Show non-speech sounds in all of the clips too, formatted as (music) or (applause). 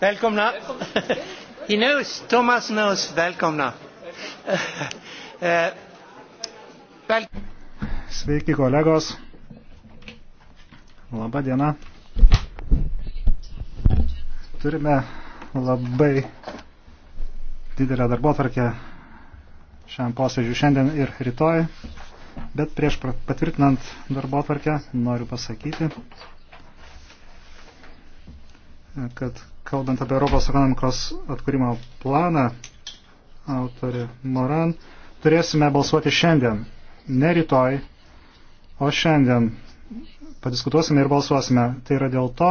Välkomna. He knows, Thomas knows. Välkomna. Vel... Sveiki kolegos. Labą dieną. Turime labai didelę darbo tvarkę šiam posėdžiu šiandien ir rytoj. Bet prieš patvirtinant darbo tvarkę noriu pasakyti, kad kalbant apie Europos ekonomikos atkūrimo planą, autorė Moran, turėsime balsuoti šiandien, ne rytoj, o šiandien. Padiskutuosime ir balsuosime. Tai yra dėl to,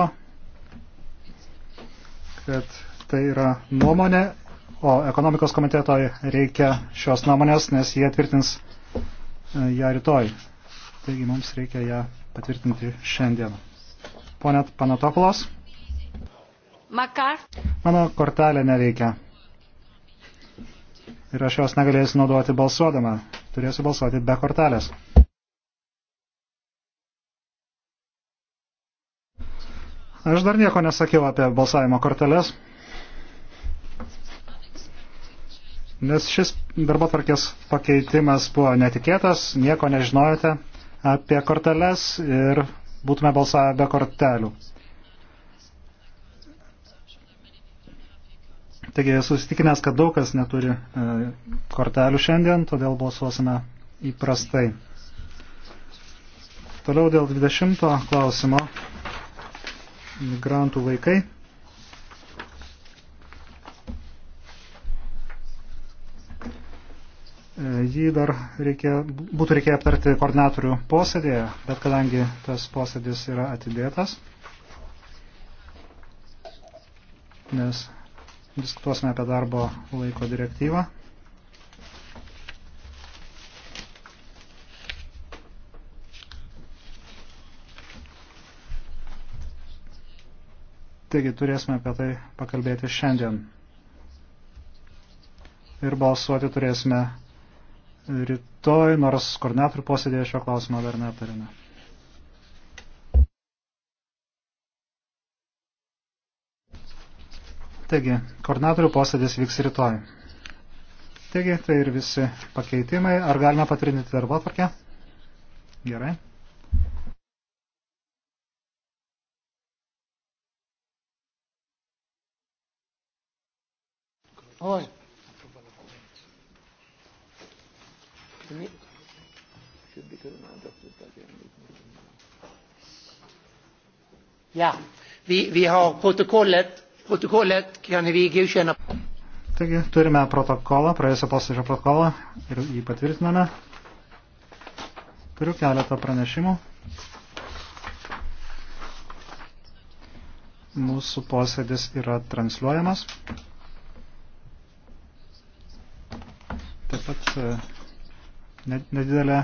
kad tai yra nuomonė, o ekonomikos komiteto reikia šios nuomonės, nes jie tvirtins e, ją rytoj. Taigi mums reikia ją patvirtinti šiandien. Ponet Panatopulos. McCart... Mano kortelė neveikia. Ir aš jos negalėsiu naudoti balsuodama. Turėsiu balsuoti be kortelės. Aš dar nieko nesakiau apie balsavimo korteles, nes šis darbo tvarkės pakeitimas buvo netikėtas, nieko nežinojote apie korteles ir būtume balsavę be kortelių. Taigi esu įsitikinęs, kad daug kas neturi e, kortelių šiandien, todėl balsuosime įprastai. Toliau dėl 20 klausimo. Migrantų vaikai. E, jį dar reikia, būtų reikėję aptarti koordinatorių posėdėje, bet kadangi tas posėdis yra atidėtas, nes diskutuosime apie darbo laiko direktyvą. Taigi turėsime apie tai pakalbėti šiandien. Ir balsuoti turėsime rytoj, nors koordinatorių posėdėje šio klausimo dar netarėme. Taigi, koordinatorių posėdis vyks rytoj. Taigi, tai ir visi pakeitimai. Ar galima patrinti darbo atvarkę? Gerai. Oi. Ja, vi, vi har protokollet Taigi turime protokolą, praėjusio posėdžio protokolą ir jį patvirtiname. Turiu keletą pranešimų. Mūsų posėdis yra transliuojamas. Taip pat e, nedidelė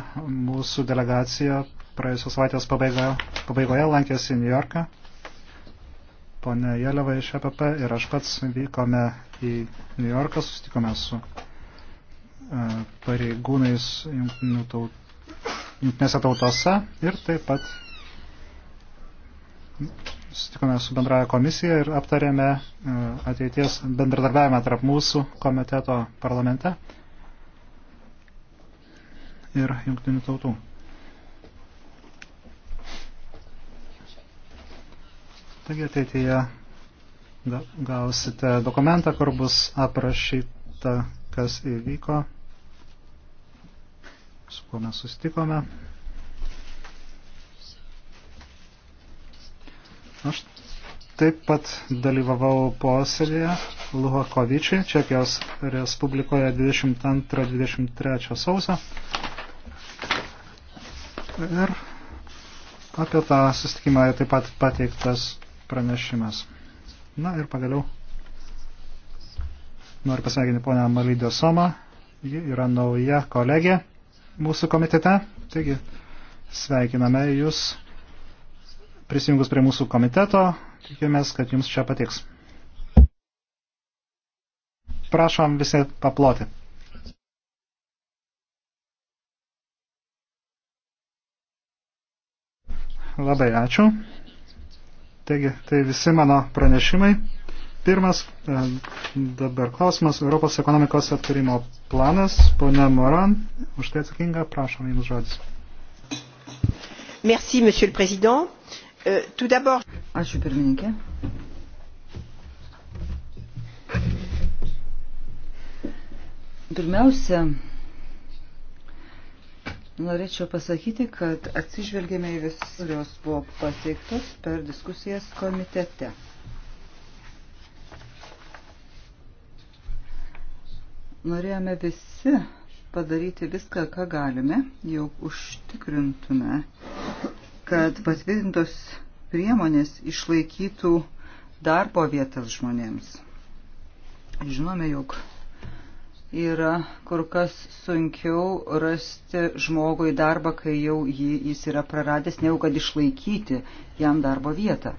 mūsų delegacija praėjusios savaitės pabaigoje, pabaigoje lankėsi New Yorką. Pone Jeleva iš EPP ir aš pats vykome į New Yorką, sustikome su e, pareigūnais jungtinėse tautose ir taip pat susitikome su bendraja komisija ir aptarėme e, ateities bendradarbiavimą tarp mūsų komiteto parlamente ir jungtinių tautų. Taigi ateityje gausite dokumentą, kur bus aprašyta, kas įvyko, su kuo mes sustikome. Aš taip pat dalyvavau posėdėje Luhakovičiai, Čekijos Respublikoje 22-23 sausio. Ir apie tą sustikimą taip pat pateiktas pranešimas. Na ir pagaliau noriu pasveikinti ponę Malydio Somą. Ji yra nauja kolegė mūsų komitete. Taigi sveikiname jūs prisijungus prie mūsų komiteto. Tikimės, kad jums čia patiks. Prašom visi paploti. Labai ačiū. Taigi, tai visi mano pranešimai. Pirmas e, dabar klausimas Europos ekonomikos atkūrimo planas. Pone Moran, už tai atsakinga, prašom Jums žodis. Merci, Monsieur le Président. Euh, tout d'abord. Ačiū pirmininkė. Pirmiausia, Norėčiau pasakyti, kad atsižvelgėme į visus, kurios buvo pateiktos per diskusijas komitete. Norėjome visi padaryti viską, ką galime, jau užtikrintume, kad patvirtintos priemonės išlaikytų darbo vietas žmonėms. Žinome, jog yra kur kas sunkiau rasti žmogui darbą, kai jau jį, jis yra praradęs, negu kad išlaikyti jam darbo vietą.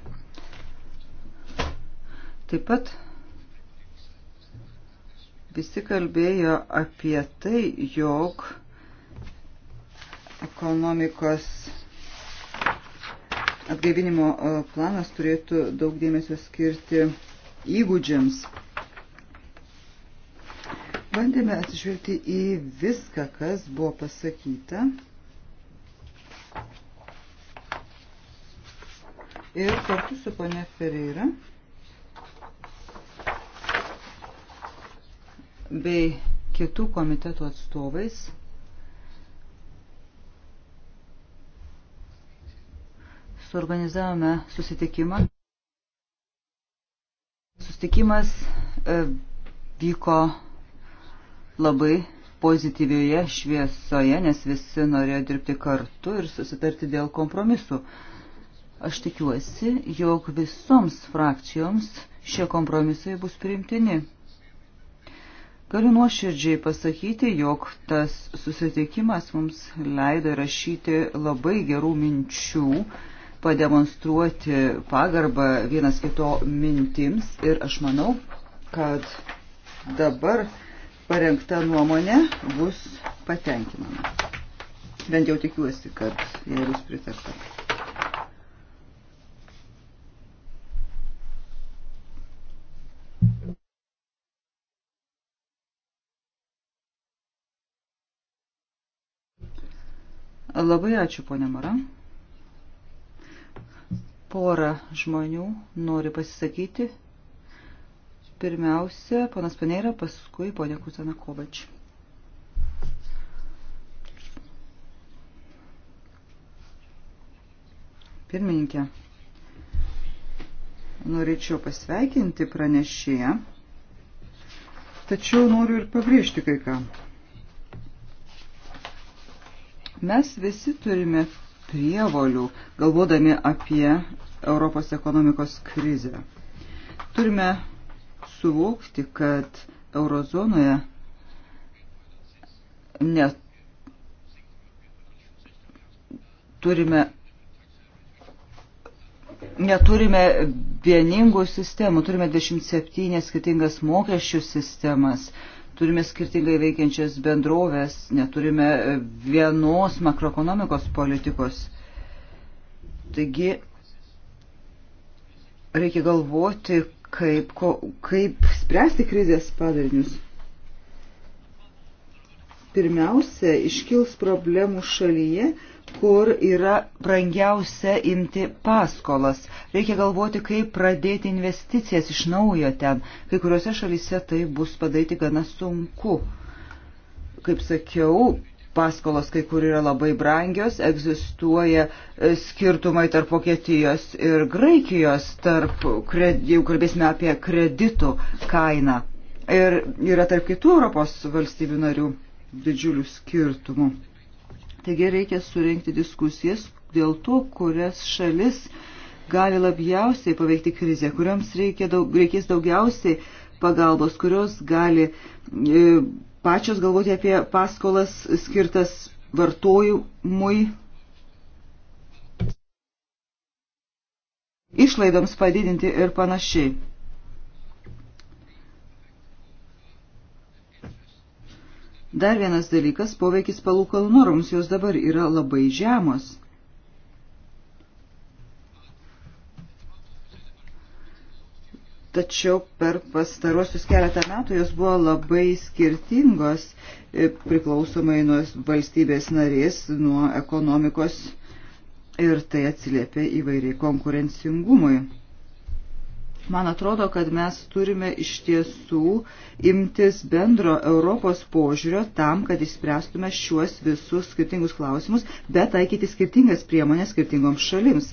Taip pat visi kalbėjo apie tai, jog ekonomikos atgaivinimo e, planas turėtų daug dėmesio skirti įgūdžiams Bandėme atsižvelgti į viską, kas buvo pasakyta. Ir kartu su ponė Ferreira bei kitų komitetų atstovais suorganizavome susitikimą. Susitikimas e, vyko labai pozityvioje šviesoje, nes visi norėjo dirbti kartu ir susitarti dėl kompromisų. Aš tikiuosi, jog visoms frakcijoms šie kompromisai bus priimtini. Galiu nuoširdžiai pasakyti, jog tas susitikimas mums leido rašyti labai gerų minčių, pademonstruoti pagarbą vienas kito mintims ir aš manau, kad dabar parengta nuomonė bus patenkinama. Bent jau tikiuosi, kad jie bus pritarta. Labai ačiū, ponė Mara. Porą žmonių nori pasisakyti. Pirmiausia, ponas Paneira, paskui ponė Kuzana Kovač. Pirmininkė, norėčiau pasveikinti pranešėją, tačiau noriu ir pabrėžti kai ką. Mes visi turime prievolių, galvodami apie Europos ekonomikos krizę. Turime suvokti, kad eurozonoje net turime, neturime vieningų sistemų, turime 27 skirtingas mokesčių sistemas, turime skirtingai veikiančias bendrovės, neturime vienos makroekonomikos politikos. Taigi reikia galvoti, kaip, ko, kaip spręsti krizės padarinius. Pirmiausia, iškils problemų šalyje, kur yra brangiausia imti paskolas. Reikia galvoti, kaip pradėti investicijas iš naujo ten. Kai kuriuose šalyse tai bus padaryti gana sunku. Kaip sakiau, paskolos kai kur yra labai brangios, egzistuoja e, skirtumai tarp Vokietijos ir Graikijos, tarp, jeigu kalbėsime apie kreditų kainą. Ir yra tarp kitų Europos valstybių narių didžiulių skirtumų. Taigi reikia surinkti diskusijas dėl to, kurias šalis gali labiausiai paveikti krizę, kuriams reikia daug, reikės daugiausiai pagalbos, kurios gali e, pačios galvoti apie paskolas skirtas vartojimui, išlaidoms padidinti ir panašiai. Dar vienas dalykas - poveikis palūkanų norms, jos dabar yra labai žemos. tačiau per pastaruosius keletą metų jos buvo labai skirtingos e, priklausomai nuo valstybės narės, nuo ekonomikos ir tai atsiliepia įvairiai konkurencingumui. Man atrodo, kad mes turime iš tiesų imtis bendro Europos požiūrio tam, kad išspręstume šiuos visus skirtingus klausimus, bet taikyti skirtingas priemonės skirtingoms šalims.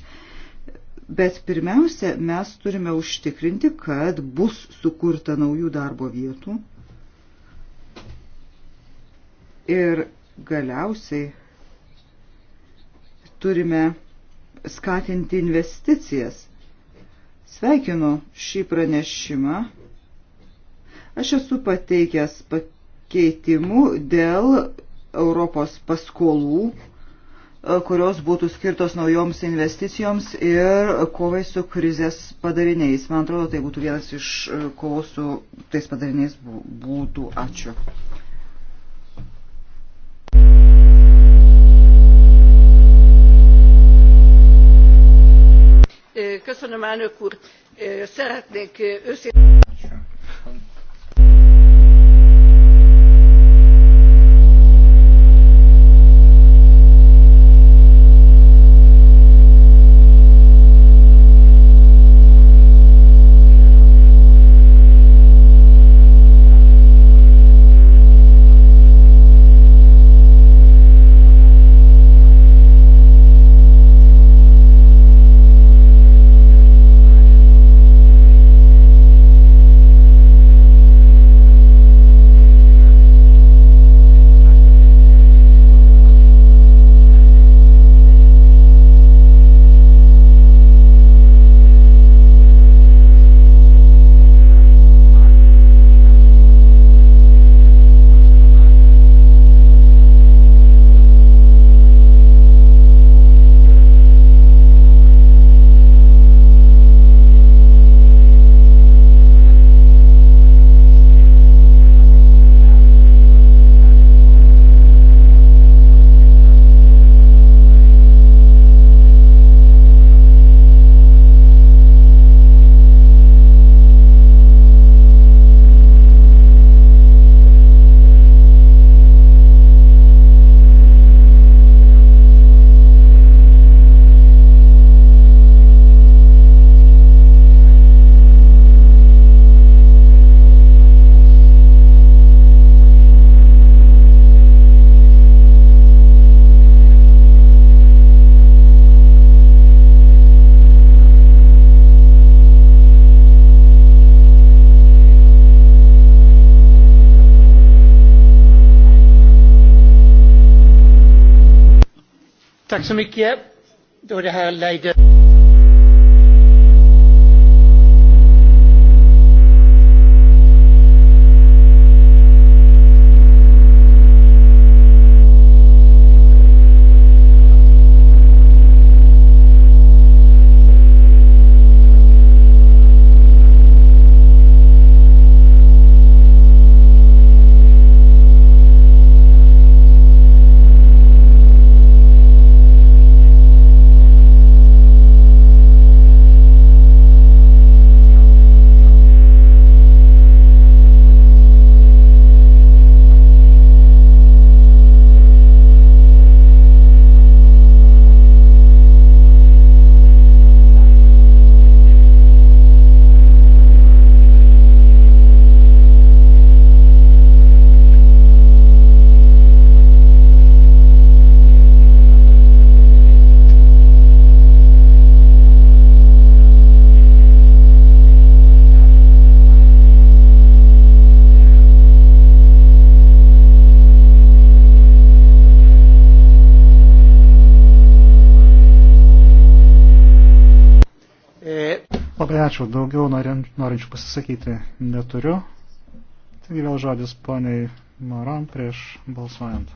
Bet pirmiausia, mes turime užtikrinti, kad bus sukurta naujų darbo vietų. Ir galiausiai turime skatinti investicijas. Sveikinu šį pranešimą. Aš esu pateikęs pakeitimų dėl Europos paskolų kurios būtų skirtos naujoms investicijoms ir kovai su krizės padariniais. Man atrodo, tai būtų vienas iš e, kovos su tais padariniais būtų. Ačiū. Köszönöm, elnök úr! Szeretnék őszintén... så mycket. Då det här leder... Ačiū, daugiau norinčių pasisakyti neturiu. Taigi vėl žodis poniai Moron prieš balsuojant.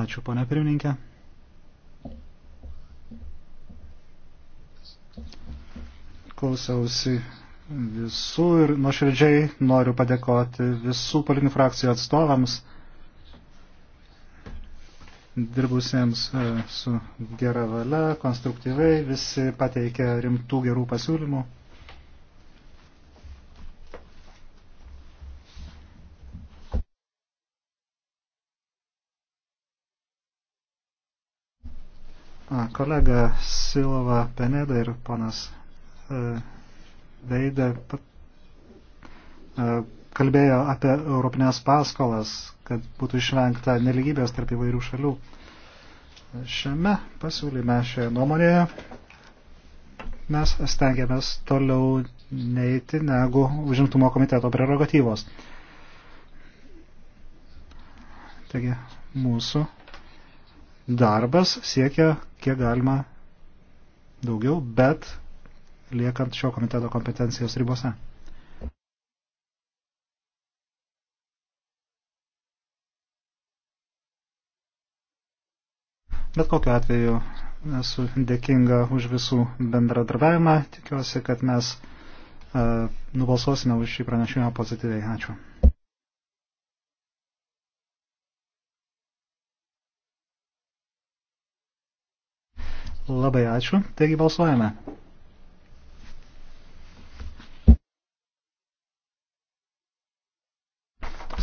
Ačiū, ponia pirmininkė. Klausiausi visų ir nuoširdžiai noriu padėkoti visų politinių frakcijų atstovams dirbusiems e, su gera valia, konstruktyviai, visi pateikė rimtų gerų pasiūlymų. A, kolega Silva Peneda ir panas e, Veidė e, kalbėjo apie europinės paskolas, kad būtų išvengta neligybės tarp įvairių šalių. Šiame pasiūlyme, šioje nuomonėje mes stengiamės toliau neiti negu užimtumo komiteto prerogatyvos. Taigi mūsų darbas siekia kiek galima daugiau, bet liekant šio komiteto kompetencijos ribose. Bet kokiu atveju esu dėkinga už visų bendradarbiavimą. Tikiuosi, kad mes uh, nubalsuosime už šį pranešimą pozityviai. Ačiū. Labai ačiū. Taigi balsuojame.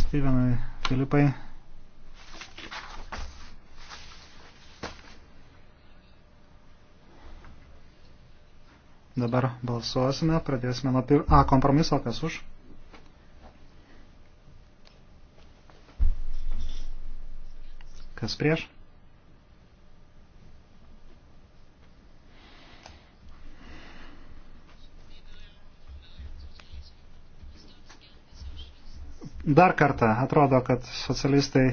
Stevenai, Filipai. Dabar balsuosime, pradėsime nuo pir... A kompromiso, kas už. Kas prieš? Dar kartą atrodo, kad socialistai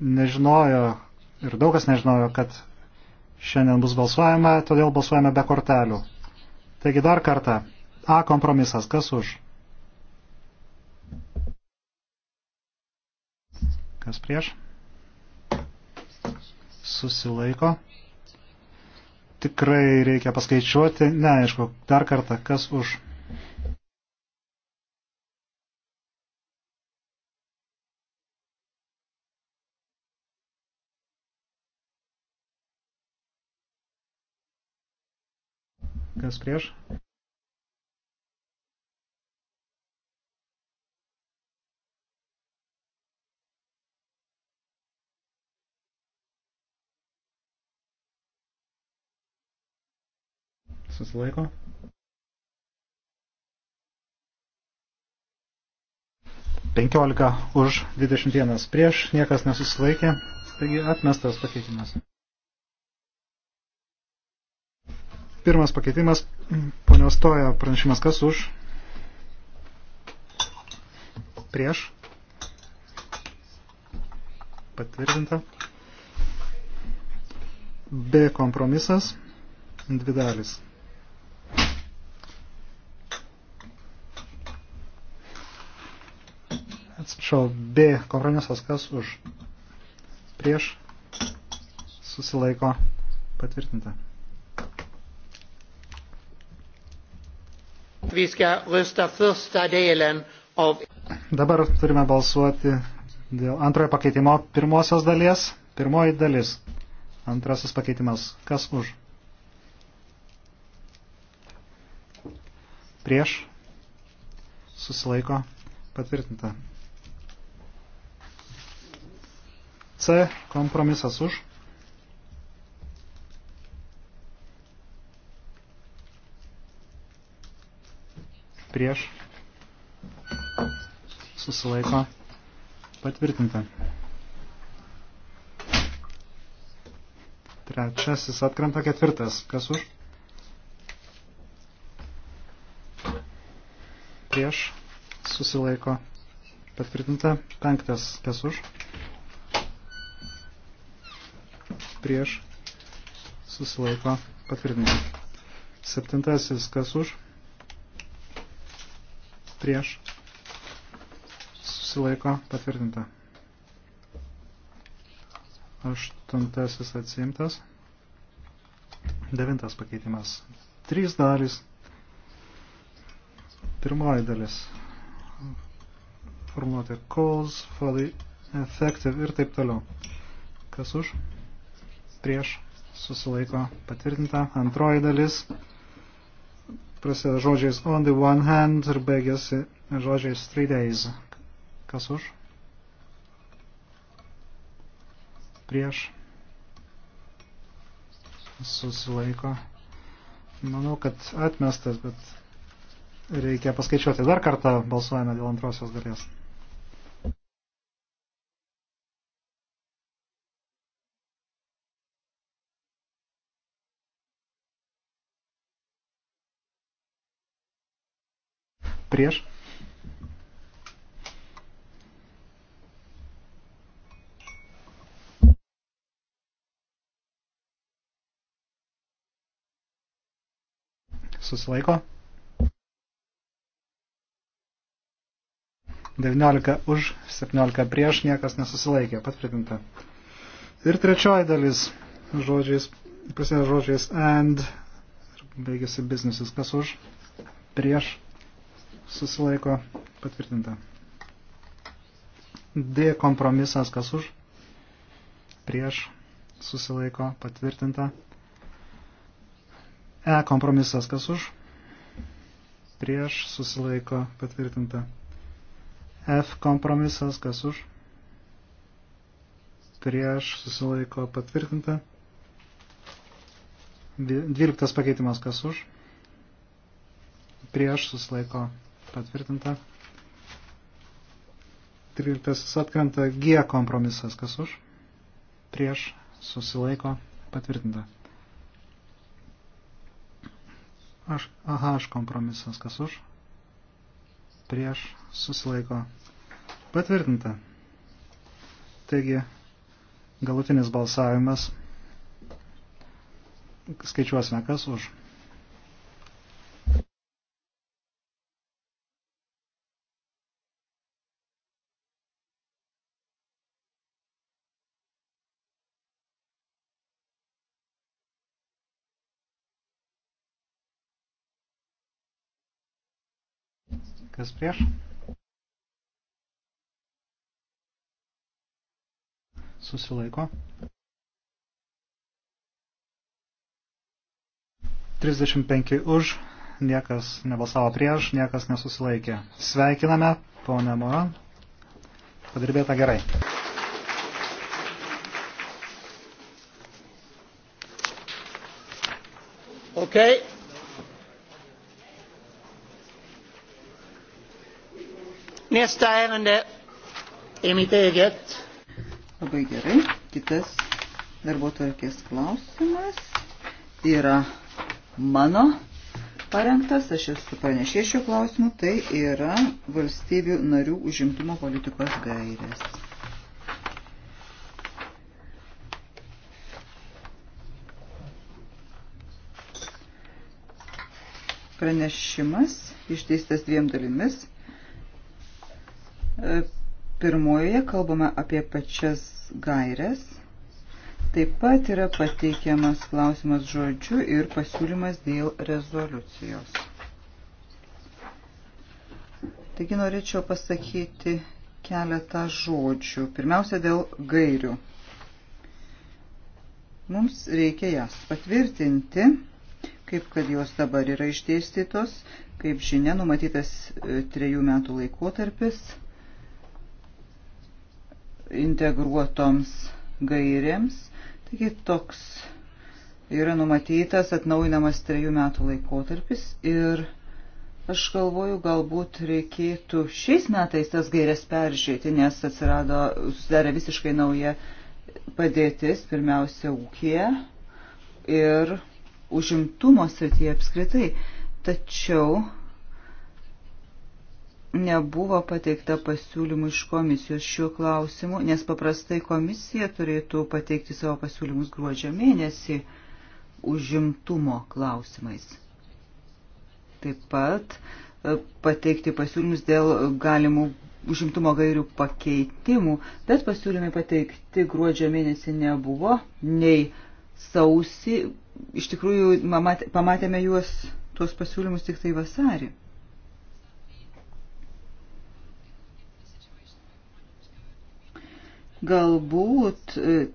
nežinojo ir daug kas nežinojo, kad Šiandien bus balsuojama, todėl balsuojame be kortelių. Taigi dar kartą. A kompromisas. Kas už? Kas prieš? Susilaiko. Tikrai reikia paskaičiuoti. Neaišku. Dar kartą. Kas už? Kas prieš? Susilaiko. Penkiolika už, dvidešimt vienas prieš, niekas nesusilaikė, taigi atmestas pakeitimas. Pirmas pakeitimas, ponios Toja, pranešimas kas už? Prieš. Patvirtinta. B kompromisas, dvi dalis. Atsiprašau, B kompromisas kas už? Prieš. Susilaiko. Patvirtinta. vi ska rösta första delen av... Dabar turime balsuoti dėl antrojo pakeitimo pirmosios dalies. Pirmoji dalis. Antrasis pakeitimas. Kas už? Prieš. Susilaiko. Patvirtinta. C. Kompromisas už. prieš, susilaiko, patvirtinta. Trečiasis atkrenta ketvirtas. Kas už? Prieš, susilaiko, patvirtinta. Penktas. Kas už? Prieš, susilaiko, patvirtinta. Septintasis. Kas už? prieš, susilaiko patvirtinta. Aštuntasis atsimtas. Devintas pakeitimas. Trys dalys. Pirmoji dalis. Formuluoti calls for the effective ir taip toliau. Kas už? Prieš susilaiko patvirtinta. Antroji dalis. Antroji dalis prasideda žodžiais on the one hand ir baigėsi žodžiais three days. Kas už? Prieš. Susilaiko. Manau, kad atmestas, bet reikia paskaičiuoti. Dar kartą balsuojame dėl antrosios dalies. Prieš. Susilaiko. 19 už, 17 prieš, niekas nesusilaikė, patvirtinta. Ir trečioji dalis žodžiais, prasideda žodžiais and ir baigėsi biznesis, kas už, prieš, susilaiko patvirtinta. D kompromisas kas už, prieš susilaiko patvirtinta. E kompromisas kas už, prieš susilaiko patvirtinta. F kompromisas kas už, prieš susilaiko patvirtinta. Dvyliktas pakeitimas kas už, prieš susilaiko patvirtinta patvirtinta. 13 atkrenta G kompromisas, kas už, prieš, susilaiko, patvirtinta. Aš, aha, aš kompromisas, kas už, prieš, susilaiko, patvirtinta. Taigi, galutinis balsavimas, skaičiuosime, kas už. Kas prieš? Susilaiko. 35 už, niekas nebalsavo prieš, niekas nesusilaikė. Sveikiname, ponė Moran. Padirbėta gerai. Okay. Nästa ärende är mitt eget. Labai gerai. Kitas darbo tvarkės klausimas yra mano parengtas, aš esu pranešė šiuo klausimu, tai yra valstybių narių užimtumo politikos gairės. Pranešimas išteistas dviem dalimis. E, pirmojoje kalbame apie pačias gairias. Taip pat yra pateikiamas klausimas žodžiu ir pasiūlymas dėl rezoliucijos. Taigi norėčiau pasakyti keletą žodžių. Pirmiausia, dėl gairių. Mums reikia jas patvirtinti, kaip kad jos dabar yra išdėstytos, kaip žinia, numatytas e, trejų metų laikotarpis integruotoms gairėms. Taigi toks yra numatytas atnaujinamas trejų metų laikotarpis ir aš galvoju, galbūt reikėtų šiais metais tas gairias peržiūrėti, nes atsirado, susidarė visiškai nauja padėtis, pirmiausia, ūkija ir užimtumo srityje apskritai. Tačiau nebuvo pateikta pasiūlymų iš komisijos šiuo klausimu, nes paprastai komisija turėtų pateikti savo pasiūlymus gruodžio mėnesį užimtumo klausimais. Taip pat e, pateikti pasiūlymus dėl galimų užimtumo gairių pakeitimų, bet pasiūlymai pateikti gruodžio mėnesį nebuvo, nei sausi, iš tikrųjų pamatėme juos tuos pasiūlymus tik tai vasarį. Galbūt, e,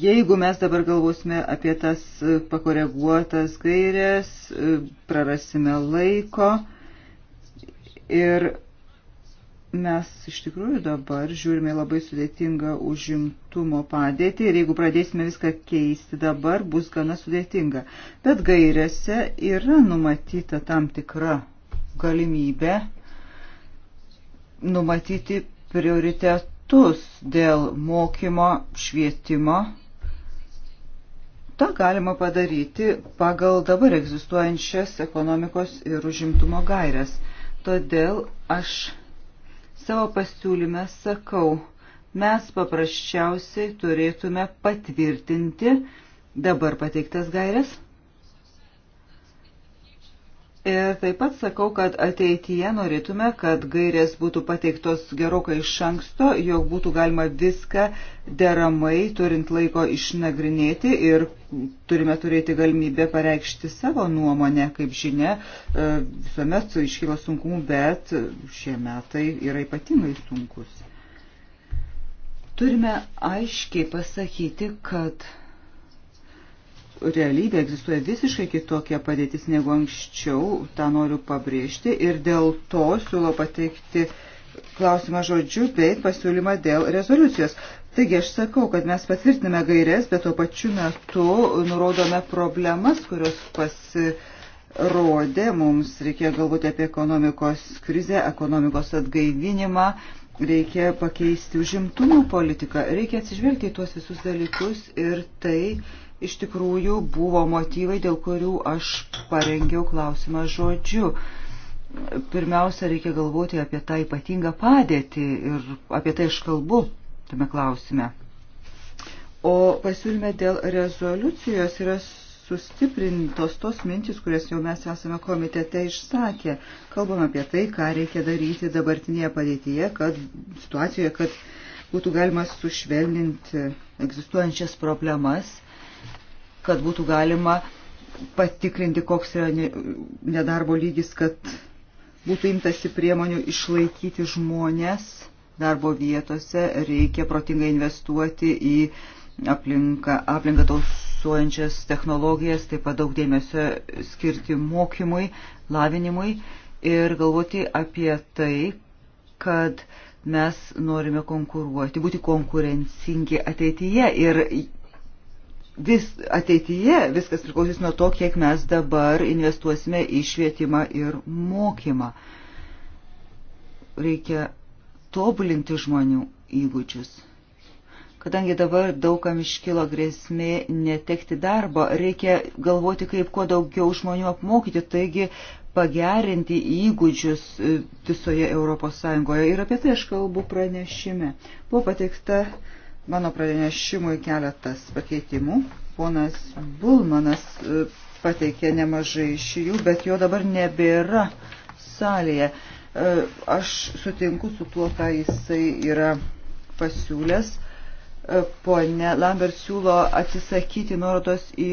jeigu mes dabar galvosime apie tas e, pakoreguotas gairės, e, prarasime laiko ir mes iš tikrųjų dabar žiūrime labai sudėtingą užimtumo padėtį ir jeigu pradėsime viską keisti dabar, bus gana sudėtinga. Bet gairėse yra numatyta tam tikra galimybė numatyti prioritetų aktus dėl mokymo, švietimo. Ta galima padaryti pagal dabar egzistuojančias ekonomikos ir užimtumo gairias. Todėl aš savo pasiūlyme sakau, mes paprasčiausiai turėtume patvirtinti dabar pateiktas gairias Ir taip pat sakau, kad ateityje norėtume, kad gairės būtų pateiktos gerokai iš anksto, jog būtų galima viską deramai, turint laiko išnagrinėti ir turime turėti galimybę pareikšti savo nuomonę. Kaip žinia, e, visuomet iškyla sunkumų, bet šie metai yra ypatingai sunkus. Turime aiškiai pasakyti, kad realybė egzistuoja visiškai kitokia padėtis negu anksčiau, tą noriu pabrėžti ir dėl to siūlo pateikti klausimą žodžiu, bet pasiūlymą dėl rezoliucijos. Taigi aš sakau, kad mes patvirtiname gairias, bet tuo pačiu metu nurodome problemas, kurios pasirodė. Mums reikia galvoti apie ekonomikos krizę, ekonomikos atgaivinimą, reikia pakeisti užimtumo politiką, reikia atsižvelgti į tuos visus dalykus ir tai iš tikrųjų buvo motyvai, dėl kurių aš parengiau klausimą žodžiu. Pirmiausia, reikia galvoti apie tą ypatingą padėtį ir apie tai aš kalbu tame klausime. O pasiūlyme dėl rezoliucijos yra sustiprintos tos mintis, kurias jau mes esame komitete išsakę. Kalbam apie tai, ką reikia daryti dabartinėje padėtyje, kad situacijoje, kad būtų galima sušvelninti egzistuojančias problemas kad būtų galima patikrinti, koks yra nedarbo lygis, kad būtų imtasi priemonių išlaikyti žmonės darbo vietose, reikia protingai investuoti į aplinką, aplinką tausuojančias technologijas, taip pat daug dėmesio skirti mokymui, lavinimui ir galvoti apie tai, kad mes norime konkuruoti, būti konkurencingi ateityje ir vis ateityje viskas priklausys nuo to, kiek mes dabar investuosime į švietimą ir mokymą. Reikia tobulinti žmonių įgūdžius. Kadangi dabar daugam iškilo grėsmė netekti darbo, reikia galvoti, kaip kuo daugiau žmonių apmokyti, taigi pagerinti įgūdžius e, visoje ES. Ir apie tai aš kalbu pranešime. Buvo pateikta mano pranešimui keletas pakeitimų. Ponas Bulmanas e, pateikė nemažai iš jų, bet jo dabar nebėra salėje. E, aš sutinku su tuo, ką jisai yra pasiūlęs. E, pone Lambert siūlo atsisakyti nuorodos į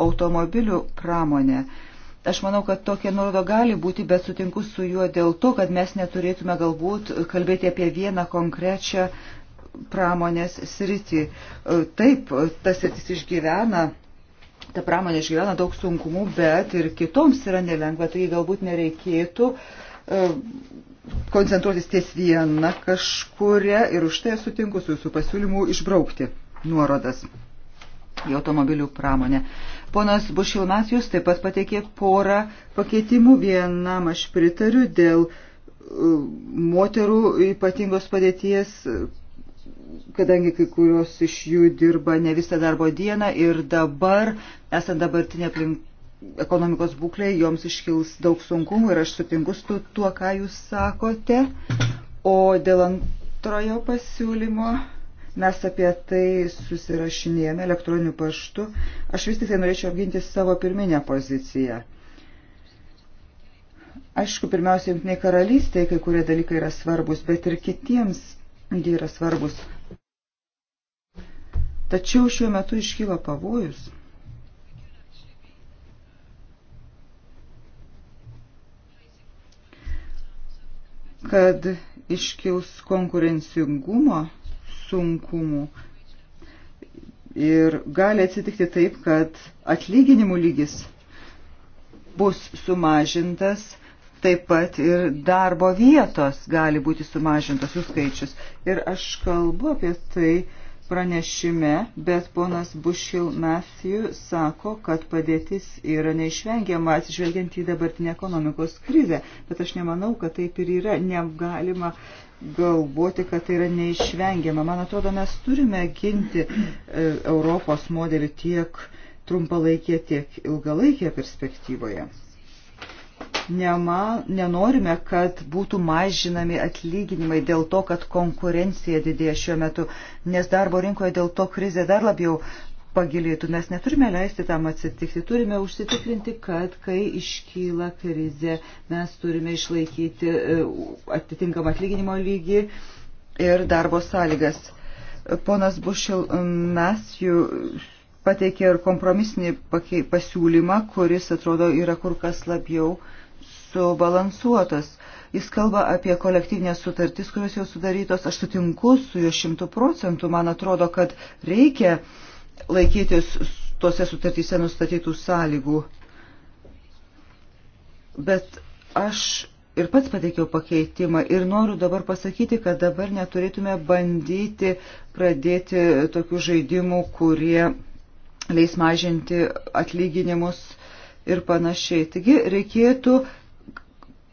automobilių pramonę. Aš manau, kad tokia nuoroda gali būti, bet sutinku su juo dėl to, kad mes neturėtume galbūt kalbėti apie vieną konkrečią pramonės sritį. E, taip, tas sritis išgyvena, ta pramonė išgyvena daug sunkumų, bet ir kitoms yra nelengva, tai galbūt nereikėtų e, koncentruotis ties vieną kažkuria ir už tai sutinku su jūsų pasiūlymu išbraukti nuorodas į automobilių pramonę. Ponas Bušilmas, jūs taip pat pateikė porą pakeitimų. Vienam aš pritariu dėl e, moterų ypatingos padėties kadangi kai kurios iš jų dirba ne visą darbo dieną ir dabar, esant dabartinė aplink ekonomikos būklė, joms iškils daug sunkumų ir aš sutinku su tuo, ką jūs sakote. O dėl antrojo pasiūlymo mes apie tai susirašinėjame elektroniniu paštu. Aš vis tik tai norėčiau apginti savo pirminę poziciją. Aišku, pirmiausia, jungtiniai karalystėje kai kurie dalykai yra svarbus, bet ir kitiems jie yra svarbus. Tačiau šiuo metu iškyla pavojus. kad iškils konkurencingumo sunkumų ir gali atsitikti taip, kad atlyginimų lygis bus sumažintas, taip pat ir darbo vietos gali būti sumažintos jų skaičius. Ir aš kalbu apie tai, pranešime, bet ponas Bushil Matthew sako, kad padėtis yra neišvengiama atsižvelgiant į dabartinę ekonomikos krizę, bet aš nemanau, kad taip ir yra, negalima galvoti, kad tai yra neišvengiama. Man atrodo, mes turime ginti e, Europos modelį tiek trumpalaikė, tiek ilgalaikė perspektyvoje nema, nenorime, kad būtų mažinami atlyginimai dėl to, kad konkurencija didėja šiuo metu, nes darbo rinkoje dėl to krizė dar labiau pagilėtų. Mes neturime leisti tam atsitikti, turime užsitikrinti, kad kai iškyla krizė, mes turime išlaikyti e, atitinkamą atlyginimo lygį ir darbo sąlygas. Ponas Bušil, mes jų pateikė ir kompromisinį pasiūlymą, kuris atrodo yra kur kas labiau uh, subalansuotas. Jis kalba apie kolektyvinės sutartys, kurios jau sudarytos. Aš sutinku su juo šimtų procentų. Man atrodo, kad reikia laikytis tose sutartyse nustatytų sąlygų. Bet aš ir pats pateikiau pakeitimą ir noriu dabar pasakyti, kad dabar neturėtume bandyti pradėti tokių žaidimų, kurie leis mažinti atlyginimus ir panašiai. Taigi reikėtų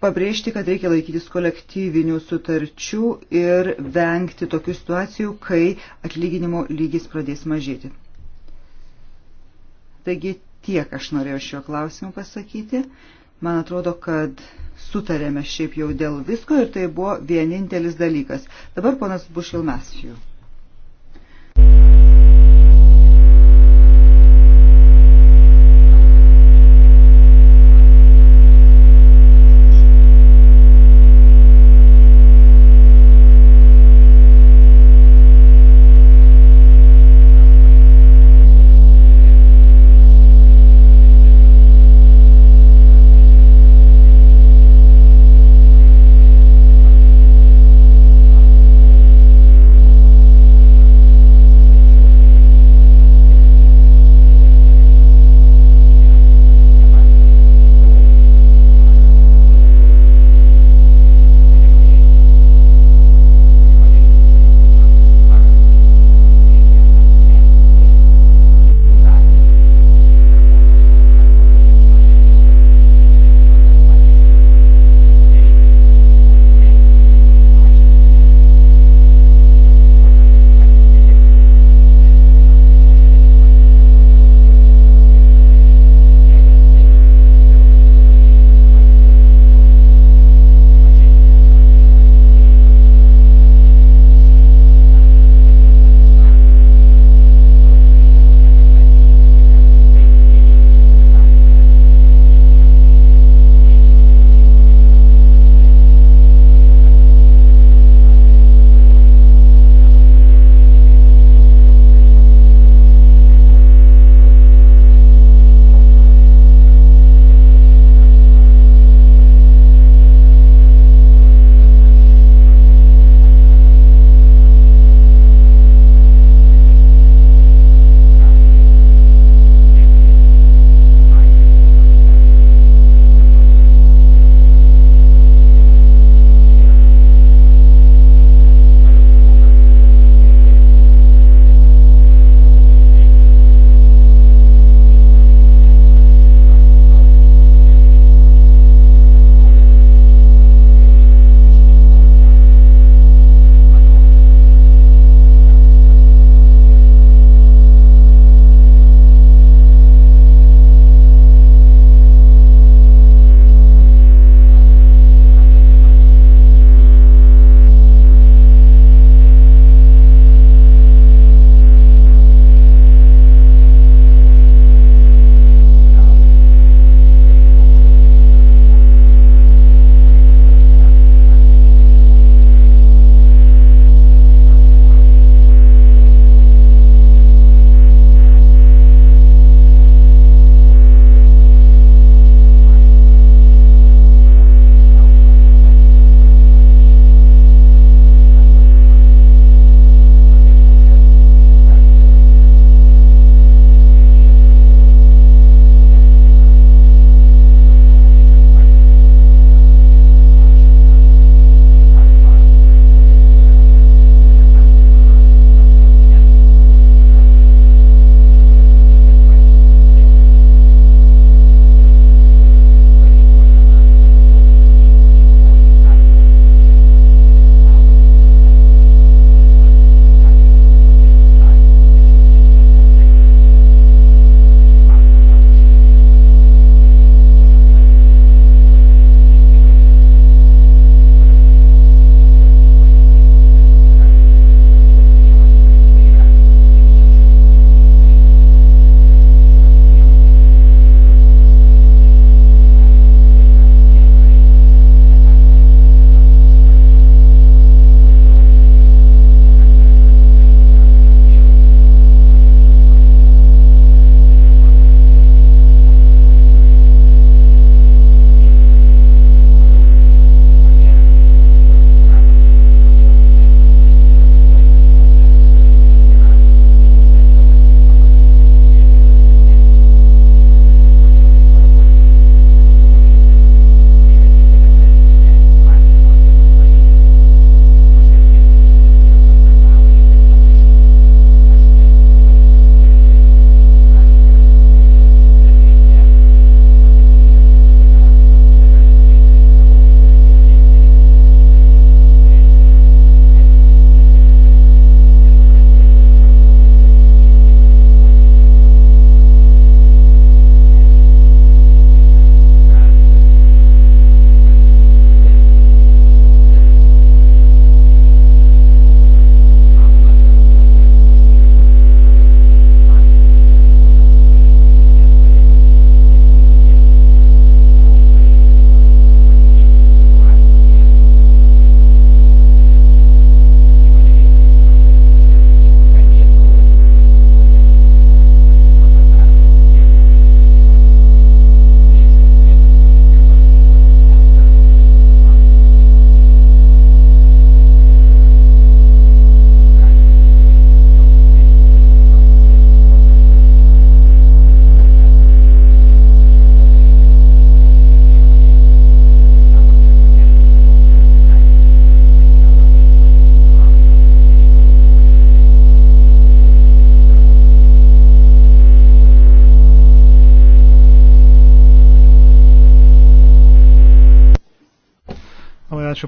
pabrėžti, kad reikia laikytis kolektyvinių sutarčių ir vengti tokių situacijų, kai atlyginimo lygis pradės mažėti. Taigi tiek aš norėjau šiuo klausimu pasakyti. Man atrodo, kad sutarėme šiaip jau dėl visko ir tai buvo vienintelis dalykas. Dabar ponas Bušil Mesijų.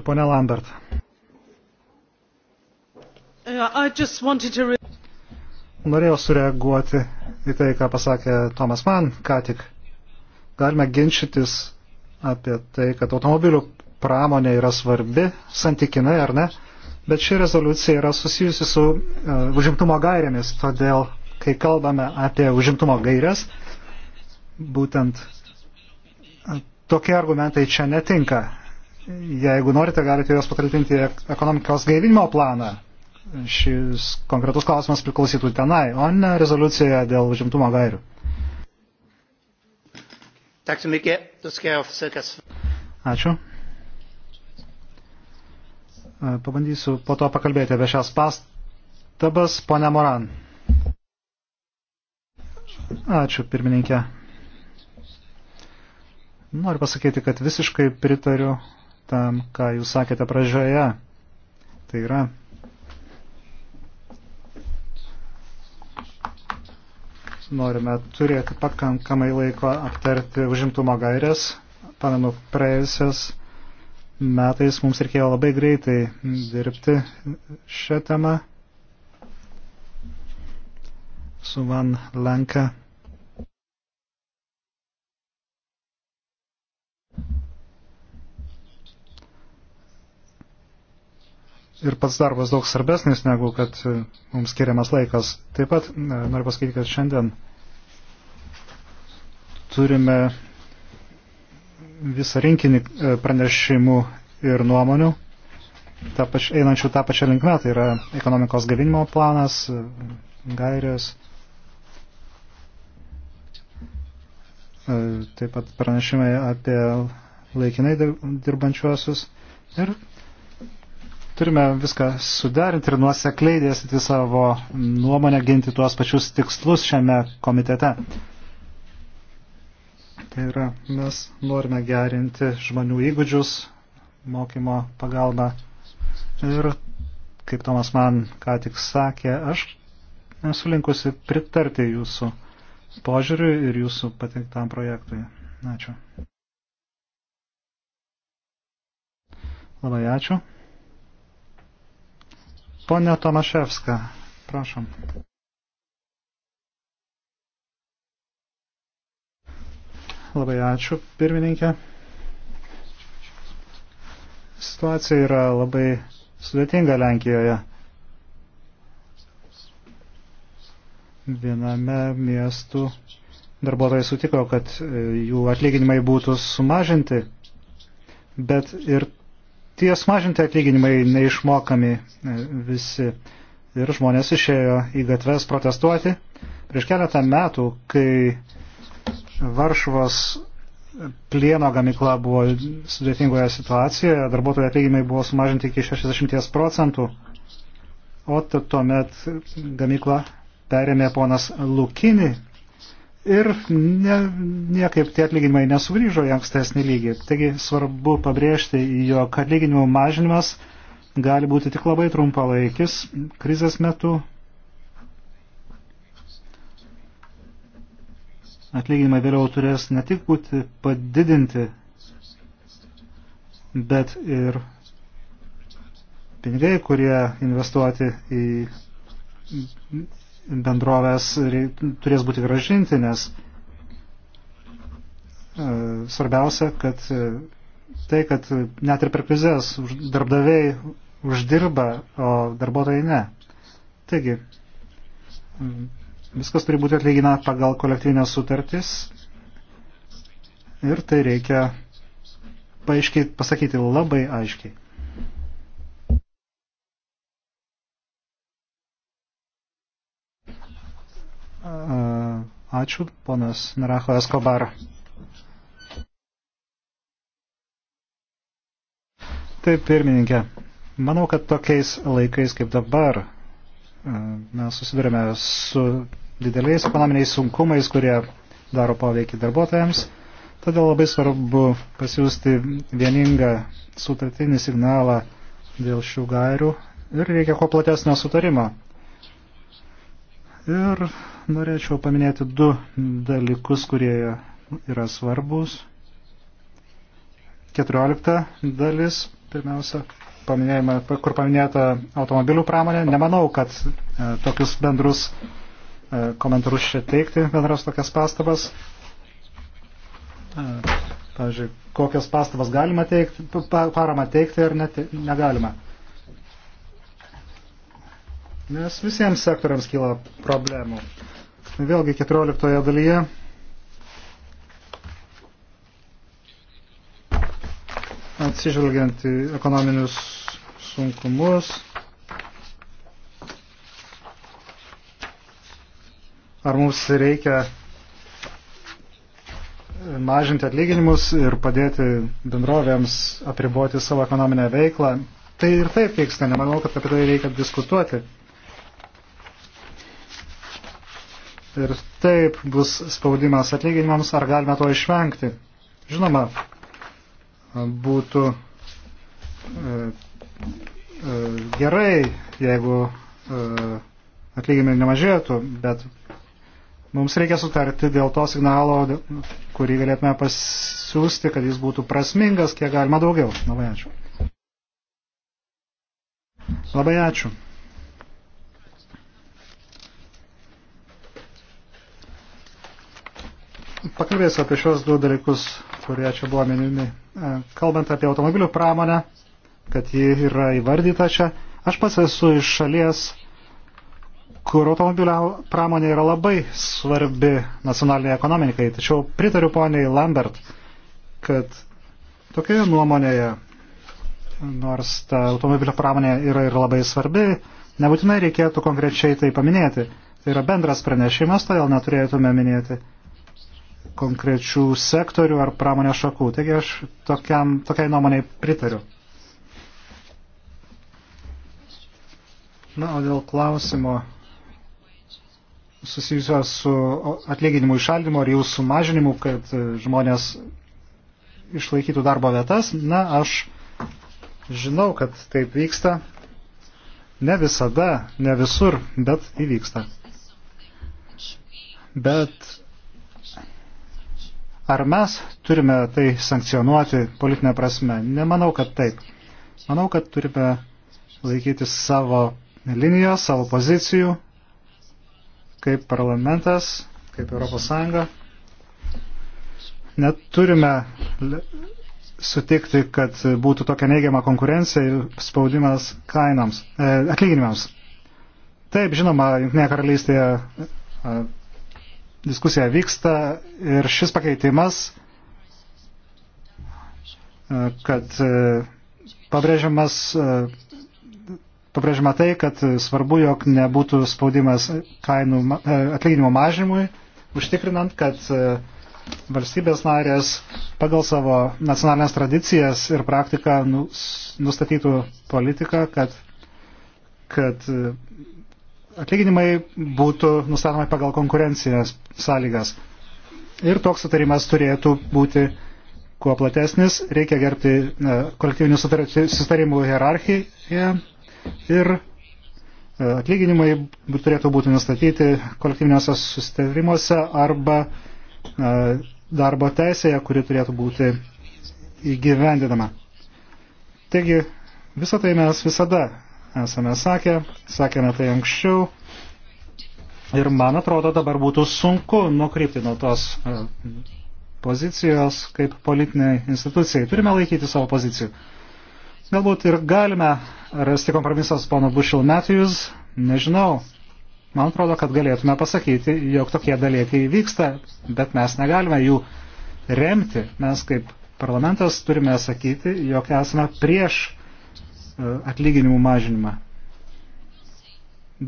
Ačiū, ponė Lambert. Uh, to... Norėjau sureaguoti į tai, ką pasakė Tomas Mann ką tik. Galime ginčytis apie tai, kad automobilių pramonė yra svarbi, santykinai ar ne, bet ši rezoliucija yra susijusi su uh, užimtumo gairėmis, todėl, kai kalbame apie užimtumo gairias, būtent uh, tokie argumentai čia netinka. Jeigu norite, galite juos patalpinti į ekonomikos gaivinimo planą. Šis konkretus klausimas priklausytų tenai, o ne rezoliucija dėl užimtumo gairių. Ačiū. Pabandysiu po to pakalbėti apie šias pastabas, ponia Moran. Ačiū, pirmininkė. Noriu pasakyti, kad visiškai pritariu tam, ką jūs sakėte pradžioje. Tai yra norime turėti pakankamai laiko aptarti užimtumo gairės. Pamenu, praėjusias metais mums reikėjo labai greitai dirbti šią temą su Van Lanka. ir pats darbas daug svarbesnis negu kad e, mums skiriamas laikas. Taip pat e, noriu pasakyti, kad šiandien turime visą rinkinį e, pranešimų ir nuomonių, ta pač, einančių tą pačią linkmę, tai yra ekonomikos gavinimo planas, gairės, taip pat pranešimai apie laikinai dirbančiuosius ir Turime viską suderinti ir nuosekliai dėstyti savo nuomonę, ginti tuos pačius tikslus šiame komitete. Tai yra, mes norime gerinti žmonių įgūdžius, mokymo pagalbą. Ir kaip Tomas man ką tik sakė, aš esu linkusi pritarti jūsų požiūriui ir jūsų pateiktam projektui. Ačiū. Labai ačiū. Pone Tomaševska, prašom. Labai ačiū, pirmininkė. Situacija yra labai sudėtinga Lenkijoje. Viename miestų darbuotojai sutiko, kad jų atlyginimai būtų sumažinti, bet ir tie sumažinti atlyginimai neišmokami e, visi. Ir žmonės išėjo į gatves protestuoti. Prieš keletą metų, kai Varšuvos plieno gamikla buvo sudėtingoje situacijoje, darbuotojų atlyginimai buvo sumažinti iki 60 procentų, o tuomet gamikla perėmė ponas Lukini ir ne, niekaip tie atlyginimai nesugrįžo į ankstesnį lygį. Taigi svarbu pabrėžti, jog atlyginimų mažinimas gali būti tik labai trumpalaikis krizės metu. Atlyginimai vėliau turės ne tik būti padidinti, bet ir pinigai, kurie investuoti į bendrovės turės būti gražinti, nes e, svarbiausia, kad e, tai, kad net ir per krizės darbdaviai uždirba, o darbuotojai ne. Taigi, viskas turi būti atlygina pagal kolektyvinės sutartis ir tai reikia paaiškiai, pasakyti labai aiškiai. Ačiū, ponas Naracho Eskobar. Taip, pirmininkė. Manau, kad tokiais laikais kaip dabar mes susidurime su dideliais ekonominiais sunkumais, kurie daro poveikį darbuotojams. Todėl labai svarbu pasiūsti vieningą sutartinį signalą dėl šių gairių ir reikia kuo platesnio sutarimo. Ir norėčiau paminėti du dalykus, kurie yra svarbus. 14 dalis, pirmiausia, kur paminėta automobilių pramonė. Nemanau, kad e, tokius bendrus e, komentarus čia teikti, bendras tokias pastabas. E, pavyzdžiui, kokias pastabas galima teikti, paramą teikti ir net, negalima nes visiems sektoriams kyla problemų. Vėlgi 14 dalyje atsižvelgiant į ekonominius sunkumus. Ar mums reikia mažinti atlyginimus ir padėti bendrovėms apriboti savo ekonominę veiklą? Tai ir taip vyksta, nemanau, kad apie tai reikia diskutuoti. ir taip bus spaudimas atlyginimams, ar galime to išvengti. Žinoma, būtų e, e, gerai, jeigu e, atlyginimai nemažėtų, bet mums reikia sutarti dėl to signalo, kurį galėtume pasiūsti, kad jis būtų prasmingas, kiek galima daugiau. Labai ačiū. Labai ačiū. Pakalbėsiu apie šios du dalykus, kurie čia buvo minimi. E, kalbant apie automobilių pramonę, kad ji yra įvardyta čia, aš pats esu iš šalies, kur automobilių pramonė yra labai svarbi nacionaliniai ekonomikai. Tačiau pritariu poniai Lambert, kad tokioje nuomonėje, nors ta automobilių pramonė yra ir labai svarbi, nebūtinai reikėtų konkrečiai tai paminėti. Tai yra bendras pranešimas, todėl neturėtume minėti konkrečių sektorių ar pramonės šakų. Taigi aš tokiam, tokiai nuomonėj pritariu. Na, o dėl klausimo susijusio su atlyginimu išaldymu ar jų sumažinimu, kad e, žmonės išlaikytų darbo vietas, na, aš žinau, kad taip vyksta. Ne visada, ne visur, bet įvyksta. Bet Ar mes turime tai sankcionuoti politinę prasme? Nemanau, kad taip. Manau, kad turime laikytis savo linijos, savo pozicijų, kaip parlamentas, kaip Europos Sąjunga. Neturime sutikti, kad būtų tokia neigiama konkurencija ir spaudimas kainams, e, atlyginimams. Taip, žinoma, Junktinėje karalystėje e, diskusija vyksta ir šis pakeitimas, e, kad e, pabrėžiamas, e, pabrėžiama tai, kad svarbu, jog nebūtų spaudimas kainų atlyginimo mažinimui, užtikrinant, kad valstybės narės pagal savo nacionalinės tradicijas ir praktiką nustatytų politiką, kad, kad atlyginimai būtų nustatomi pagal konkurencinės sąlygas. Ir toks sutarimas turėtų būti kuo platesnis, reikia gerbti e, kolektyvinių sustarimų hierarchiją ir e, atlyginimai turėtų būti nustatyti kolektyviniuose sustarimuose arba e, darbo teisėje, kuri turėtų būti įgyvendinama. Taigi, visą tai mes visada esame sakę, sakėme tai anksčiau. Ir man atrodo, dabar būtų sunku nukrypti nuo tos e, pozicijos kaip politiniai institucijai. Turime laikyti savo pozicijų. Galbūt ir galime rasti kompromisą su pono Bushel Matthews, nežinau. Man atrodo, kad galėtume pasakyti, jog tokie dalykai vyksta, bet mes negalime jų remti. Mes kaip parlamentas turime sakyti, jog esame prieš E, atlyginimų mažinimą.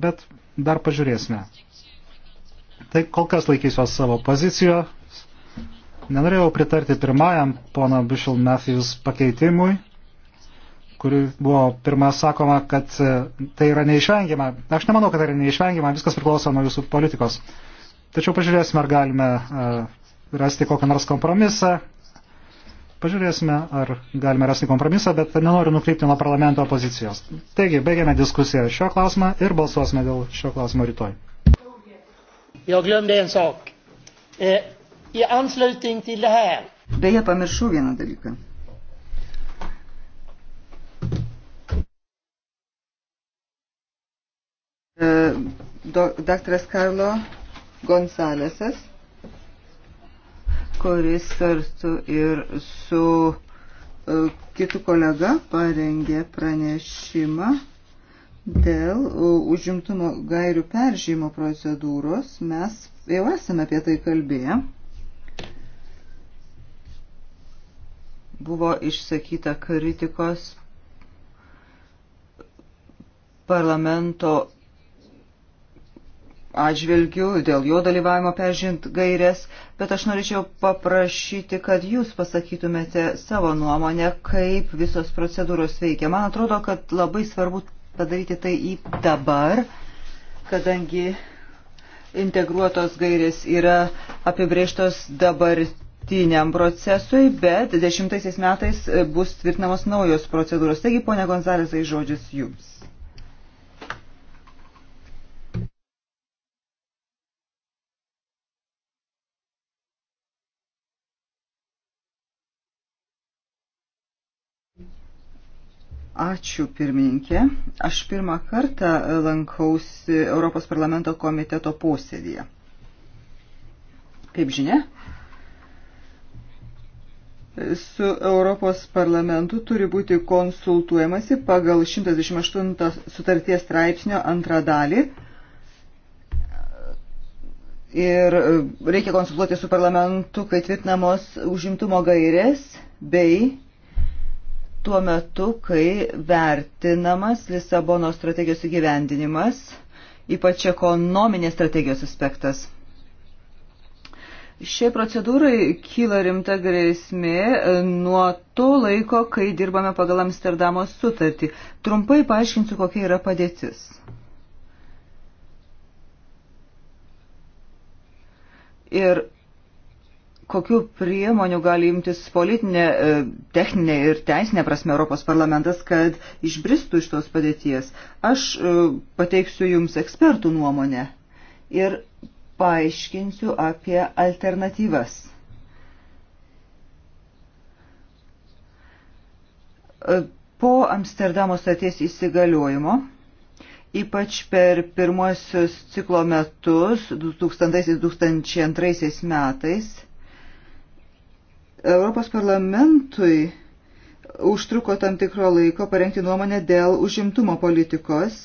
Bet dar pažiūrėsime. Tai kol kas laikysiuos savo pozicijo. Nenorėjau pritarti pirmajam pono Bishel Matthews pakeitimui, kuri buvo pirmą sakoma, kad e, tai yra neišvengiama. Aš nemanau, kad tai yra neišvengiama, viskas priklauso nuo jūsų politikos. Tačiau pažiūrėsime, ar galime e, rasti kokią nors kompromisą Pažiūrėsime, ar galime rasti kompromisą, bet nenoriu nukreipti nuo parlamento pozicijos. Taigi, baigiame diskusiją šio klausimą ir balsuosime dėl šio klausimo rytoj. Eh, Beje, pamiršau vieną dalyką. Eh, daktaras Karlo Gonzalesas kuris kartu ir su e, kitų kolega parengė pranešimą dėl e, užimtumo gairių peržymo procedūros. Mes jau esame apie tai kalbėję. Buvo išsakyta kritikos parlamento atžvilgių, dėl jo dalyvavimo peržint gairias, bet aš norėčiau paprašyti, kad jūs pasakytumėte savo nuomonę, kaip visos procedūros veikia. Man atrodo, kad labai svarbu padaryti tai į dabar, kadangi integruotos gairės yra apibrieštos dabar dabartiniam procesui, bet dešimtaisiais metais bus tvirtinamos naujos procedūros. Taigi, ponia Gonzalesai, žodžius jums. Ačiū pirmininkė. Aš pirmą kartą lankausi Europos parlamento komiteto posėdėje. Kaip žinia, su Europos parlamentu turi būti konsultuojamasi pagal 128 sutarties straipsnio antrą dalį. Ir reikia konsultuoti su parlamentu, kai tvirtinamos užimtumo gairės bei tuo metu, kai vertinamas Lisabono strategijos įgyvendinimas, ypač ekonominės strategijos aspektas. Šiai procedūrai kyla rimta grėsmė nuo to laiko, kai dirbame pagal Amsterdamo sutartį. Trumpai paaiškinsiu, kokia yra padėtis. Ir kokiu priemoniu gali imtis politinė, e, techninė ir teisinė prasme Europos parlamentas, kad išbristų iš tos padėties. Aš e, pateiksiu Jums ekspertų nuomonę ir paaiškinsiu apie alternatyvas. E, po Amsterdamo staties įsigaliojimo ypač per pirmosius ciklo metus 2000-2002 metais Europos parlamentui užtruko tam tikro laiko parengti nuomonę dėl užimtumo politikos.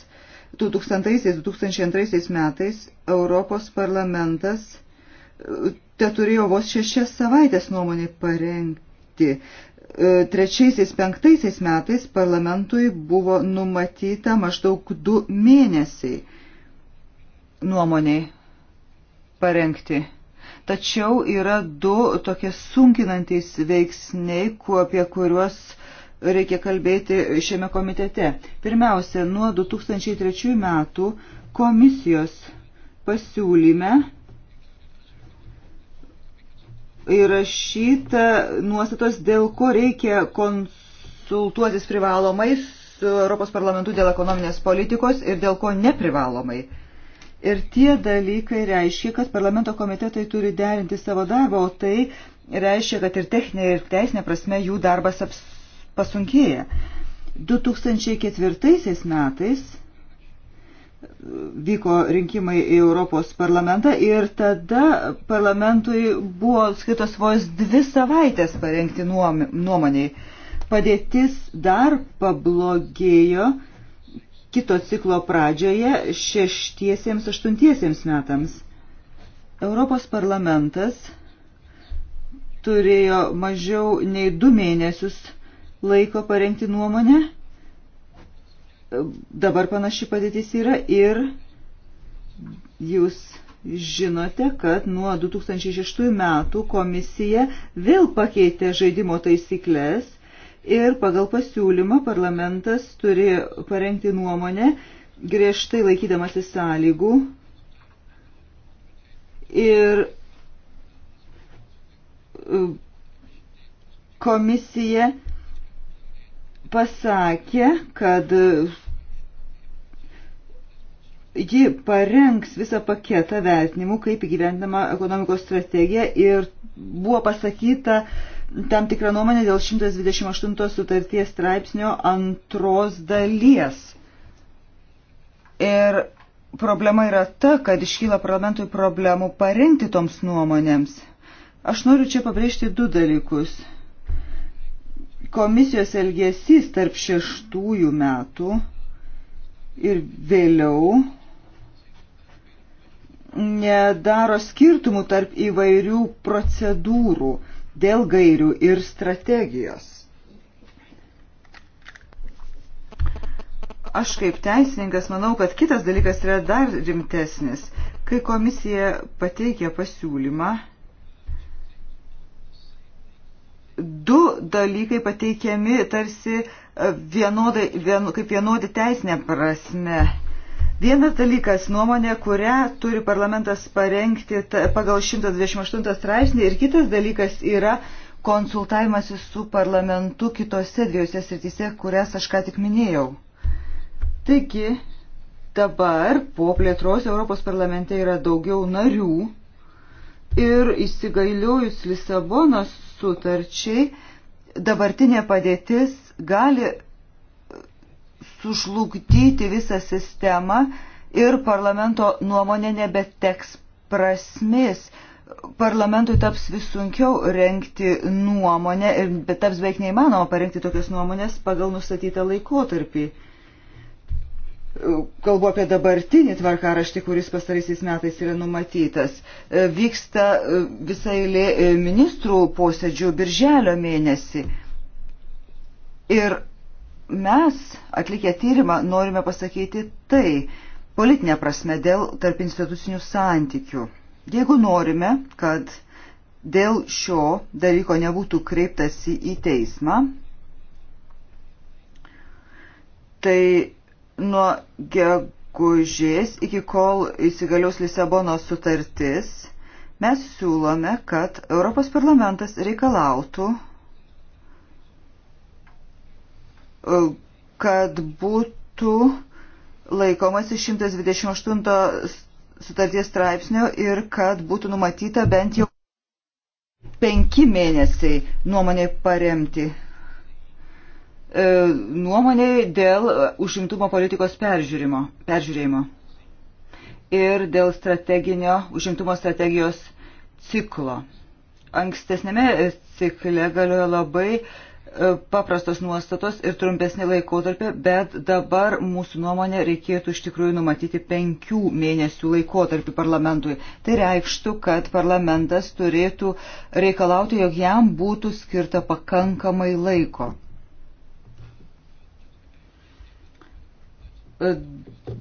2000-2002 metais Europos parlamentas e, te turėjo vos šešias savaitės nuomonį parengti. E, Trečiaisiais, penktaisiais metais parlamentui buvo numatyta maždaug du mėnesiai nuomoniai parengti. Tačiau yra du tokie sunkinantys veiksniai, kuo, apie kuriuos reikia kalbėti šiame komitete. Pirmiausia, nuo 2003 metų komisijos pasiūlyme įrašyta nuostatos, dėl ko reikia konsultuotis privalomai su Europos parlamentu dėl ekonominės politikos ir dėl ko neprivalomai. Ir tie dalykai reiškia, kad parlamento komitetai turi derinti savo darbą, o tai reiškia, kad ir techninė, ir teisinė prasme jų darbas pasunkėja. 2004 metais vyko rinkimai į Europos parlamentą ir tada parlamentui buvo skirtos vos dvi savaitės parengti nuomoniai. Padėtis dar pablogėjo kito ciklo pradžioje šeštiesiems, aštuntiesiems metams. Europos parlamentas turėjo mažiau nei du mėnesius laiko parengti nuomonę. Dabar panaši padėtis yra ir jūs žinote, kad nuo 2006 metų komisija vėl pakeitė žaidimo taisyklės ir pagal pasiūlymą parlamentas turi parengti nuomonę griežtai laikydamasi sąlygų ir e, komisija pasakė, kad e, ji parengs visą paketą vertinimų, kaip įgyvendinama ekonomikos strategija ir buvo pasakyta, tam tikrą nuomonę dėl 128 sutarties straipsnio antros dalies. Ir problema yra ta, kad iškyla parlamentui problemų parengti toms nuomonėms. Aš noriu čia pabrėžti du dalykus. Komisijos elgesys tarp šeštųjų metų ir vėliau nedaro skirtumų tarp įvairių procedūrų dėl gairių ir strategijos. Aš kaip teisininkas manau, kad kitas dalykas yra dar rimtesnis. Kai komisija pateikė pasiūlymą, du dalykai pateikiami tarsi vienodai, vien, kaip vienodi teisinė prasme Vienas dalykas - nuomonė, kurią turi parlamentas parengti pagal 128 straipsnį ir kitas dalykas yra konsultavimasis su parlamentu kitose dviejose srityse, kurias aš ką tik minėjau. Taigi, dabar po plėtros Europos parlamente yra daugiau narių ir įsigailiojus Lisabonos sutarčiai dabartinė padėtis gali sužlugdyti visą sistemą ir parlamento nuomonė nebeteks prasmės. Parlamentui taps vis sunkiau renkti nuomonę, bet taps beveik neįmanoma parengti tokias nuomonės pagal nustatytą laikotarpį. Kalbu apie dabartinį tvarkaraštį, kuris pastaraisiais metais yra numatytas. Vyksta visai ministrų posėdžių birželio mėnesį. Ir mes, atlikę tyrimą, norime pasakyti tai, politinė prasme, dėl tarp institucinių santykių. Jeigu norime, kad dėl šio dalyko nebūtų kreiptasi į teismą, tai nuo gegužės iki kol įsigalios Lisabonos sutartis mes siūlome, kad Europos parlamentas reikalautų kad būtų laikomasi 128 sutarties straipsnio ir kad būtų numatyta bent jau penki mėnesiai nuomonė paremti e, nuomonė dėl užimtumo politikos peržiūrėjimo ir dėl strateginio užimtumo strategijos ciklo. Ankstesnėme cikle galiojo labai uh, E, paprastos nuostatos ir trumpesnį laikotarpį, bet dabar mūsų nuomonė reikėtų iš tikrųjų numatyti penkių mėnesių laikotarpį parlamentui. Tai reikštų, kad parlamentas turėtų reikalauti, jog jam būtų skirta pakankamai laiko. E,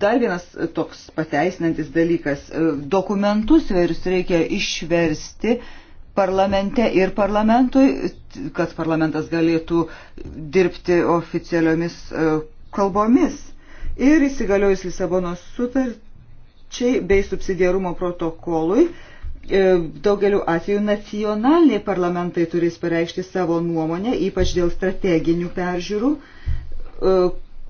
dar vienas toks pateisinantis dalykas. E, dokumentus verius reikia išversti parlamente ir parlamentui, kad parlamentas galėtų dirbti oficialiomis e, kalbomis. Ir įsigaliojus Lisabonos sutarčiai bei subsidiarumo protokolui, e, daugeliu atveju nacionaliniai parlamentai turės pareikšti savo nuomonę, ypač dėl strateginių peržiūrų, e,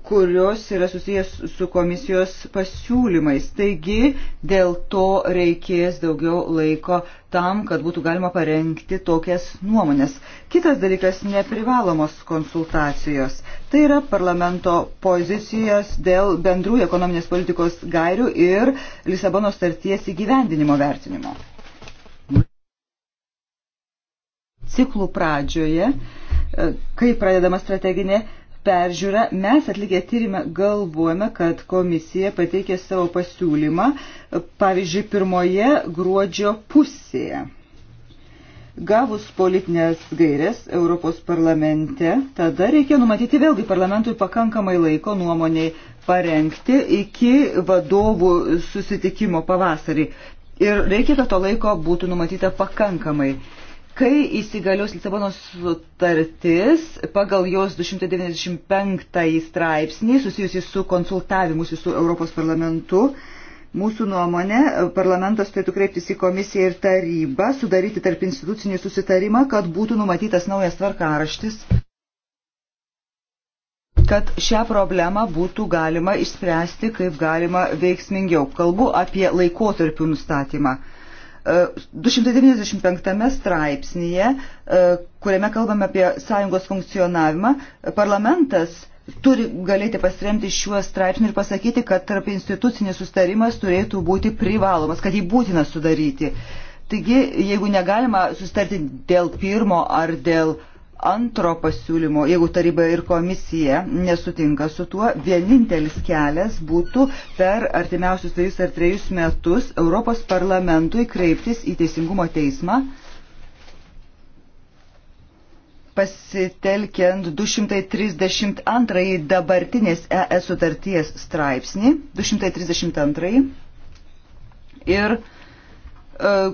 kurios yra susijęs su komisijos pasiūlymais. Taigi dėl to reikės daugiau laiko tam, kad būtų galima parengti tokias nuomonės. Kitas dalykas - neprivalomos konsultacijos. Tai yra parlamento pozicijos dėl bendrų ekonominės politikos gairių ir Lisabono starties įgyvendinimo vertinimo. Ciklų pradžioje, kai pradedama strateginė peržiūrą, mes atlikę tyrimą galvojame, kad komisija pateikė savo pasiūlymą, pavyzdžiui, pirmoje gruodžio pusėje. Gavus politinės gairės Europos parlamente, tada reikia numatyti vėlgi parlamentui pakankamai laiko nuomoniai parengti iki vadovų susitikimo pavasarį. Ir reikia, kad to laiko būtų numatyta pakankamai. Kai įsigalios Lisabonos sutartis pagal jos 295 straipsnį susijusi su konsultavimusi su Europos parlamentu, mūsų nuomonė, parlamentas turėtų kreiptis į komisiją ir tarybą, sudaryti tarp institucinį susitarimą, kad būtų numatytas naujas tvarkaraštis, kad šią problemą būtų galima išspręsti kaip galima veiksmingiau. Kalbu apie laikotarpių nustatymą. 295 straipsnėje, e, kuriame kalbame apie sąjungos funkcionavimą, parlamentas turi galėti pasiremti šiuo straipsniu ir pasakyti, kad tarp institucinis sustarimas turėtų būti privalomas, kad jį būtina sudaryti. Taigi, jeigu negalima sustarti dėl pirmo ar dėl uh, antro pasiūlymo, jeigu taryba ir komisija nesutinka su tuo, vienintelis kelias būtų per artimiausius dviejus ar trejus metus Europos parlamentui kreiptis į Teisingumo teismą pasitelkiant 232 dabartinės ES sutarties straipsnį, 232 ir e,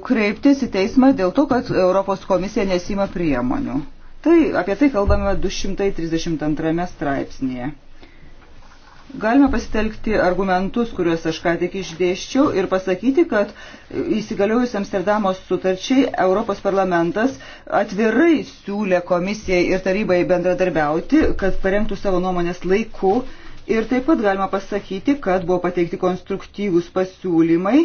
kreiptis į teismą dėl to, kad Europos komisija nesima priemonių. Tai, apie tai kalbame 232 straipsnėje. Galime pasitelkti argumentus, kuriuos aš ką tik išdėščiau ir pasakyti, kad įsigaliojus Amsterdamo sutarčiai Europos parlamentas atvirai siūlė komisijai ir tarybai bendradarbiauti, kad parengtų savo nuomonės laiku Ir taip pat galima pasakyti, kad buvo pateikti konstruktyvūs pasiūlymai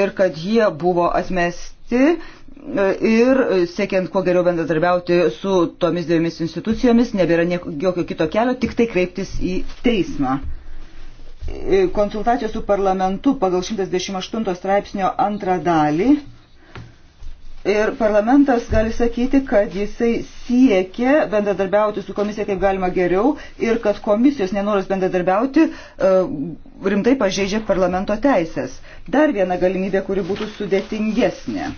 ir kad jie buvo atmesti siekti e, ir e, siekiant kuo geriau bendradarbiauti su tomis dviemis institucijomis, nebėra jokio kito kelio, tik tai kreiptis į teismą. E, konsultacijos su parlamentu pagal 118 straipsnio antrą dalį Ir parlamentas gali sakyti, kad jisai siekia bendradarbiauti su komisija kaip galima geriau ir kad komisijos nenoras bendradarbiauti e, rimtai pažeidžia parlamento teisės. Dar viena galimybė, kuri būtų sudėtingesnė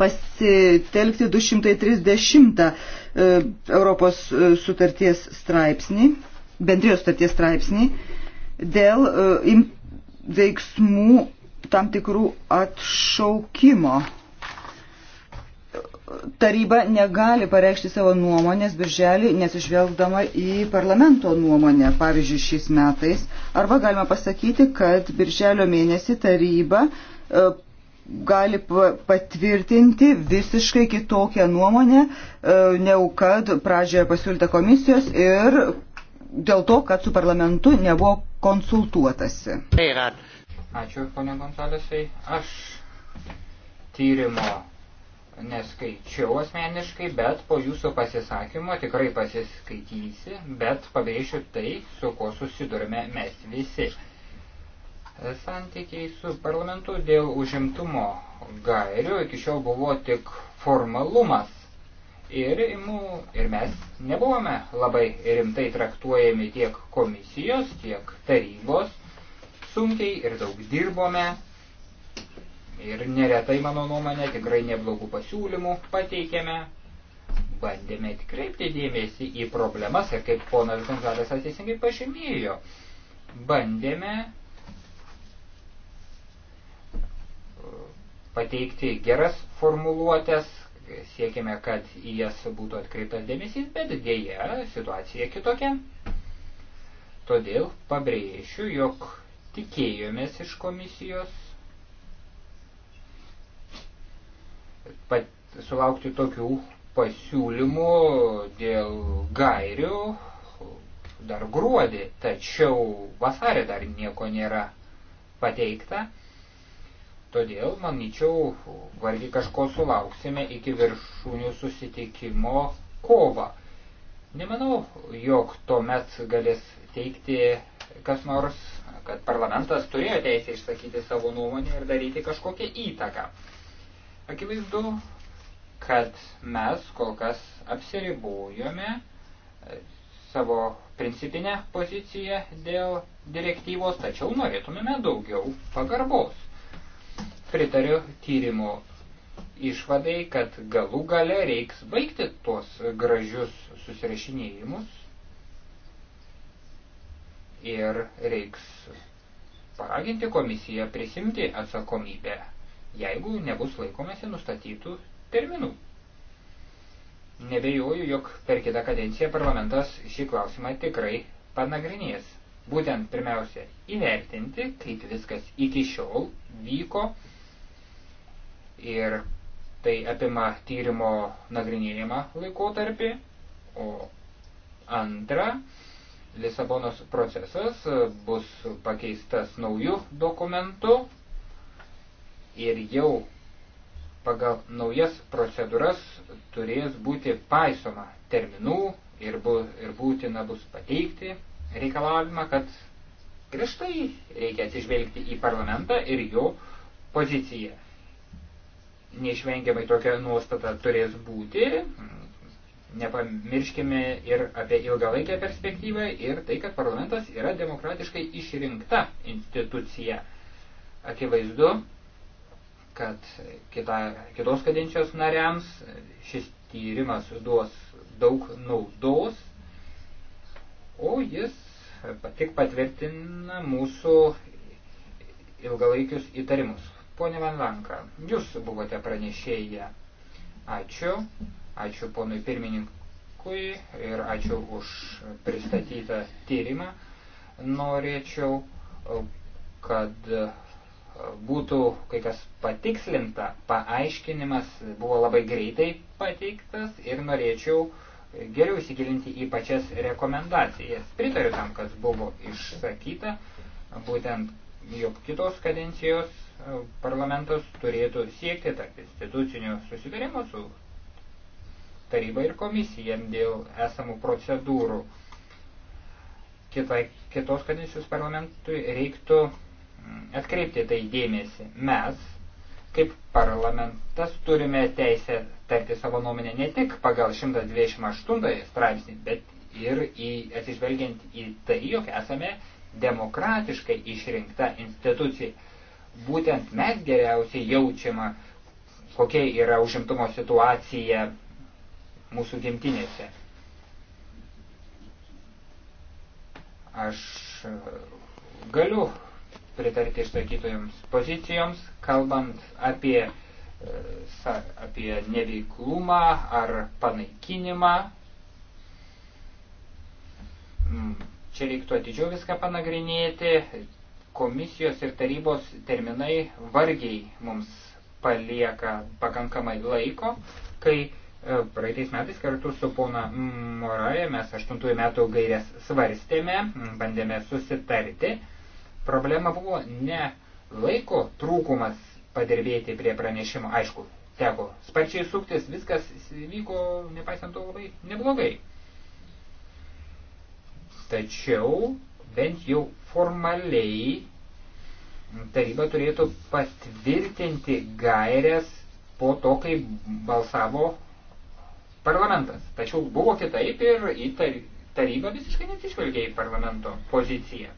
pasitelkti 230 e, Europos e, sutarties straipsnį, bendrijos sutarties straipsnį, dėl veiksmų tam tikrų atšaukimo taryba negali pareikšti savo nuomonės birželį, nesižvelgdama į parlamento nuomonę, pavyzdžiui, šiais metais. Arba galima pasakyti, kad birželio mėnesį taryba e, gali patvirtinti visiškai kitokią nuomonę, e, negu kad pradžioje pasiūlyta komisijos ir dėl to, kad su parlamentu nebuvo konsultuotasi. Ačiū, ponia Gonzalesai. Aš tyrimo neskaičiau asmeniškai, bet po jūsų pasisakymo tikrai pasiskaitysi, bet pabrėšiu tai, su ko susidurime mes visi. Santykiai su parlamentu dėl užimtumo gairių iki šiol buvo tik formalumas. Ir, imu, ir mes nebuvome labai rimtai traktuojami tiek komisijos, tiek tarybos. Sunkiai ir daug dirbome, ir neretai, mano nuomonė, tikrai neblogų pasiūlymų pateikėme. Bandėme atkreipti dėmesį į problemas ir kaip ponas Gonzalės ateisingai tai pažymėjo, bandėme uh, pateikti geras formuluotės, siekime, kad į jas būtų atkreiptas dėmesys, bet dėja situacija kitokia. Todėl pabrėšiu, jog tikėjomės iš komisijos pat, sulaukti tokių pasiūlymų dėl gairių dar gruodį, tačiau vasarį dar nieko nėra pateikta. Todėl, manyčiau, vargi kažko sulauksime iki viršūnių susitikimo kovą. Nemanau, jog tuomet galės teikti kas nors, kad parlamentas turėjo teisę išsakyti savo nuomonę ir daryti kažkokią įtaką. Akivaizdu, kad mes kol kas apsiribojome e, savo principinę poziciją dėl direktyvos, tačiau norėtumėme daugiau pagarbos. Pritariu tyrimo išvadai, kad galų gale reiks baigti tuos gražius susirašinėjimus ir reiks paraginti komisiją prisimti atsakomybę jeigu nebus laikomasi nustatytų terminų. Nebejoju, jog per kitą kadenciją parlamentas šį klausimą tikrai panagrinės. Būtent pirmiausia įvertinti, kaip viskas iki šiol vyko ir tai apima tyrimo nagrinėjimą laikotarpį, o antra, Lisabonos procesas bus pakeistas naujų dokumentų, ir jau pagal naujas procedūras turės būti paisoma terminų ir, bu, ir būtina bus pateikti reikalavimą, kad griežtai reikia atsižvelgti į parlamentą ir jo poziciją. Neišvengiamai tokia nuostata turės būti. Nepamirškime ir apie ilgalaikę perspektyvą ir tai, kad parlamentas yra demokratiškai išrinkta institucija. Akivaizdu, kad kita, kitos kadencijos nariams šis tyrimas duos daug naudos, o jis tik patvirtina mūsų ilgalaikius įtarimus. Pone Van Lanka, jūs buvote pranešėję. Ačiū. Ačiū ponui pirmininkui ir ačiū už pristatytą tyrimą. Norėčiau, kad būtų kai kas patikslinta, paaiškinimas buvo labai greitai pateiktas ir norėčiau geriau įsigilinti į pačias rekomendacijas. Pritariu tam, kas buvo išsakyta, būtent, jog kitos kadencijos e, parlamentas turėtų siekti tarp institucinių susitarimo su taryba ir komisija dėl esamų procedūrų. Kita, kitos kadencijos parlamentui reiktų atkreipti tai dėmesį. Mes, kaip parlamentas, turime teisę tarti savo nuomonę ne tik pagal 128 straipsnį, bet ir į, atsižvelgiant į tai, jog esame demokratiškai išrinkta institucija. Būtent mes geriausiai jaučiama, kokia yra užimtumo situacija mūsų gimtinėse. Aš galiu pritarti išsakytojams pozicijoms, kalbant apie, e, apie neveiklumą ar panaikinimą. Mm, čia reiktų atidžiau viską panagrinėti. Komisijos ir tarybos terminai vargiai mums palieka pakankamai laiko, kai e, praeitais metais kartu su pona Moraja mes aštuntųjų metų gairias svarstėme, bandėme susitarti problema buvo ne laiko trūkumas padirbėti prie pranešimo, aišku, teko sparčiai suktis, viskas vyko, nepaisant to, labai neblogai. Tačiau bent jau formaliai taryba turėtų patvirtinti gairias po to, kai balsavo parlamentas. Tačiau buvo kitaip ir į taryba visiškai nesižvelgė į parlamento poziciją.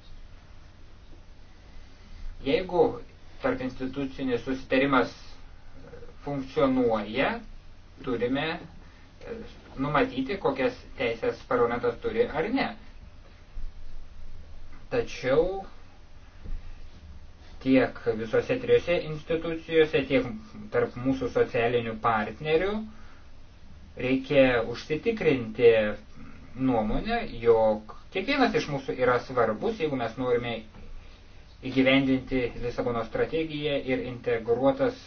Jeigu tarp institucinis susitarimas e, funkcionuoja, turime e, numatyti, kokias teisės parlamentas turi ar ne. Tačiau tiek visose trijose institucijose, tiek tarp mūsų socialinių partnerių reikia užsitikrinti nuomonę, jog kiekvienas iš mūsų yra svarbus, jeigu mes norime įgyvendinti Lisabono strategiją ir integruotas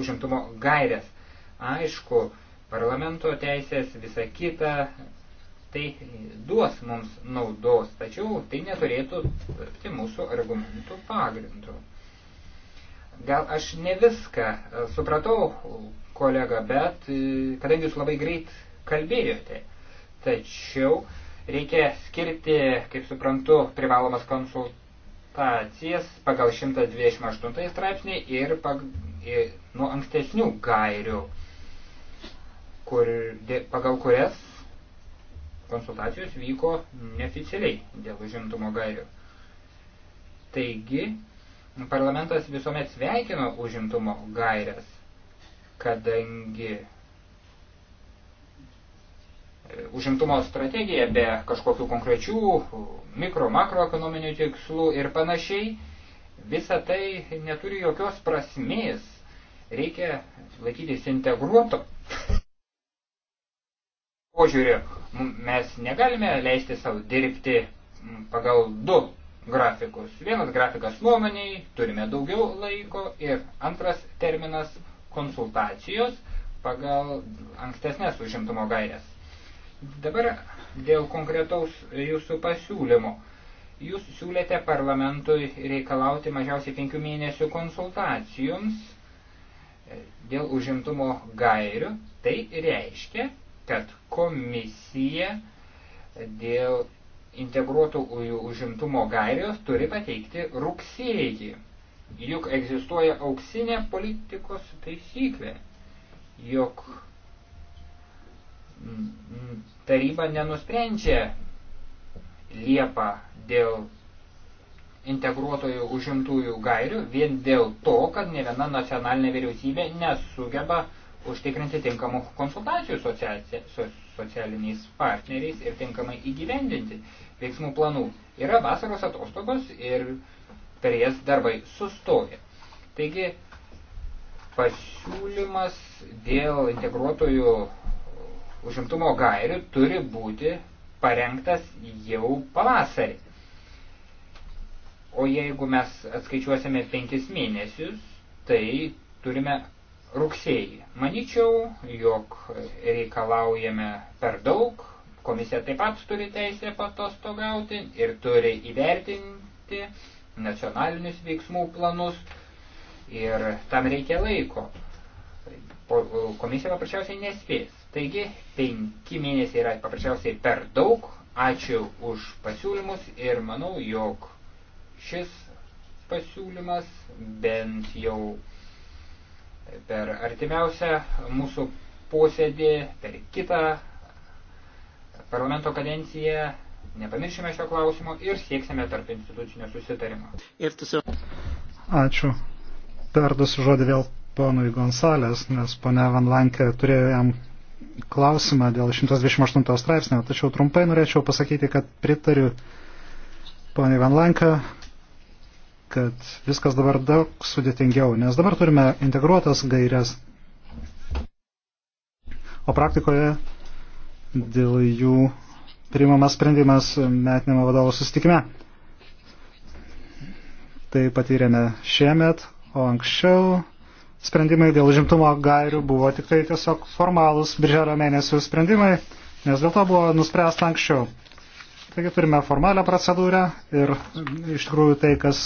užimtumo gairės. Aišku, parlamento teisės, visa kita, tai duos mums naudos, tačiau tai neturėtų tapti mūsų argumentų pagrindu. Gal aš ne viską e, supratau, kolega, bet e, kadangi jūs labai greit kalbėjote, tačiau reikia skirti, kaip suprantu, privalomas konsult konsultacijas pagal 128 straipsnį ir, pag, ir nuo ankstesnių gairių, kur, de, pagal kurias konsultacijos vyko neoficialiai dėl užimtumo gairių. Taigi, parlamentas visuomet sveikino užimtumo gairias, kadangi užimtumo strategiją be kažkokių konkrečių mikro, makroekonominių tikslų ir panašiai, visa tai neturi jokios prasmės. Reikia laikytis integruoto požiūrio. Mes negalime leisti savo dirbti pagal du grafikus. Vienas grafikas nuomoniai, turime daugiau laiko ir antras terminas konsultacijos pagal ankstesnės užimtumo gairias. Dabar dėl konkretaus jūsų pasiūlymo. Jūs siūlėte parlamentui reikalauti mažiausiai penkių mėnesių konsultacijoms e, dėl užimtumo gairių. Tai reiškia, kad komisija dėl integruotų užimtumo gairijos turi pateikti rugsėjį. Juk egzistuoja auksinė politikos taisyklė, jog taryba nenusprendžia Liepą dėl integruotojų užimtųjų gairių vien dėl to, kad ne viena nacionalinė vyriausybė nesugeba užtikrinti tinkamų konsultacijų so, socialiniais partneriais ir tinkamai įgyvendinti veiksmų planų. Yra vasaros atostogos ir per jas darbai sustoja. Taigi pasiūlymas dėl integruotojų užimtumo gairių turi būti parengtas jau pavasarį. O jeigu mes atskaičiuosime penkis mėnesius, tai turime rugsėjį. Maničiau, jog reikalaujame per daug, komisija taip pat turi teisę patostogauti ir turi įvertinti nacionalinius veiksmų planus ir tam reikia laiko. Komisija paprasčiausiai nespės. Taigi, penki mėnesiai yra paprasčiausiai per daug. Ačiū už pasiūlymus ir manau, jog šis pasiūlymas bent jau per artimiausią mūsų posėdį, per kitą parlamento kadenciją. Nepamiršime šio klausimo ir sieksime tarp institucinio susitarimo. Ačiū. Perduosiu žodį vėl ponui Gonsalės, nes ponia Van Lankė turėjo jam klausimą dėl 128 straipsnio, tačiau trumpai norėčiau pasakyti, kad pritariu poniai Van Lanka, kad viskas dabar daug sudėtingiau, nes dabar turime integruotas gairias, o praktikoje dėl jų priimamas sprendimas metinėme vadovo susitikime. Tai patyrėme šiemet, o anksčiau sprendimai dėl žimtumo gairių buvo tik tai tiesiog formalūs birželio mėnesių sprendimai, nes dėl to buvo nuspręsta anksčiau. Taigi turime formalią procedūrą ir e, iš tikrųjų tai, kas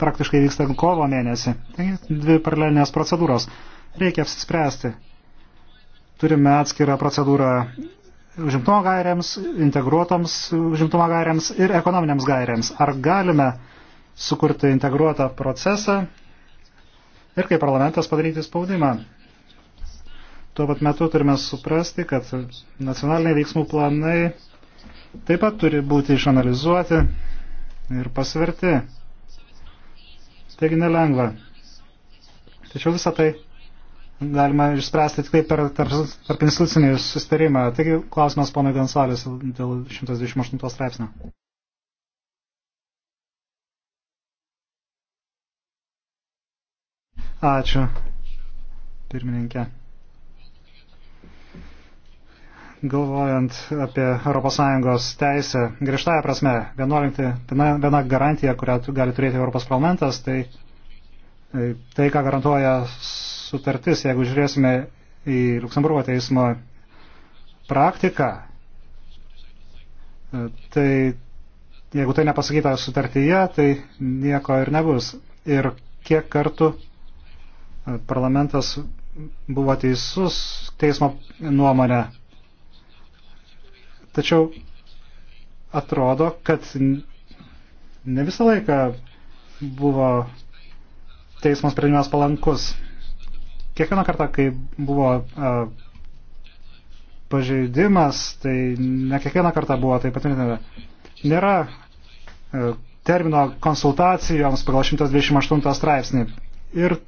praktiškai vyksta kovo mėnesį. Taigi dvi paralelinės procedūros. Reikia apsispręsti. Turime atskirą procedūrą užimtumo gairiams, integruotoms užimtumo gairiams ir ekonominiams gairiams. Ar galime sukurti integruotą procesą, ir kaip parlamentas padaryti spaudimą. Tuo pat metu turime suprasti, kad nacionaliniai veiksmų planai taip pat turi būti išanalizuoti ir pasverti. Taigi nelengva. Tačiau visą tai galima išspręsti tik per tarp, tarp institucinį sustarimą. Taigi klausimas ponui Gansalės dėl 128 straipsnio. Ačiū, pirmininkė. Galvojant apie ES teisę, griežtąją prasme, viena, viena garantija, kurią gali turėti Europos parlamentas, tai, tai tai, ką garantuoja sutartis, jeigu žiūrėsime į Luksemburgo teismo praktiką, tai jeigu tai nepasakyta sutartyje, tai nieko ir nebus. Ir kiek kartų parlamentas buvo teisus teismo nuomonė. Tačiau atrodo, kad ne visą laiką buvo teismo sprendimas palankus. Kiekvieną kartą, kai buvo a, pažeidimas, tai ne kiekvieną kartą buvo tai patvirtinta. Nėra a, termino konsultacijoms pagal 128 straipsnį. Ir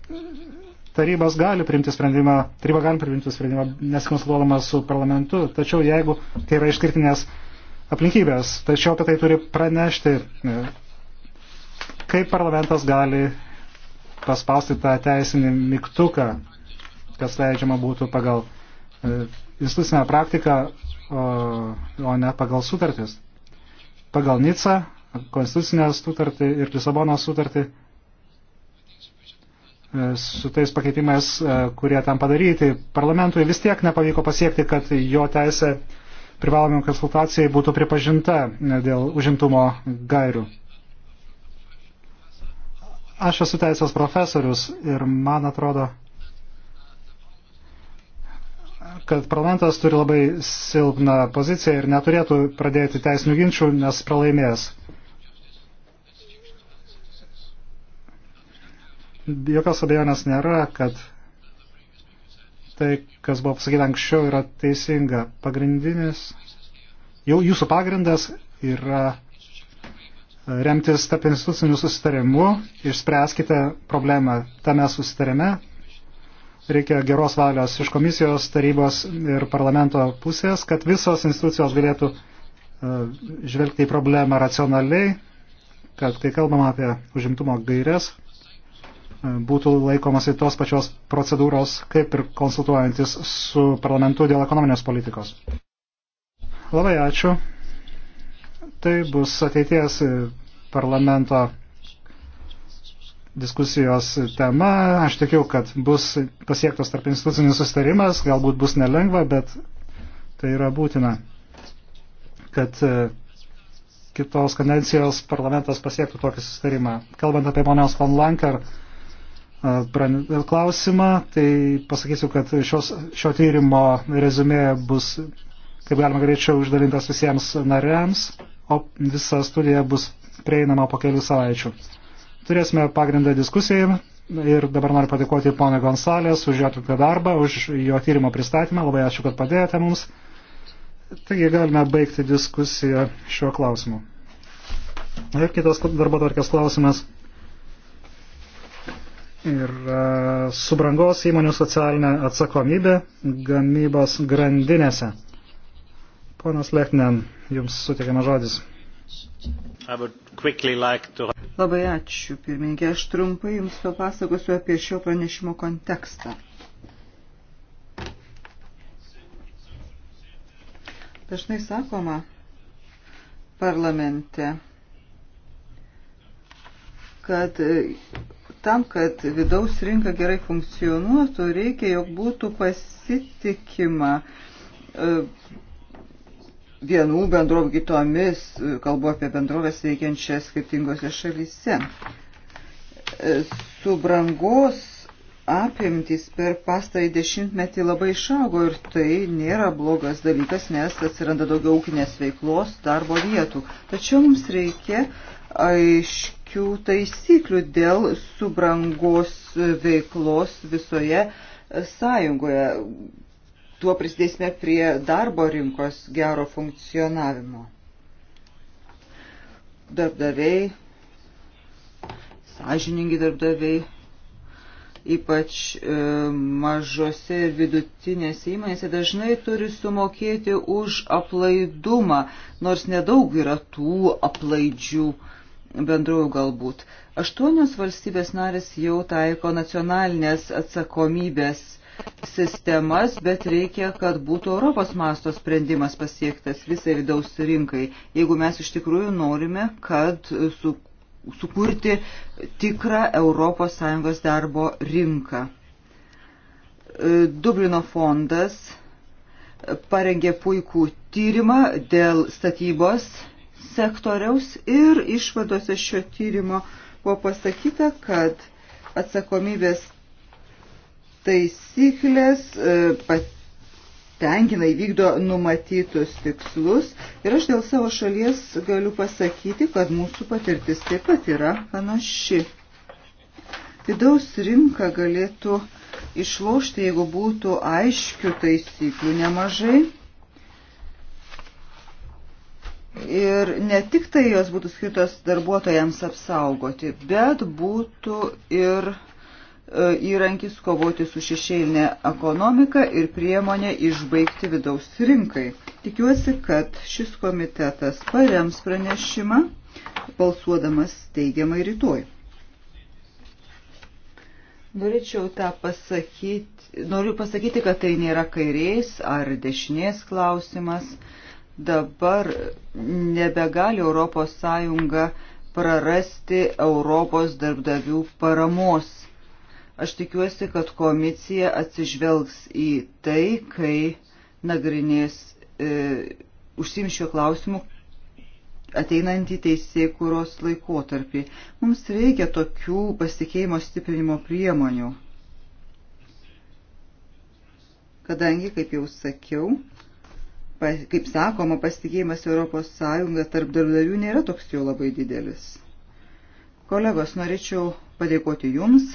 tarybas gali priimti sprendimą, taryba gali priimti sprendimą nesikonsultuodama su parlamentu, tačiau jeigu tai yra išskirtinės aplinkybės, tačiau apie tai turi pranešti, e, kaip parlamentas gali paspausti tą teisinį mygtuką, kas leidžiama būtų pagal e, institucinę praktiką, o, o ne pagal sutartis. Pagal Nica, konstitucinę sutartį ir Lisabono sutartį E, su tais pakeitimais, e, kurie tam padaryti. Parlamentui vis tiek nepavyko pasiekti, kad jo teisė privalomių konsultacijai būtų pripažinta e, dėl užimtumo gairių. Aš esu teisės profesorius ir man atrodo, kad parlamentas turi labai silpną poziciją ir neturėtų pradėti teisinių ginčių, nes pralaimės. jokios abejonės nėra, kad tai, kas buvo pasakyta anksčiau, yra teisinga. Pagrindinis, jau jūsų pagrindas yra remtis tarp institucinių susitarimų, išspręskite problemą tame susitarime. Reikia geros valios iš komisijos, tarybos ir parlamento pusės, kad visos institucijos galėtų e, žvelgti į problemą racionaliai, kad kai kalbam apie užimtumo gairias, būtų laikomasi tos pačios procedūros, kaip ir konsultuojantis su parlamentu dėl ekonominės politikos. Labai ačiū. Tai bus ateities parlamento diskusijos tema. Aš tikiu, kad bus pasiektas tarp institucinis sustarimas, galbūt bus nelengva, bet tai yra būtina, kad e, kitos kadencijos parlamentas pasiektų tokį sustarimą. Kalbant apie ponios von Lanker, klausimą, tai pasakysiu, kad šios, šio tyrimo rezumė bus, kaip galima greičiau, uždalintas visiems nariams, o visa studija bus prieinama po kelių savaičių. Turėsime pagrindą diskusijai ir dabar noriu padėkoti ponui Gonsalės už jo atliktą darbą, už jo tyrimo pristatymą. Labai ačiū, kad padėjote mums. Taigi galime baigti diskusiją šiuo klausimu. Ir kitas darbo tvarkės klausimas yra subrangos įmonių socialinė atsakomybė gamybos grandinėse. Ponas Lechnen, jums suteikiamas žodis. Like to... Labai ačiū, pirmininkė. Aš trumpai jums papasakosiu apie šio pranešimo kontekstą. Dažnai sakoma parlamente, kad tam, kad vidaus rinka gerai funkcionuotų, reikia, jog būtų pasitikima e, vienų bendrovų kitomis, e, kalbu apie bendrovės veikiančias skirtingose šalyse. E, subrangos apimtys per pastarąjį dešimtmetį labai išaugo ir tai nėra blogas dalykas, nes atsiranda daugiau ūkinės veiklos, darbo vietų. Tačiau mums reikia aiškiai aiškių taisyklių dėl subrangos veiklos visoje sąjungoje. Tuo prisidėsime prie darbo rinkos gero funkcionavimo. Darbdaviai, sąžiningi darbdaviai, ypač e, mažose ir vidutinėse įmonėse dažnai turi sumokėti už aplaidumą, nors nedaug yra tų aplaidžių bendrovų galbūt. Aštuonios valstybės narės jau taiko nacionalinės atsakomybės sistemas, bet reikia, kad būtų Europos masto sprendimas pasiektas visai vidaus rinkai, jeigu mes iš tikrųjų norime, kad su, sukurti tikrą ES darbo rinką. E, Dublino fondas parengė puikų tyrimą dėl statybos sektoriaus ir išvadose šio tyrimo buvo pasakyta, kad atsakomybės taisyklės e, tenkina įvykdo numatytus tikslus ir aš dėl savo šalies galiu pasakyti, kad mūsų patirtis taip pat yra panaši. Vidaus rinka galėtų išlošti, jeigu būtų aiškių taisyklių nemažai Ir ne tik tai jos būtų skirtos darbuotojams apsaugoti, bet būtų ir e, įrankis kovoti su šešėlinė ekonomika ir priemonė išbaigti vidaus rinkai. Tikiuosi, kad šis komitetas parems pranešimą, balsuodamas teigiamai rytoj. Norėčiau tą pasakyti, noriu pasakyti, kad tai nėra kairės ar dešinės klausimas Dabar nebegali ES prarasti Europos darbdavių paramos. Aš tikiuosi, kad komisija atsižvelgs į tai, kai nagrinės e, užsimšio klausimų ateinantį teisėkūros laikotarpį. Mums reikia tokių pasikeimo stiprinimo priemonių. Kadangi, kaip jau sakiau, kaip sakoma, pasitikėjimas Europos Sąjunga tarp darbdavių nėra toks jau labai didelis. Kolegos, norėčiau padėkoti Jums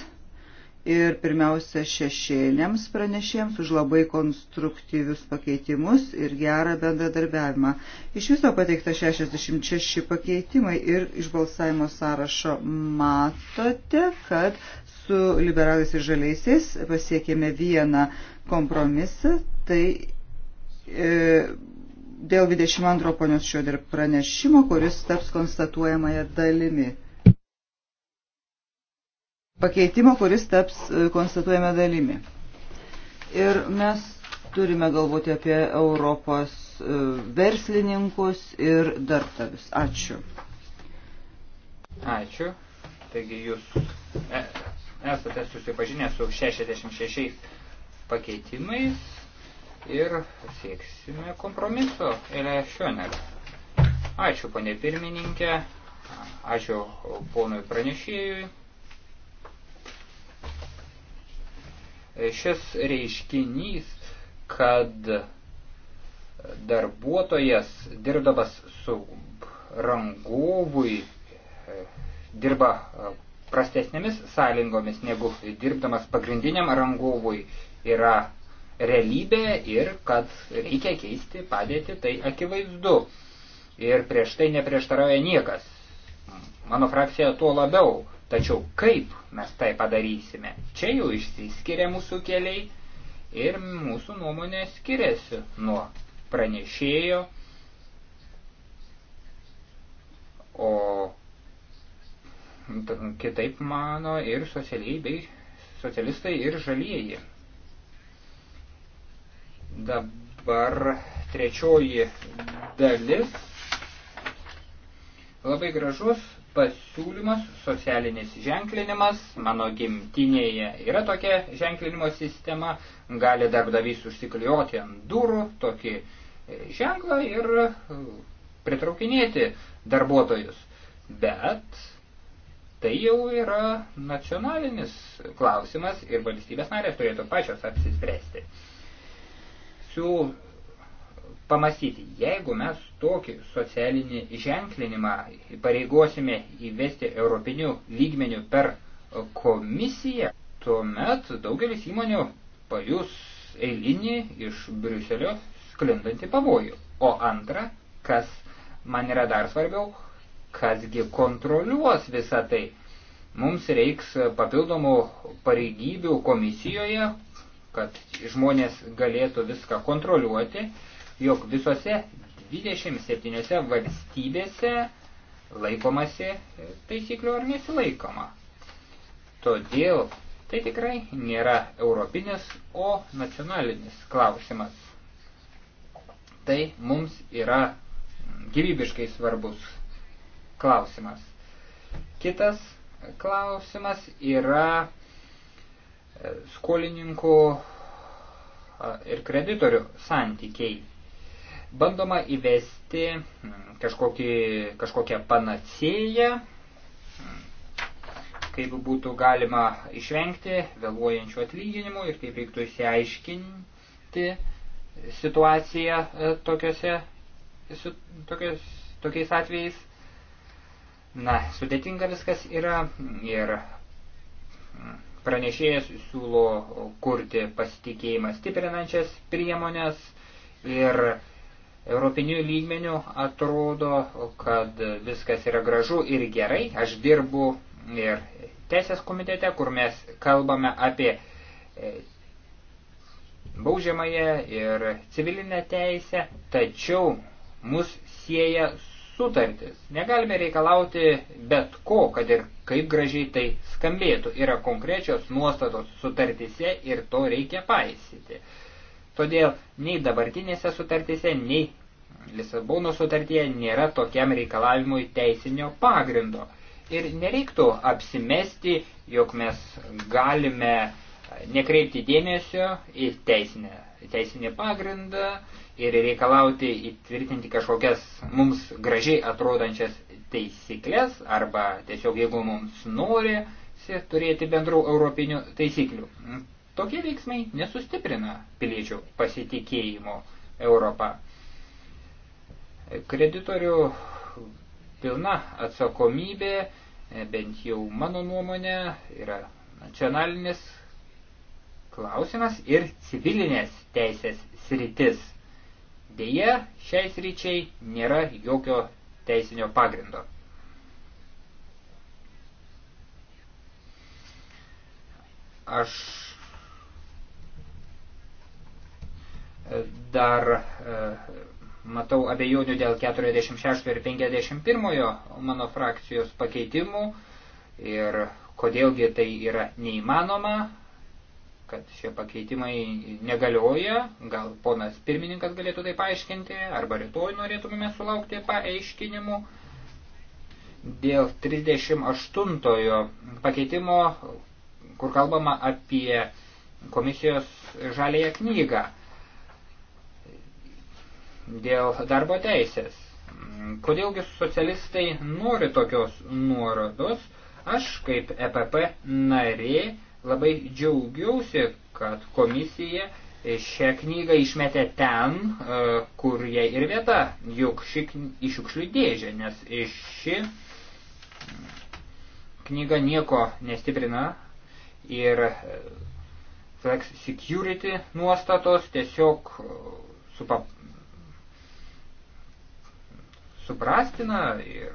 ir pirmiausia šešėliams pranešėjams už labai konstruktyvius pakeitimus ir gerą bendradarbiavimą. Iš viso pateikta 66 pakeitimai ir iš balsavimo sąrašo matote, kad su liberalais ir žaliaisiais pasiekėme vieną kompromisą, tai E, dėl 22 ponios Šiodir pranešimo, kuris taps konstatuojamąją dalimi. Pakeitimo, kuris taps e, konstatuojamą dalimi. Ir mes turime galvoti apie Europos e, verslininkus ir darbdavius. Ačiū. Ačiū. Taigi jūs esate susipažinę su 66 pakeitimais ir sieksime kompromiso. Elė Šioner. Ačiū, ponė pirmininkė. Ačiū ponui pranešėjui. Šis reiškinys, kad darbuotojas dirbdamas su rangovui dirba prastesnėmis sąlygomis negu dirbdamas pagrindiniam rangovui yra realybė ir kad reikia keisti padėtį, tai akivaizdu. Ir prieš tai neprieštarauja niekas. Mano frakcija tuo labiau. Tačiau kaip mes tai padarysime? Čia jau išsiskiria mūsų keliai ir mūsų nuomonė skiriasi nuo pranešėjo. O kitaip mano ir socialiai bei socialistai ir žalieji. Dabar trečioji dalis. Labai gražus pasiūlymas, socialinis ženklinimas. Mano gimtinėje yra tokia ženklinimo sistema. Gali darbdavys užsiklijuoti ant durų tokį e, ženklą ir e, pritraukinėti darbuotojus. Bet tai jau yra nacionalinis klausimas ir valstybės narės turėtų pačios apsispręsti visų pamastyti, jeigu mes tokį socialinį ženklinimą pareigosime įvesti europinių lygmenių per komisiją, tuomet daugelis įmonių pajus eilinį iš Briuselio sklindantį pavojų. O antra, kas man yra dar svarbiau, kasgi kontroliuos visą tai. Mums reiks papildomų pareigybių komisijoje, kad žmonės galėtų viską kontroliuoti, jog visose 27 valstybėse laikomasi taisyklių ar nesilaikoma. Todėl tai tikrai nėra europinis, o nacionalinis klausimas. Tai mums yra gyvybiškai svarbus klausimas. Kitas klausimas yra skolininkų ir kreditorių santykiai. Bandoma įvesti mm, kažkokį, kažkokią panacėją, mm, kaip būtų galima išvengti vėluojančių atlyginimų ir kaip reiktų įsiaiškinti situaciją e, tokiuose, su, tokios, tokiais atvejais. Na, sudėtinga viskas yra ir mm, Pranešėjas siūlo kurti pasitikėjimą stiprinančias priemonės ir Europinių lygmenių atrodo, kad viskas yra gražu ir gerai. Aš dirbu ir teisės komitete, kur mes kalbame apie e, baudžiamąją ir civilinę teisę, tačiau mus sieja sutartis. Negalime reikalauti bet ko, kad ir kaip gražiai tai skambėtų. Yra konkrečios nuostatos sutartise ir to reikia paisyti. Todėl nei dabartinėse sutartise, nei Lisabono sutartyje nėra tokiam reikalavimui teisinio pagrindo. Ir nereiktų apsimesti, jog mes galime nekreipti dėmesio į teisinę teisinį pagrindą ir reikalauti įtvirtinti kažkokias mums gražiai atrodančias taisyklės arba tiesiog jeigu mums nori turėti bendrų europinių taisyklių. Tokie veiksmai nesustiprina piliečių pasitikėjimo Europą. Kreditorių pilna atsakomybė, bent jau mano nuomonė, yra nacionalinis klausimas ir civilinės teisės sritis. Deja, šiai sričiai nėra jokio teisinio pagrindo. Aš dar e, matau abejonių dėl 46 ir 51 mano frakcijos pakeitimų ir kodėlgi tai yra neįmanoma, kad šie pakeitimai negalioja, gal ponas pirmininkas galėtų tai paaiškinti, arba rytoj norėtumėme sulaukti paaiškinimų. Dėl 38 pakeitimo, kur kalbama apie komisijos žalėją knygą, dėl darbo teisės. Kodėlgi socialistai nori tokios nuorodos? Aš kaip EPP narė Labai džiaugiausi, kad komisija šią knygą išmetė ten, e, kur jai ir vieta, juk ši iš šiukšlių dėžė, nes ši knyga nieko nestiprina ir e, flex security nuostatos tiesiog e, supa, suprastina ir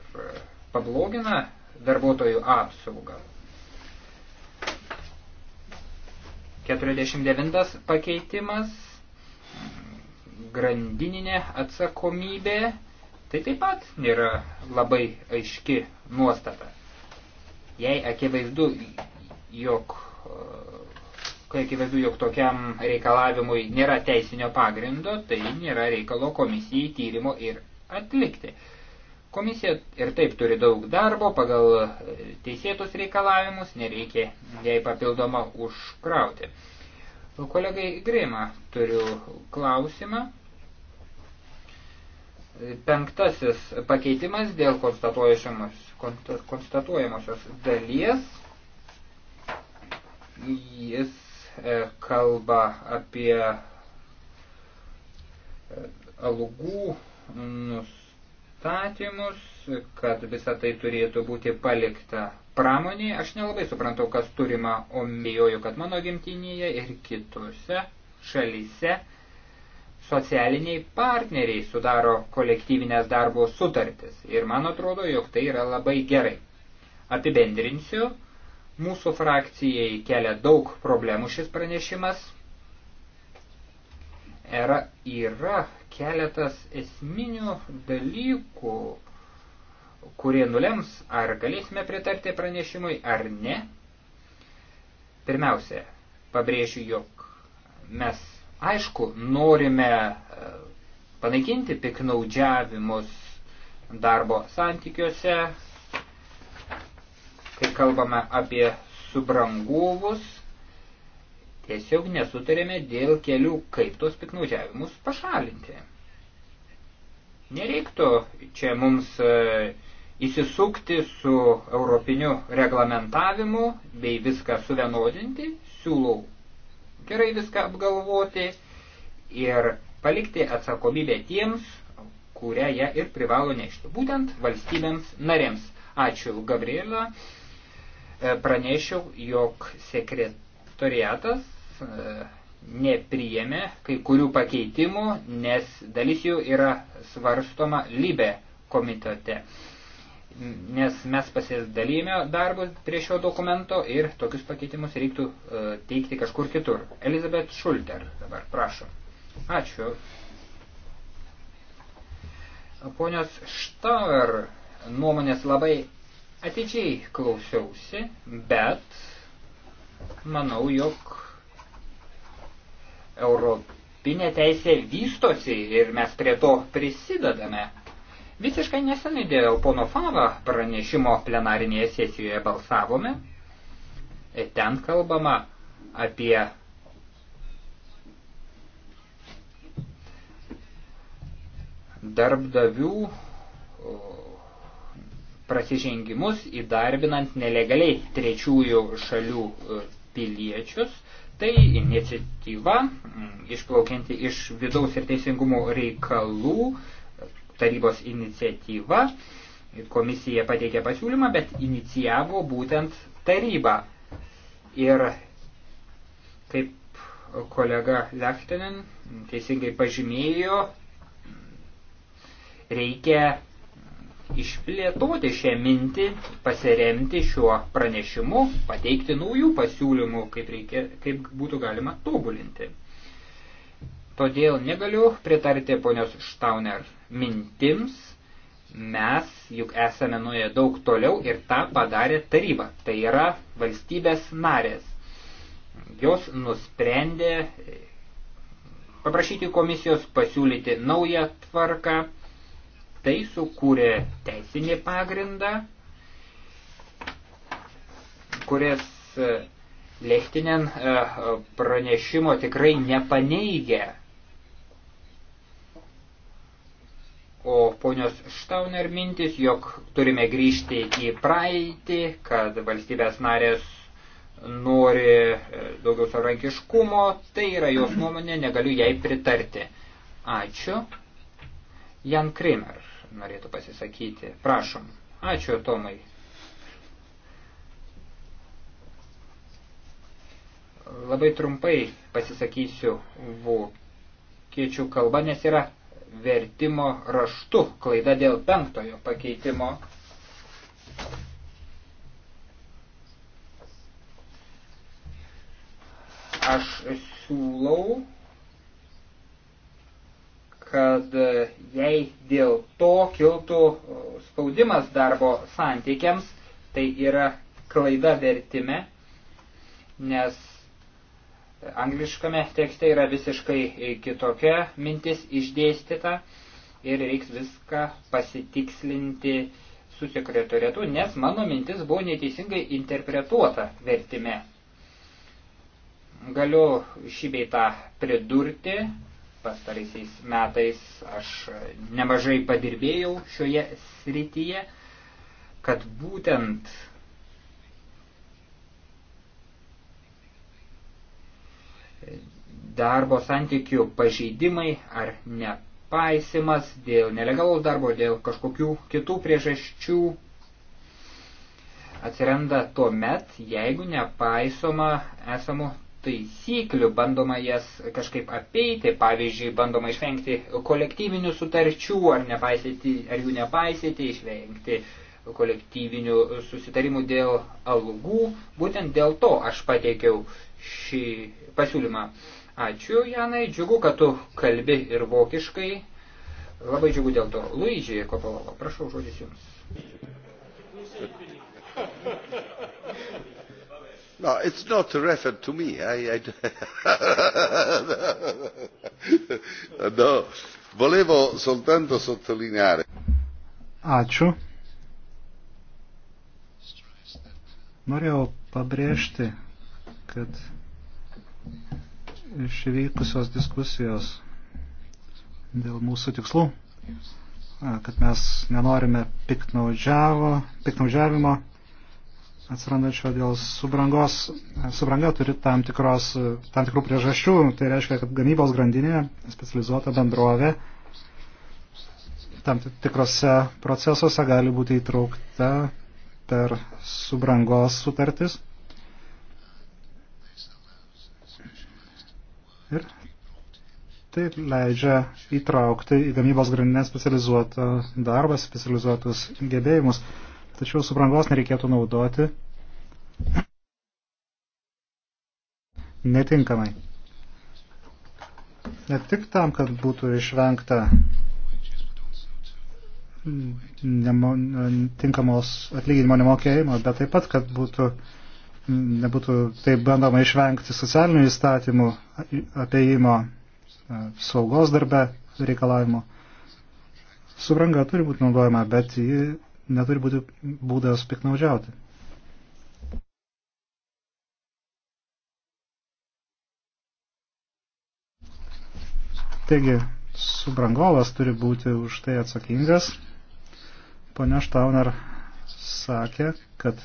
pablogina darbuotojų apsaugą. 49 pakeitimas, grandininė atsakomybė, tai taip pat yra labai aiški nuostata. Jei akivaizdu, jog, kai akivaizdu, jog tokiam reikalavimui nėra teisinio pagrindo, tai nėra reikalo komisijai tyrimo ir atlikti. Komisija ir taip turi daug darbo pagal e, teisėtus reikalavimus, nereikia jai papildomą užkrauti. Kolegai Greima turiu klausimą. Penktasis pakeitimas dėl konstatuojamosios dalies. Jis e, kalba apie e, algų nus įstatymus, kad visa tai turėtų būti palikta pramoniai. Aš nelabai suprantu, kas turima omijoju, kad mano gimtinėje ir kitose šalyse socialiniai partneriai sudaro kolektyvinės darbo sutartis. Ir man atrodo, jog tai yra labai gerai. Apibendrinsiu, mūsų frakcijai kelia daug problemų šis pranešimas. Era yra keletas esminių dalykų, kurie nulems, ar galėsime pritarti pranešimui, ar ne. Pirmiausia, pabrėšiu, jog mes, aišku, norime e, panaikinti piknaudžiavimus darbo santykiuose, kai kalbame apie subrangovus, Tiesiog nesutarėme dėl kelių, kaip tos piknaudžiavimus pašalinti. Nereiktų čia mums e, įsisukti su europiniu reglamentavimu bei viską suvienodinti, siūlau gerai viską apgalvoti ir palikti atsakomybę tiems, kurią ją ir privalo nešti, būtent valstybėms narėms. Ačiū, Gabriela. E, pranešiau, jog sekretorius sektoriatas e, nepriėmė kai kurių pakeitimų, nes dalis jų yra svarstoma Libe komitete. Nes mes pasidalėjome darbus prie šio dokumento ir tokius pakeitimus reiktų e, teikti kažkur kitur. Elizabeth Schulter dabar, prašom. Ačiū. Ponios Štar nuomonės labai atidžiai klausiausi, bet manau, jog europinė teisė vystosi ir mes prie to prisidedame. Visiškai nesenai dėl pono Fava pranešimo plenarinėje sesijoje balsavome. E, ten kalbama apie darbdavių prasižengimus įdarbinant nelegaliai trečiųjų šalių e, piliečius. Tai iniciatyva mm, išplaukianti iš vidaus ir teisingumo reikalų e, tarybos iniciatyva. Komisija pateikė pasiūlymą, bet inicijavo būtent taryba. Ir kaip kolega Lechtinen teisingai pažymėjo, reikia išplėtoti šią mintį, pasiremti šiuo pranešimu, pateikti naujų pasiūlymų, kaip, reikia, kaip būtų galima tobulinti. Todėl negaliu pritarti ponios Štauner mintims, mes juk esame nuėję daug toliau ir tą padarė taryba, tai yra valstybės narės. Jos nusprendė paprašyti komisijos pasiūlyti naują tvarką, Tai sukūrė teisinį pagrindą, kurias e, Lechtinen e, pranešimo tikrai nepaneigia. O ponios Štauner mintis, jog turime grįžti į praeitį, kad valstybės narės nori e, daugiau savarankiškumo, tai yra jos nuomonė, negaliu jai pritarti. Ačiū. Jan Krimer norėtų pasisakyti. Prašom. Ačiū, Tomai. Labai trumpai pasisakysiu vokiečių kalba, nes yra vertimo raštu klaida dėl penktojo pakeitimo. Aš siūlau kad e, jei dėl to kiltų e, spaudimas darbo santykiams, tai yra klaida vertime, nes angliškame tekste yra visiškai e, kitokia mintis išdėstyta ir reiks viską pasitikslinti su sekretorietu, nes mano mintis buvo neteisingai interpretuota vertime. Galiu šį beitą pridurti, pastaraisiais metais aš nemažai padirbėjau šioje srityje, kad būtent darbo santykių pažeidimai ar nepaisimas dėl nelegalaus darbo, dėl kažkokių kitų priežasčių atsiranda tuo met, jeigu nepaisoma esamų taisyklių, bandoma jas kažkaip apeiti, pavyzdžiui, bandoma išvengti kolektyvinių sutarčių ar, nepaisyti, ar jų nepaisyti, išvengti kolektyvinių susitarimų dėl algų. Būtent dėl to aš pateikiau šį pasiūlymą. Ačiū, Janai, džiugu, kad tu kalbi ir vokiškai. Labai džiugu dėl to. Luidžiai Kopalovo, prašau, žodis jums. Thank (laughs) you. No, it's not referred to me. I, I... (laughs) no, volevo soltanto sottolineare. Ačiū. Norėjau pabrėžti, kad išvykusios diskusijos dėl mūsų tikslų, kad mes nenorime piknaudžiavimo atsirandančio dėl subrangos. Subranga turi tam, tikros, tam tikrų priežasčių. Tai reiškia, kad gamybos grandinė, specializuota bendrovė, tam tikrose procesuose gali būti įtraukta per subrangos sutartis. Ir tai leidžia įtraukti į gamybos grandinę specializuotą darbą, specializuotus gebėjimus tačiau subrangos nereikėtų naudoti netinkamai. Ne tik tam, kad būtų išvengta nemo, tinkamos atlyginimo nemokėjimo, bet taip pat, kad būtų, nebūtų taip bandoma išvengti socialinių įstatymų apiejimo saugos darbe reikalavimo. Subranga turi būti naudojama, bet ji neturi būti būdas piknaudžiauti. Taigi, subrangovas turi būti už tai atsakingas. Pone Štauner sakė, kad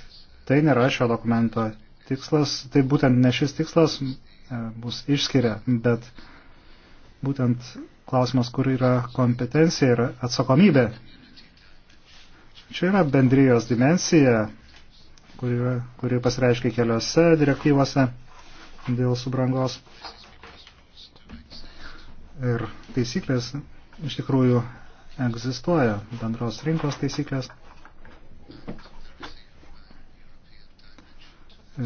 tai nėra šio dokumento tikslas, tai būtent ne šis tikslas e, bus išskiria, bet būtent klausimas, kur yra kompetencija ir atsakomybė Čia yra bendrijos dimensija, kuri, kuri pasireiškia keliose direktyvose dėl subrangos. Ir taisyklės iš tikrųjų egzistuoja, bendros rinkos taisyklės.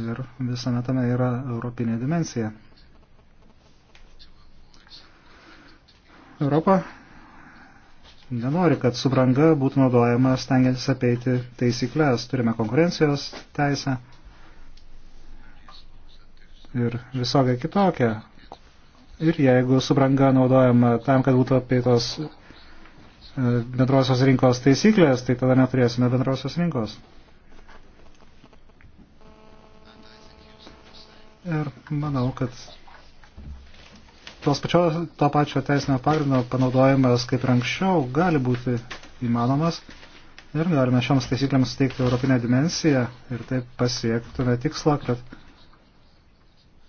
Ir visame tame yra europinė dimensija. Europa nenori, kad subranga būtų naudojama stengiantis apeiti taisyklės. Turime konkurencijos teisę ir visokią kitokią. Ir jeigu subranga naudojama tam, kad būtų apeitos e, bendrosios rinkos taisyklės, tai tada neturėsime bendrosios rinkos. Ir manau, kad tos pačios, to pačio teisinio pagrindo panaudojimas kaip ir anksčiau gali būti įmanomas ir galime šioms taisyklėms suteikti europinę dimensiją ir taip pasiektume tikslą, kad,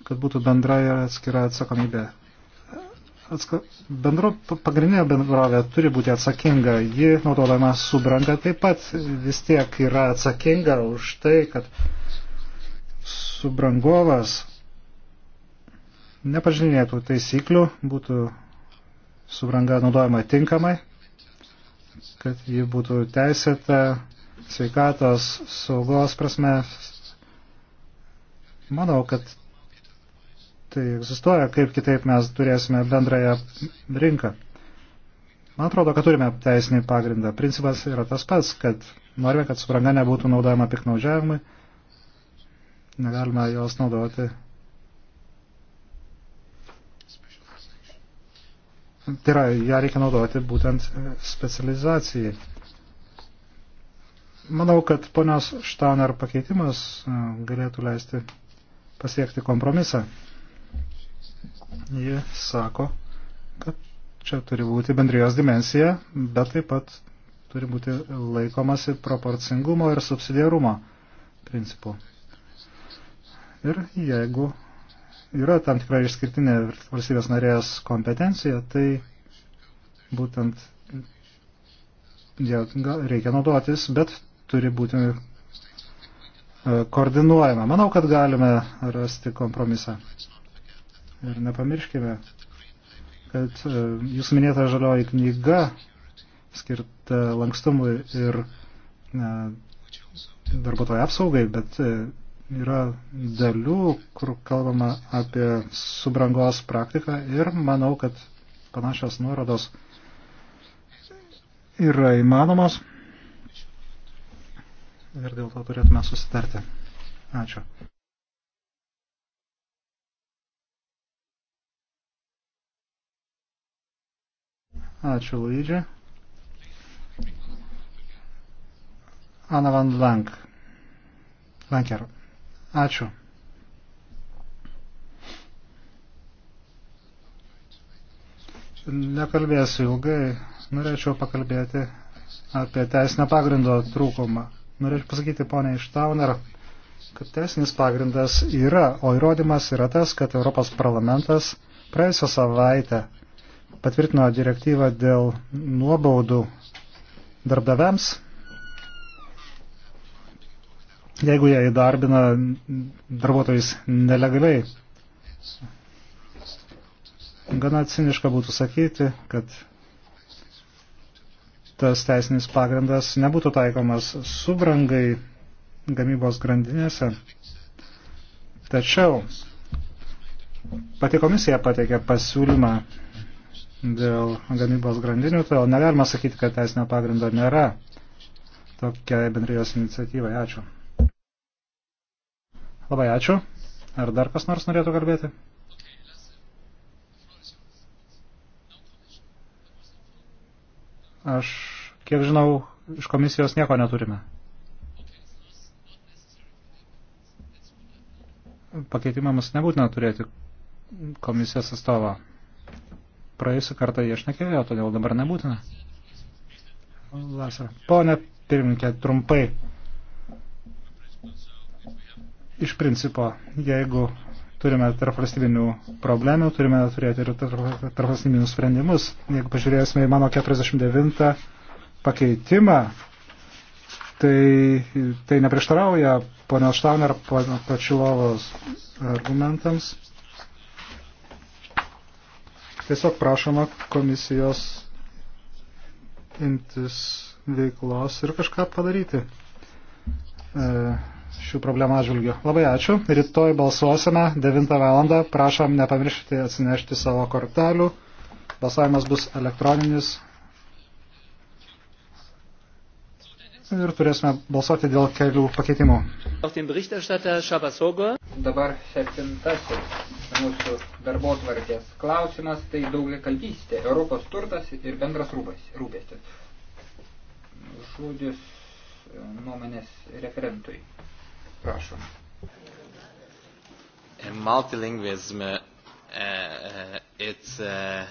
kad būtų bendra ir atskira atsakomybė. Atska, bendro, pagrindinė bendrovė turi būti atsakinga, ji naudodama subranką taip pat vis tiek yra atsakinga už tai, kad subrangovas nepažinėtų taisyklių, būtų subranga naudojama tinkamai, kad ji būtų teisėta sveikatos saugos prasme. Manau, kad tai egzistuoja, kaip kitaip mes turėsime bendrąją rinką. Man atrodo, kad turime teisinį pagrindą. Principas yra tas pats, kad norime, kad subranga nebūtų naudojama piknaudžiavimui, negalime jos naudoti tai yra, ją reikia naudoti būtent e, specializacijai. Manau, kad ponios Štaner pakeitimas e, galėtų leisti pasiekti kompromisą. Ji sako, kad čia turi būti bendrijos dimensija, bet taip pat turi būti laikomasi proporcingumo ir subsidiarumo principų. Ir jeigu yra tam tikra išskirtinė valstybės narės kompetencija, tai būtent ja, reikia naudotis, bet turi būti e, koordinuojama. Manau, kad galime rasti kompromisą. Ir nepamirškime, kad e, jūs minėta žalioji knyga skirta lankstumui ir darbuotojų apsaugai, bet e, yra dalių, kur kalbama apie subrangos praktiką ir manau, kad panašios nuorodos yra įmanomos ir dėl to turėtume susitarti. Ačiū. Ačiū, Luidžiai. Ana van Lank. Lanker. Ačiū. Nekalbėsiu ilgai, norėčiau pakalbėti apie teisinę pagrindo trūkumą. Norėčiau pasakyti, ponia Ištauner, kad teisinis pagrindas yra, o įrodymas yra tas, kad Europos parlamentas praėjusią savaitę patvirtino direktyvą dėl nuobaudų darbdaviams jeigu jie įdarbina darbuotojus nelegaliai. Gana ciniška būtų sakyti, kad tas teisinis pagrindas nebūtų taikomas subrangai gamybos grandinėse. Tačiau pati komisija pateikė pasiūlymą dėl gamybos grandinių, todėl negalima sakyti, kad teisinio pagrindo nėra. Tokia bendrijos iniciatyva. Ačiū. Labai ačiū. Ar dar kas nors norėtų kalbėti? Aš, kiek žinau, iš komisijos nieko neturime. Pakeitimams nebūtina turėti komisijos atstovą. Praėjusią kartą jie šnekėjo, todėl dabar nebūtina. Lasar. Pone pirminkė, trumpai iš principo, jeigu turime tarpvalstybinių problemų, turime turėti ir tarpvalstybinius sprendimus. Jeigu pažiūrėsime į mano 49 pakeitimą, tai, tai neprieštarauja ponios Štauner pačilovos argumentams. Tiesiog prašoma komisijos imtis veiklos ir kažką padaryti. E, šių problemų atžvilgių. Labai ačiū. Rytoj balsuosime 9 val. Prašom nepamiršti atsinešti savo kortelių. Balsavimas bus elektroninis. Ir turėsime balsuoti dėl kelių pakeitimų. Dabar septintasis mūsų darbo tvarkės klausimas, tai daugia kalbystė, Europos turtas ir bendras rūpestis. Žodis e, nuomonės referentui. Prašom. Multilingualism, uh, uh, it's uh,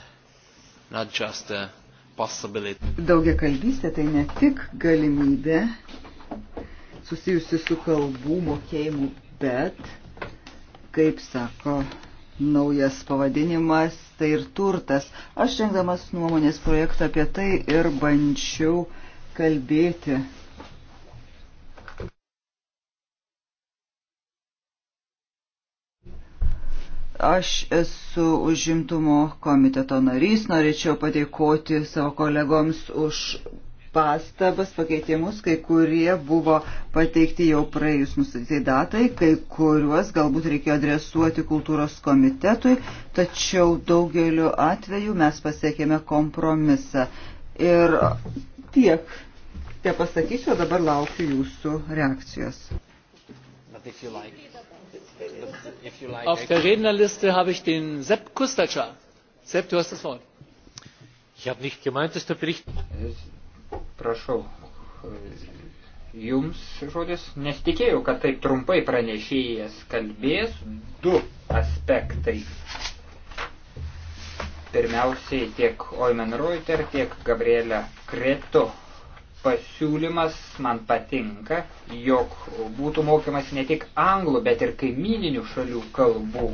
not just a possibility. Daugia kalbystė tai ne tik galimybė susijusi su kalbų mokėjimu, bet, kaip sako naujas pavadinimas, tai ir turtas. Aš rengdamas nuomonės projektą apie tai ir bandžiau kalbėti Aš esu užimtumo komiteto narys, norėčiau padėkoti savo kolegoms už pastabas, pakeitimus, kai kurie buvo pateikti jau praėjus nustatytai datai, kai kuriuos galbūt reikėjo adresuoti kultūros komitetui, tačiau daugeliu atveju mes pasiekėme kompromisą. Ir tiek, te pasakysiu, dabar laukiu jūsų reakcijos. But if you like. Auf der Rednerliste habe ich den Sepp Kustacher. Sepp, du hast das Wort. Ich habe nicht gemeint, dass der Bericht. Prašau. Jums žodis, nes tikėjau, kad taip trumpai pranešėjas kalbės du aspektai. Pirmiausiai tiek Oimen Reuter, tiek Gabrielė Kreto pasiūlymas man patinka, jog būtų mokymas ne tik anglų, bet ir kaimininių šalių kalbų.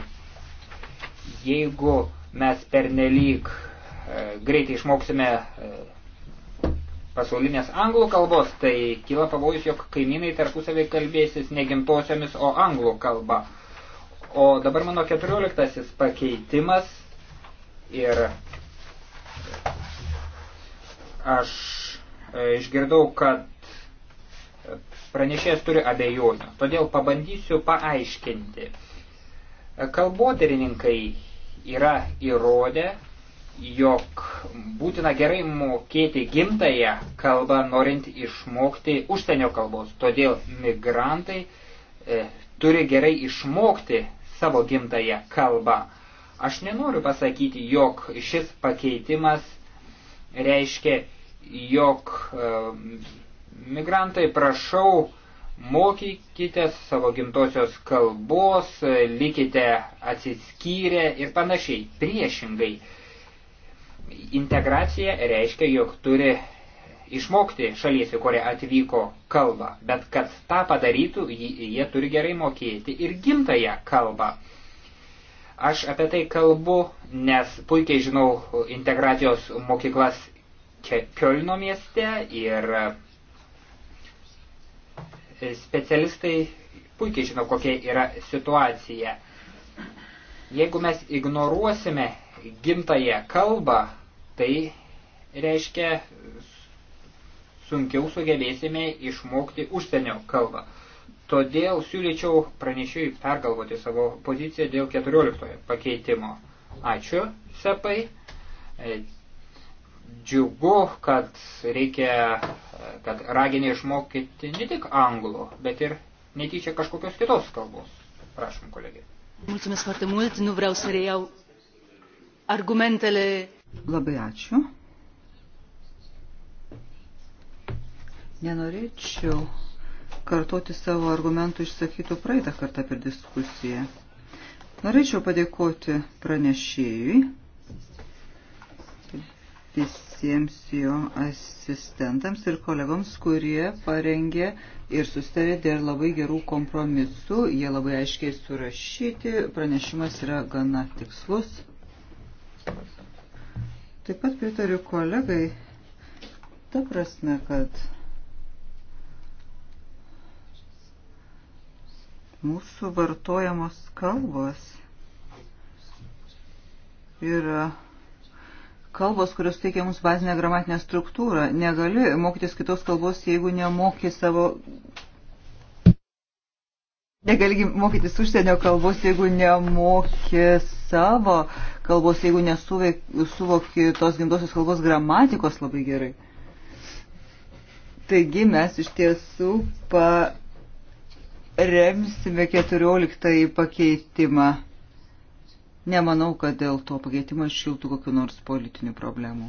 Jeigu mes pernelyg e, greitai išmoksime e, pasaulinės anglų kalbos, tai kyla pavojus, jog kaimynai tarpusavį kalbėsis ne gimtosiomis, o anglų kalba. O dabar mano keturioliktasis pakeitimas ir aš E, išgirdau, kad pranešėjas turi abejonių. Todėl pabandysiu paaiškinti. E, kalbotarininkai yra įrodę, jog būtina gerai mokėti gimtąją kalbą, norint išmokti užsienio kalbos. Todėl migrantai e, turi gerai išmokti savo gimtąją kalbą. Aš nenoriu pasakyti, jog šis pakeitimas reiškia jog migrantai prašau mokykitės savo gimtosios kalbos, likite atsiskyrę ir panašiai. Priešingai, integracija reiškia, jog turi išmokti šalies, į kurią atvyko kalbą, bet kad tą padarytų, jie turi gerai mokėti ir gimtąją kalbą. Aš apie tai kalbu, nes puikiai žinau integracijos mokyklas Kielno mieste ir e, specialistai puikiai žino, kokia yra situacija. Jeigu mes ignoruosime gimtąją kalbą, tai reiškia sunkiau sugebėsime išmokti užsienio kalbą. Todėl siūlyčiau pranešėjui pergalvoti savo poziciją dėl 14 pakeitimo. Ačiū, Sepai. E, džiugu, kad reikia, kad raginė išmokyti ne tik anglų, bet ir netyčia kažkokios kitos kalbos. Prašom, kolegė. Mulțumesc foarte mult, nu vreau să reiau argumentele. Labai ačiū. Nenorėčiau kartoti savo argumentų išsakytų praeitą kartą per diskusiją. Norėčiau padėkoti pranešėjui visiems jo asistentams ir kolegoms, kurie parengė ir sustarė dėl labai gerų kompromisų. Jie labai aiškiai surašyti, pranešimas yra gana tikslus. Taip pat pritariu kolegai, ta prasme, kad mūsų vartojamos kalbos yra kalbos, kurios teikia mums bazinę gramatinę struktūrą. Negali mokytis kitos kalbos, jeigu nemoki savo. Negali mokytis užsienio kalbos, jeigu nemoki savo kalbos, jeigu nesuvoki tos gimtosios kalbos gramatikos labai gerai. Taigi mes iš tiesų paremsime 14 pakeitimą Nemanau, kad dėl to pakeitimo iškiltų kokiu nors politinių problemų.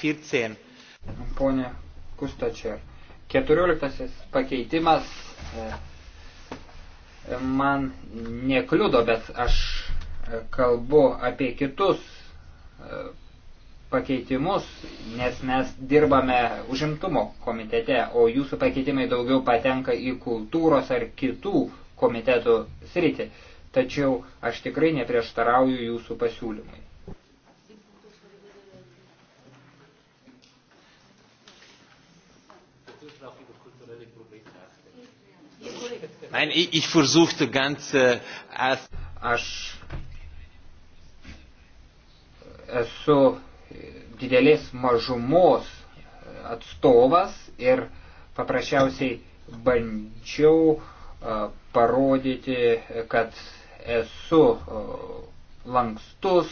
Fircien. Pone Kustačiar, 14 pakeitimas e, man nekliudo, bet aš kalbu apie kitus e, pakeitimus, nes mes dirbame užimtumo komitete, o jūsų pakeitimai daugiau patenka į kultūros ar kitų komitetų sritį. Tačiau aš tikrai neprieštarauju jūsų pasiūlymui. Nein, ich, ich versuchte ganz äh, als. Aš esu didelės mažumos atstovas ir paprasčiausiai bandžiau parodyti, kad esu lankstus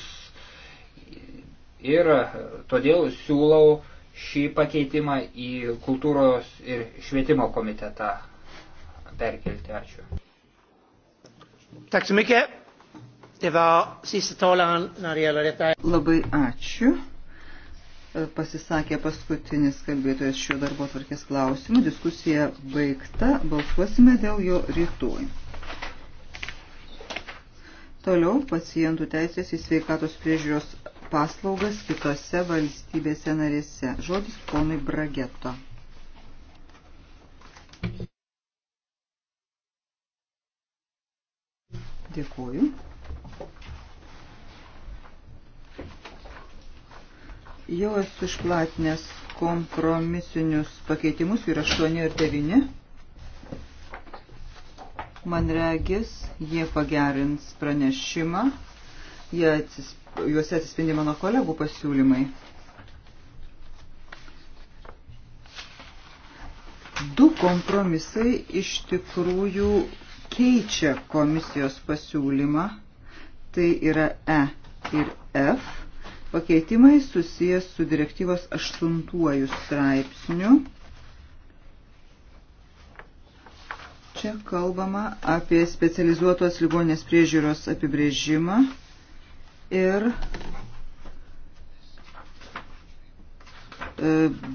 ir todėl siūlau šį pakeitimą į kultūros ir švietimo komitetą perkelti. Ačiū. Tack så mycket. Labai ačiū. Pasisakė paskutinis kalbėtojas šio darbo tvarkės klausimų. Diskusija baigta. Balsuosime dėl jo rytoj. Toliau pacientų teisės į sveikatos priežiūros paslaugas kitose valstybėse narėse. Žodis ponui Brageto. Dėkuoju. Jau esu išplatinęs kompromisinius pakeitimus, yra 8 ir 9. Man regis, jie pagerins pranešimą, jie atsisp... juose atsispindi mano kolegų pasiūlymai. Du kompromisai iš tikrųjų keičia komisijos pasiūlymą, tai yra E ir F Pakeitimai susijęs su direktyvos aštuntuoju straipsniu. Čia kalbama apie specializuotos ligonės priežiūros apibrėžimą ir e,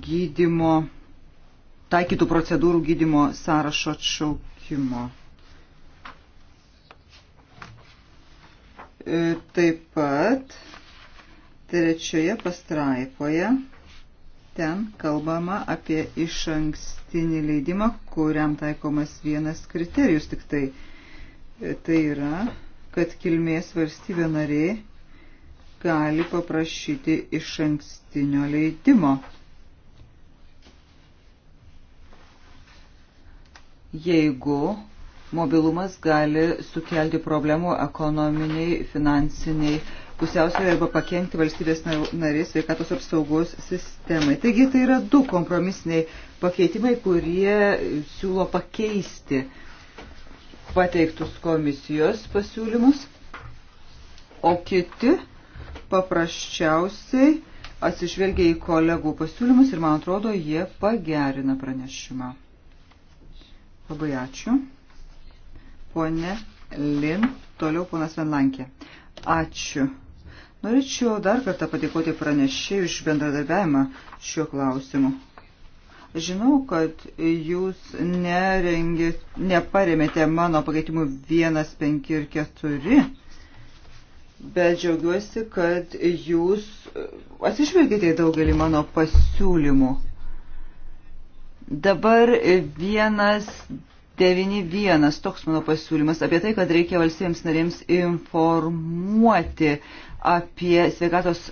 gydymo, taikytų procedūrų gydymo sąrašo atšaukimo. E, taip pat trečioje pastraipoje ten kalbama apie iš ankstinį leidimą, kuriam taikomas vienas kriterijus tik tai. E, tai yra, kad kilmės valstybė narė gali paprašyti iš ankstinio leidimo. Jeigu mobilumas gali sukelti problemų ekonominiai, finansiniai, pusiausvėje arba pakengti valstybės narės sveikatos apsaugos sistemai. Taigi tai yra du kompromisiniai pakeitimai, kurie siūlo pakeisti pateiktus komisijos pasiūlymus, o kiti paprasčiausiai atsižvelgia į kolegų pasiūlymus ir, man atrodo, jie pagerina pranešimą. Labai ačiū. Pone Lin, toliau ponas Venlankė. Ačiū. Norėčiau dar kartą padėkoti pranešėjui iš bendradarbiavimą šiuo klausimu. Žinau, kad jūs nerengė, neparėmėte mano pakeitimų 1, 5 ir 4, bet džiaugiuosi, kad jūs atsižvelgėte į daugelį mano pasiūlymų. Dabar 191 toks mano pasiūlymas apie tai, kad reikia valstybėms narėms informuoti apie sveikatos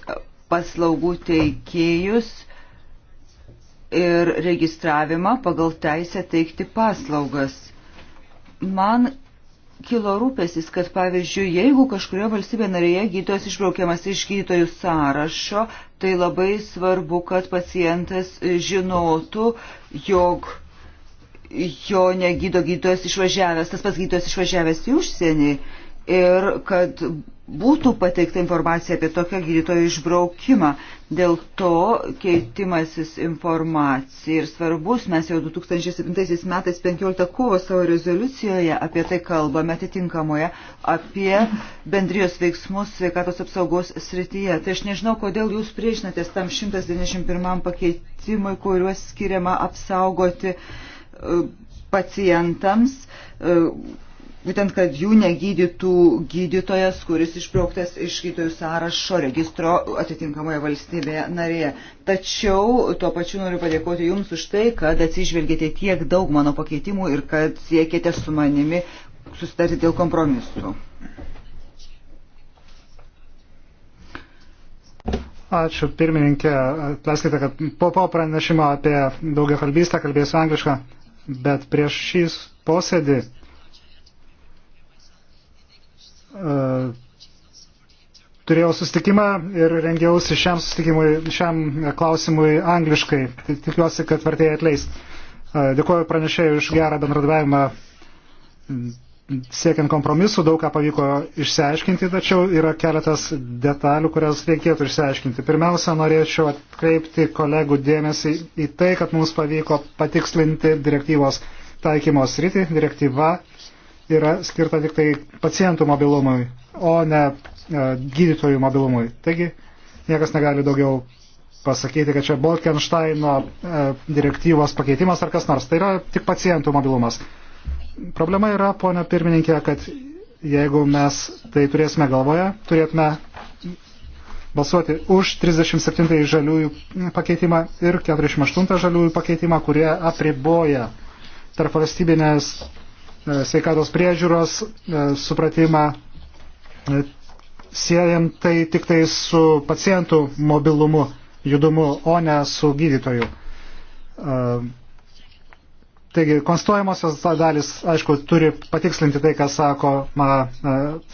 paslaugų teikėjus ir registravimą pagal teisę teikti paslaugas. Man kilo rūpesis, kad pavyzdžiui, jeigu kažkurioje valstybė narėje gydytojas išbraukiamas iš gydytojų sąrašo, tai labai svarbu, kad pacientas žinotų, jog jo negydo gydytojas išvažiavęs, tas pats gydytojas išvažiavęs į užsienį. Uh, ir kad būtų pateikta informacija apie tokią gydytojo išbraukimą. Dėl to keitimasis informacija ir svarbus, mes jau 2007 metais 15 kovo savo rezoliucijoje apie tai kalbame atitinkamoje, apie bendrijos veiksmus sveikatos apsaugos srityje. Tai aš nežinau, kodėl jūs priešinatės tam 191 pakeitimui, kuriuos skiriama apsaugoti e, pacientams e, būtent, kad jų negydytų gydytojas, kuris išbrauktas iš gydytojų sąrašo registro atitinkamoje valstybėje narėje. Tačiau tuo pačiu noriu padėkoti Jums už tai, kad atsižvelgėte tiek daug mano pakeitimų ir kad siekėte su manimi susitarti dėl kompromisų. Ačiū pirmininkė. Atleiskite, kad po, po pranešimo apie daugia kalbystę kalbėsiu anglišką, bet prieš šį posėdį E, turėjau sustikimą ir rengiausi šiam sustikimui, šiam klausimui angliškai. Tikiuosi, kad vertėjai atleis. E, dėkuoju pranešėjui už gerą bendradavimą siekiant kompromisų, daug ką pavyko išsiaiškinti, tačiau yra keletas detalių, kurias reikėtų išsiaiškinti. Pirmiausia, norėčiau atkreipti kolegų dėmesį į tai, kad mums pavyko patikslinti direktyvos taikymos rytį. Direktyva yra skirta tik tai pacientų mobilumui, o ne e, gydytojų mobilumui. Taigi niekas negali daugiau pasakyti, kad čia Bolkensteino e, direktyvos pakeitimas ar kas nors. Tai yra tik pacientų mobilumas. Problema yra, ponia pirmininkė, kad jeigu mes tai turėsime galvoje, turėtume balsuoti už 37 žaliųjų pakeitimą ir 48 žaliųjų pakeitimą, kurie apriboja tarp valstybinės E, sveikatos priežiūros e, supratimą, e, siejant tai tik tai su pacientų mobilumu, judumu, o ne su gydytoju. Taigi, konstuojamosios dalis, aišku, turi patikslinti tai, kas sako ma,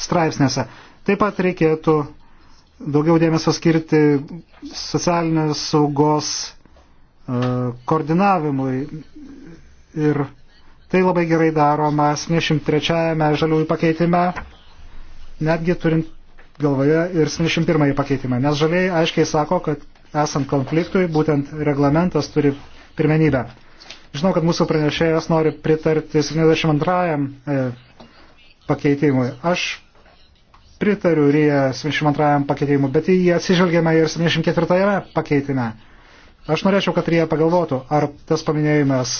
straipsnėse. Taip pat reikėtų daugiau dėmesio skirti socialinės saugos koordinavimui ir Tai labai gerai daroma 73-ame žaliųjų pakeitime, netgi turint galvoje ir 71-ąjį pakeitimą, nes žaliai aiškiai sako, kad esant konfliktui, būtent reglamentas turi pirmenybę. Žinau, kad mūsų pranešėjas nori pritarti 72-ajam e, pakeitimui. Aš pritariu RIE 72-ajam pakeitimui, bet jį atsižvelgėme ir 74-ajame pakeitime. Aš norėčiau, kad RIE pagalvotų, ar tas paminėjimas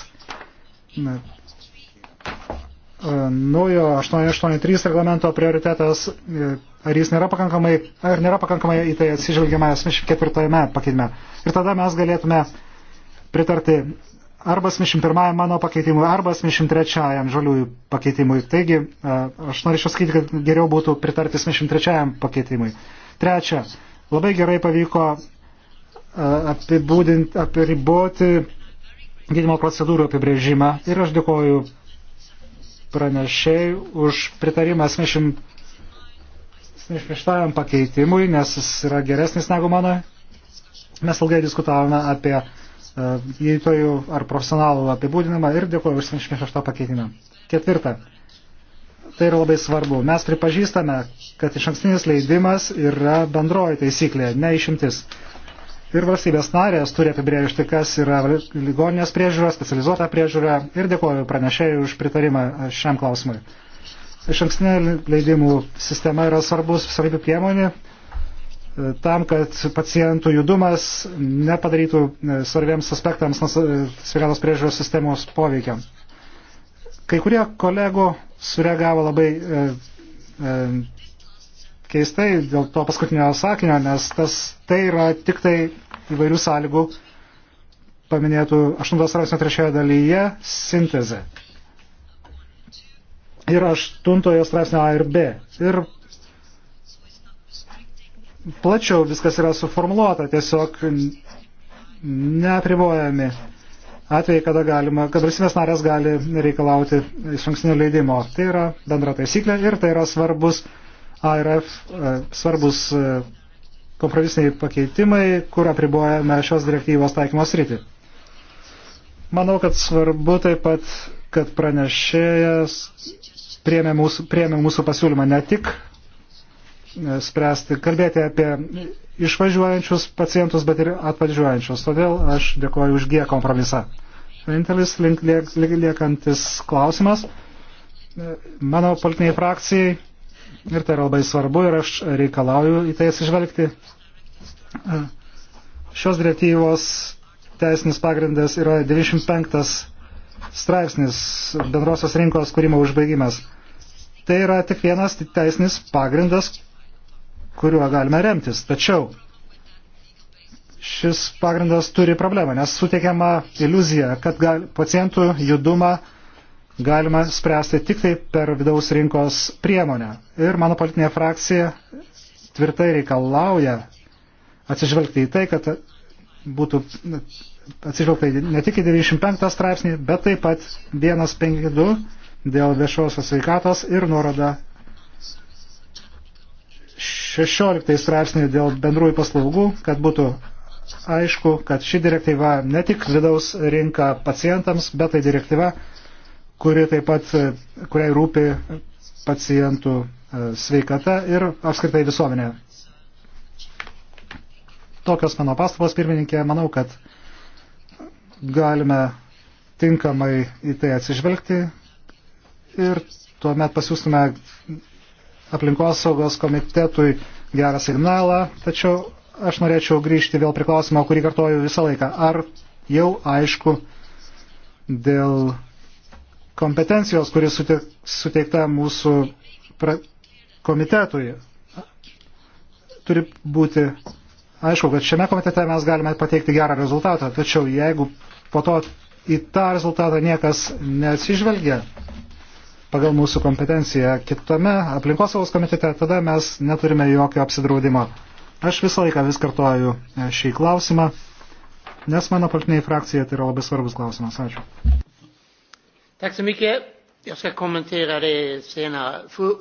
E, naujo 883 reglamento prioritetas, e, ar jis nėra pakankamai, ar nėra pakankamai į tai atsižvelgiama 74 pakeitime. Ir tada mes galėtume pritarti arba 71 mano pakeitimui, arba 73 žaliųjų pakeitimui. Taigi, e, aš norėčiau sakyti, kad geriau būtų pritarti 73 pakeitimui. Trečia, labai gerai pavyko apibūdinti, apriboti gydymo procedūrų apibrėžimą ir aš dėkoju pranešėjai už pritarimą 76 pakeitimui, nes jis yra geresnis negu mano. Mes ilgai diskutavome apie e, gydytojų ar profesionalų apibūdinimą ir dėkuoju už 76 pakeitimą. Ketvirta. Tai yra labai svarbu. Mes pripažįstame, kad iš ankstinis leidimas yra bendroji taisyklė, ne išimtis. Ir valstybės narės turi apibrėžti, kas yra ligoninės priežiūra, specializuota priežiūra ir dėkoju pranešėjai už pritarimą šiam klausimui. Iš ankstinė leidimų sistema yra svarbus savybių priemonė e, tam, kad pacientų judumas nepadarytų e, svarbiems aspektams e, sveikatos priežiūros sistemos poveikiam. Kai kurie kolegų sureagavo labai keistai dėl to paskutinio sakinio, nes tas tai yra tik tai įvairių sąlygų paminėtų 8 straipsnio trečioje dalyje sintezė. Ir 8 straipsnio A ir B. Ir plačiau viskas yra suformuoluota, tiesiog neapribojami atvejai, kada galima, kad valstybės narės gali reikalauti iš ankstinio leidimo. Tai yra bendra taisyklė ir tai yra svarbus ARF e, svarbus e, kompromisiniai pakeitimai, kur apribojame šios direktyvos taikymos rytį. Manau, kad svarbu taip pat, kad pranešėjas priemė mūsų, priemė mūsų pasiūlymą ne tik e, spręsti, kalbėti apie išvažiuojančius pacientus, bet ir atvažiuojančius. Todėl aš dėkoju už G kompromisą. Vienintelis liek, liek, liekantis klausimas. Mano politiniai frakcijai Ir tai yra labai svarbu ir aš reikalauju į tai atsižvelgti. Šios direktyvos teisinis pagrindas yra 95 straipsnis bendrosios rinkos kūrimo užbaigimas. Tai yra tik vienas teisinis pagrindas, kuriuo galime remtis. Tačiau šis pagrindas turi problemą, nes suteikiama iliuzija, kad gal, pacientų judumą galima spręsti tik tai per vidaus rinkos priemonę. Ir mano politinė frakcija tvirtai reikalauja atsižvelgti į tai, kad būtų atsižvelgta ne tik į 95 straipsnį, bet taip pat 152 dėl viešosios sveikatos ir nuoroda 16 straipsnį dėl bendrųjų paslaugų, kad būtų aišku, kad ši direktyva ne tik vidaus rinka pacientams, bet tai direktyva kuri taip pat, kuriai rūpi pacientų e, sveikata ir apskritai visuomenė. Tokios mano pastabos, pirmininkė, manau, kad galime tinkamai į tai atsižvelgti ir tuomet pasiūstume aplinkosaugos komitetui gerą signalą, tačiau aš norėčiau grįžti vėl prie klausimo, kurį kartoju visą laiką. Ar jau aišku dėl kompetencijos, kuris suteikta mūsų komitetui, turi būti aišku, kad šiame komitete mes galime pateikti gerą rezultatą, tačiau jeigu po to į tą rezultatą niekas neatsižvelgia pagal mūsų kompetenciją kitame aplinkosaugos komitete, tada mes neturime jokio apsidraudimo. Aš visą laiką vis kartuoju e, šį klausimą, nes mano politiniai frakcija tai yra labai svarbus klausimas. Ačiū. Tack så mycket. Jag ska kommentera det senare. För...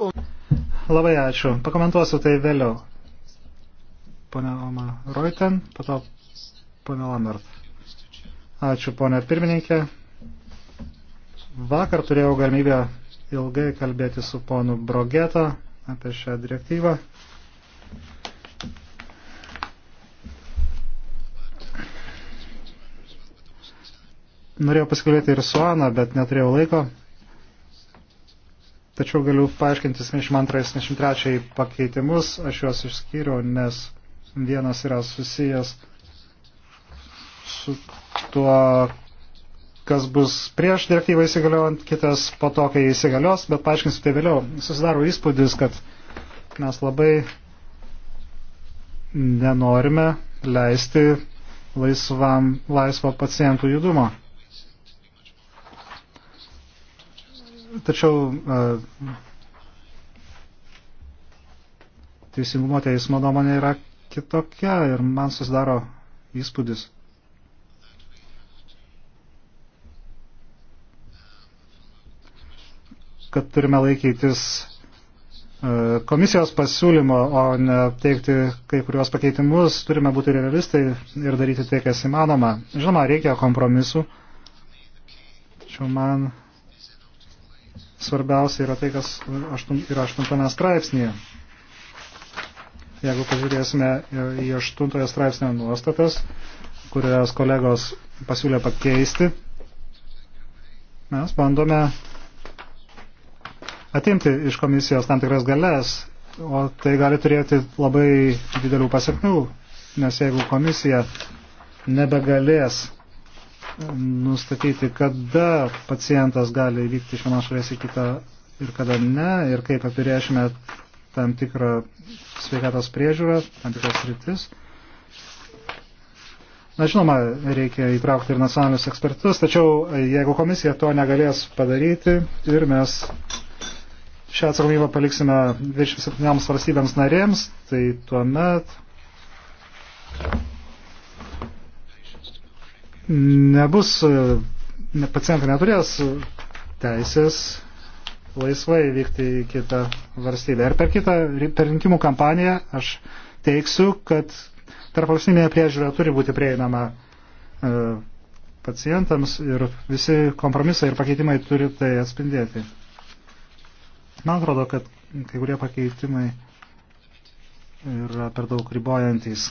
Labai ačiū. Pakomentuosiu tai vėliau. Pone Oma Reuten, po to pone Lambert. Ačiū, pone pirmininkė. Vakar turėjau galimybę ilgai kalbėti su ponu Brogeto apie šią direktyvą. norėjau pasikalbėti ir su Ana, bet neturėjau laiko. Tačiau galiu paaiškinti 72-73 pakeitimus, aš juos išskyriau, nes vienas yra susijęs su tuo, kas bus prieš direktyvą įsigaliojant, kitas po to, kai įsigalios, bet paaiškinsiu tai vėliau. Susidaro įspūdis, kad mes labai nenorime leisti laisvam, laisvo pacientų judumo. Tačiau e, teisingumo teismo nuomonė yra kitokia ir man susidaro įspūdis. kad turime laikytis e, komisijos pasiūlymo, o ne teikti kai kuriuos pakeitimus, turime būti realistai ir daryti tai, kas įmanoma. Žinoma, reikia kompromisų, tačiau man svarbiausia yra tai, kas yra aštuntame straipsnėje. Jeigu pažiūrėsime į aštuntojo straipsnio nuostatas, kurias kolegos pasiūlė pakeisti, mes bandome atimti iš komisijos tam tikras galės, o tai gali turėti labai didelių pasiekmių, nes jeigu komisija nebegalės nustatyti, kada pacientas gali vykti iš vienos šalies į kitą ir kada ne, ir kaip apiriešime tam tikrą sveikatos priežiūrą, tam tikras rytis. Na, žinoma, reikia įtraukti ir nacionalinius ekspertus, tačiau e, jeigu komisija to negalės padaryti ir mes šią atsakomybę paliksime 27 valstybėms narėms, tai tuomet nebus, e, pacientai neturės teisės laisvai vykti į kitą varstybę. Ir per kitą, per rinkimų kampaniją aš teiksiu, kad tarp valstybinė priežiūra turi būti prieinama e, pacientams ir visi kompromisai ir pakeitimai turi tai atspindėti. Man atrodo, kad kai kurie pakeitimai yra per daug ribojantys.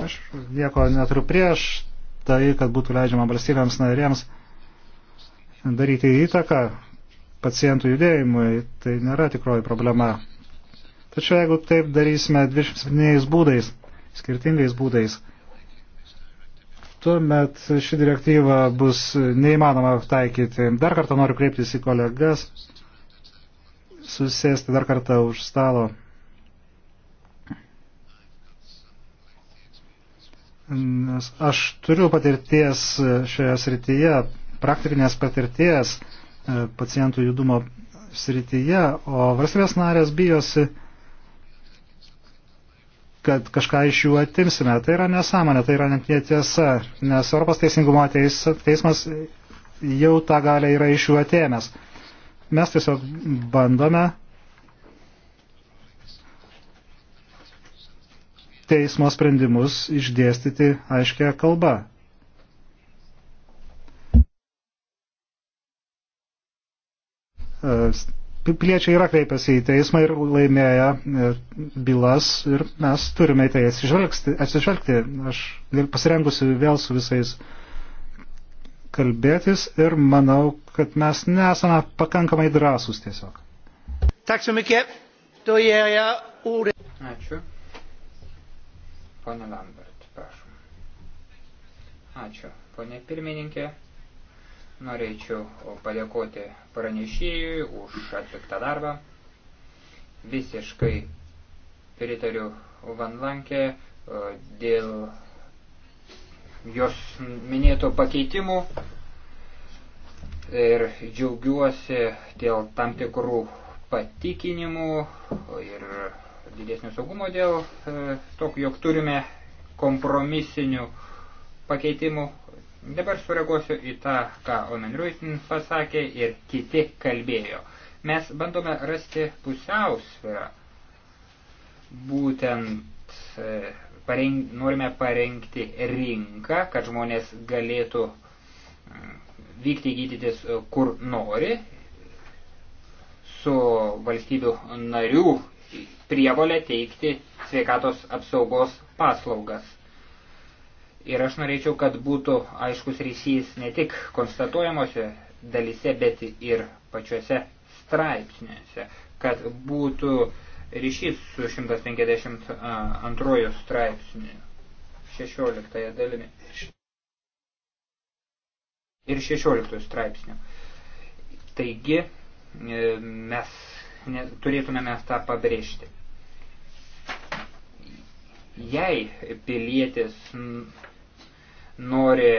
Aš nieko neturiu prieš tai, kad būtų leidžiama valstybėms narėms daryti įtaką pacientų judėjimui. Tai nėra tikroji problema. Tačiau jeigu taip darysime 27 būdais, skirtingais būdais, tuomet ši direktyva bus neįmanoma taikyti. Dar kartą noriu kreiptis į kolegas, susėsti dar kartą už stalo nes aš turiu patirties šioje srityje, praktinės patirties e, pacientų judumo srityje, o valstybės narės bijosi, kad kažką iš jų atimsime. Tai yra nesąmonė, tai yra net netiesa, nes Europos teisingumo teis, teismas jau tą galę yra iš jų atėmęs. Mes tiesiog bandome teismo sprendimus išdėstyti aiškia kalba. Piliečiai yra kreipiasi į teismą ir laimėję e, bylas ir mes turime į tai atsižvelgti. Aš pasirengusi vėl su visais kalbėtis ir manau, kad mes nesame pakankamai drąsūs tiesiog. Ačiū. Pone Lambert, prašom. Ačiū, ponė pirmininkė. Norėčiau padėkoti pranešėjui už atliktą darbą. Visiškai pritariu Van Lankė e, dėl jos minėtų pakeitimų ir džiaugiuosi dėl tam tikrų patikinimų ir didesnio saugumo dėl e, to, jog turime kompromisinių pakeitimų. Dabar sureaguosiu į tą, ką Omen Ruitin pasakė ir kiti kalbėjo. Mes bandome rasti pusiausvyrą. Būtent e, pareng, norime parengti rinką, kad žmonės galėtų mm, vykti gydytis e, kur nori su valstybių narių prievolę teikti sveikatos apsaugos paslaugas. Ir aš norėčiau, kad būtų aiškus ryšys ne tik konstatuojamose dalise, bet ir pačiuose straipsniuose, kad būtų ryšys su 152 straipsniu 16 dalimi ir 16 straipsniu. Taigi e, mes turėtume mes tą pabrėžti. Jei pilietis nori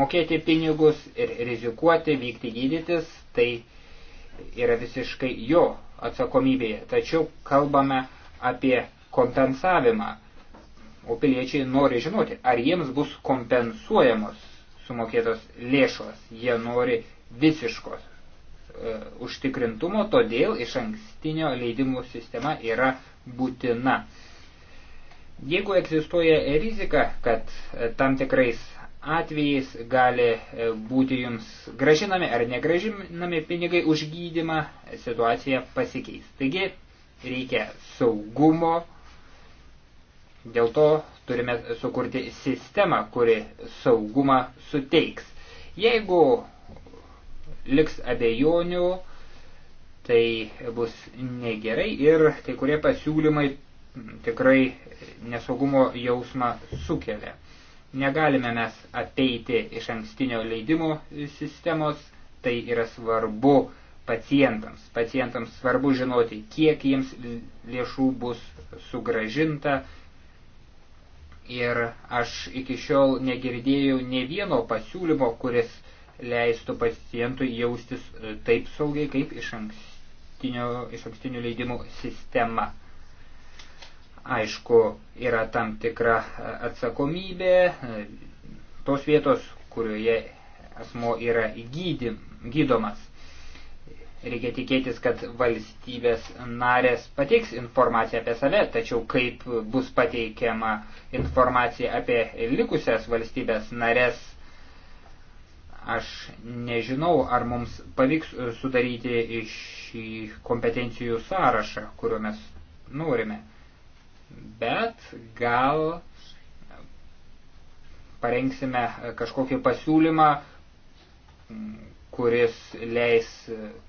mokėti pinigus ir rizikuoti, vykti gydytis, tai yra visiškai jo atsakomybėje. Tačiau kalbame apie kompensavimą. O piliečiai nori žinoti, ar jiems bus kompensuojamos sumokėtos lėšos. Jie nori visiškos e, užtikrintumo, todėl iš ankstinio leidimų sistema yra būtina. Jeigu egzistuoja rizika, kad e, tam tikrais atvejais gali e, būti jums gražinami ar negražinami pinigai už gydimą, situacija pasikeis. Taigi reikia saugumo, dėl to turime sukurti sistemą, kuri saugumą suteiks. Jeigu liks abejonių, tai bus negerai ir kai kurie pasiūlymai tikrai nesaugumo jausmą sukelia. Negalime mes apeiti iš ankstinio leidimo sistemos, tai yra svarbu pacientams. Pacientams svarbu žinoti, kiek jiems lėšų bus sugražinta. Ir aš iki šiol negirdėjau ne vieno pasiūlymo, kuris leistų pacientui jaustis taip saugiai, kaip iš ankstinio, iš ankstinio leidimų sistema. Aišku, yra tam tikra e, atsakomybė e, tos vietos, kurioje asmo yra gydim, gydomas. Reikia tikėtis, kad valstybės narės pateiks informaciją apie save, tačiau kaip bus pateikiama informacija apie likusias valstybės narės, aš nežinau, ar mums pavyks sudaryti iš kompetencijų sąrašą, kuriuo mes norime bet gal parengsime kažkokį pasiūlymą, kuris leis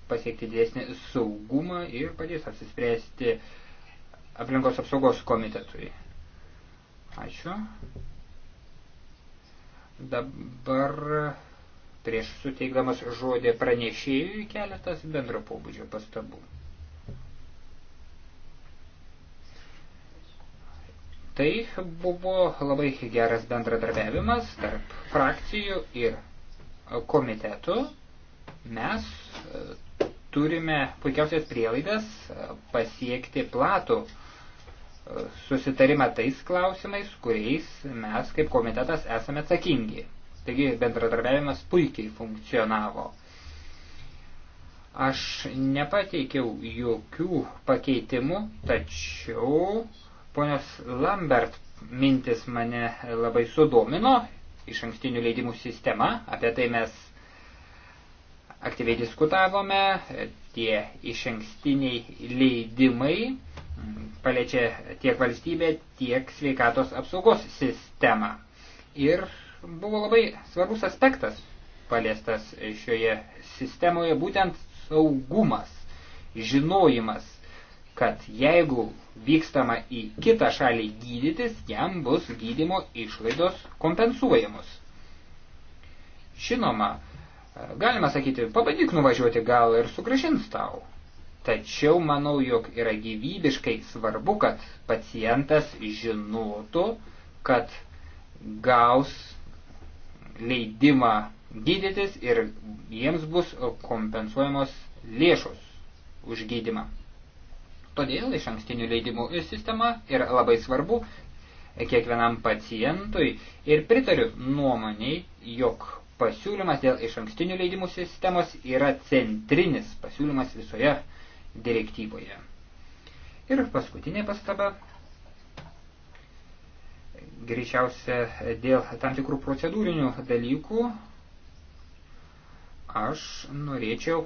pasiekti didesnį saugumą ir padės apsispręsti aplinkos apsaugos komitetui. Ačiū. Dabar prieš suteikdamas žodį pranešėjui keletas bendro pobūdžio pastabų. Tai buvo labai geras bendradarbiavimas tarp frakcijų ir komitetų. Mes e, turime puikiausias prielaidas e, pasiekti platų e, susitarimą tais klausimais, kuriais mes kaip komitetas esame atsakingi. Taigi bendradarbiavimas puikiai funkcionavo. Aš nepateikiau jokių pakeitimų, tačiau uh, Ponios Lambert mintis mane labai sudomino, iš ankstinių leidimų sistema, apie tai mes aktyviai diskutavome, tie iš ankstiniai leidimai paliečia tiek valstybę, tiek sveikatos apsaugos sistemą. Ir buvo labai svarbus aspektas paliestas šioje sistemoje, būtent saugumas, žinojimas kad jeigu vykstama į kitą šalį gydytis, jam bus gydymo išlaidos kompensuojamos. Žinoma, galima sakyti, pabandyk nuvažiuoti gal ir sugražins tau. Tačiau manau, jog yra gyvybiškai svarbu, kad pacientas žinotų, kad gaus leidimą gydytis ir jiems bus kompensuojamos lėšos už gydymą. Todėl iš ankstinių leidimų sistema yra labai svarbu kiekvienam pacientui ir pritariu nuomoniai, jog pasiūlymas dėl iš ankstinių leidimų sistemos yra centrinis pasiūlymas visoje direktyvoje. Ir paskutinė pastaba. Greičiausia dėl tam tikrų procedūrinių dalykų aš norėčiau,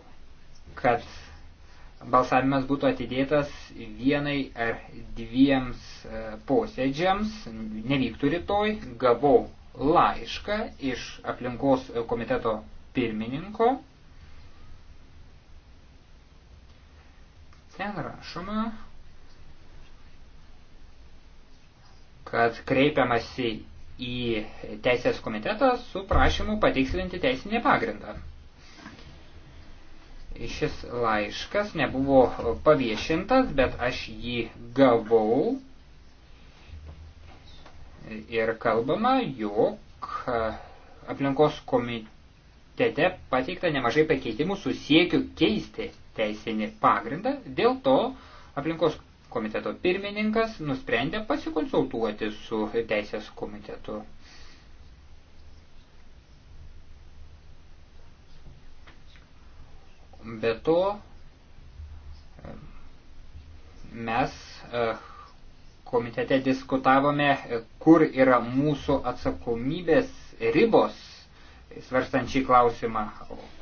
kad balsavimas būtų atidėtas vienai ar dviems e, posėdžiams, nevyktų rytoj, gavau laišką iš aplinkos komiteto pirmininko. Ten rašoma, kad kreipiamasi į teisės komitetą su prašymu patikslinti teisinį pagrindą. Šis laiškas nebuvo paviešintas, bet aš jį gavau ir kalbama, jog aplinkos komitete pateikta nemažai pakeitimų su siekiu keisti teisinį pagrindą. Dėl to aplinkos komiteto pirmininkas nusprendė pasikonsultuoti su teisės komitetu. Be to, mes e, komitete diskutavome, e, kur yra mūsų atsakomybės ribos, svarstant šį klausimą,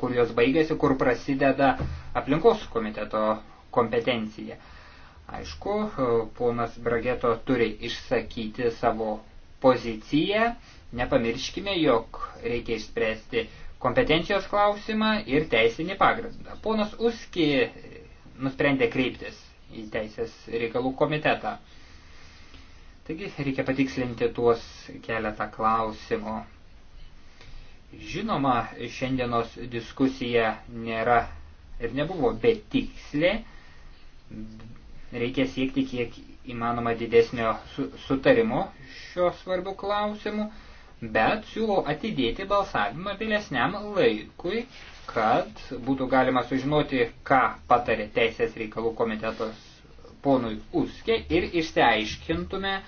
kur jos baigėsi, kur prasideda aplinkos komiteto kompetencija. Aišku, e, ponas Brageto turi išsakyti savo poziciją, nepamirškime, jog reikia išspręsti kompetencijos klausimą ir teisinį pagrindą. Ponas Uski nusprendė kreiptis į Teisės reikalų komitetą. Taigi reikia patikslinti tuos keletą klausimų. Žinoma, šiandienos diskusija nėra ir nebuvo betikslė. Reikia siekti kiek įmanoma didesnio sutarimo šiuo svarbiu klausimu bet siūlau atidėti balsavimą vėlesniam laikui, kad būtų galima sužinoti, ką patarė Teisės reikalų komitetos ponui Uskė ir išsiaiškintume e,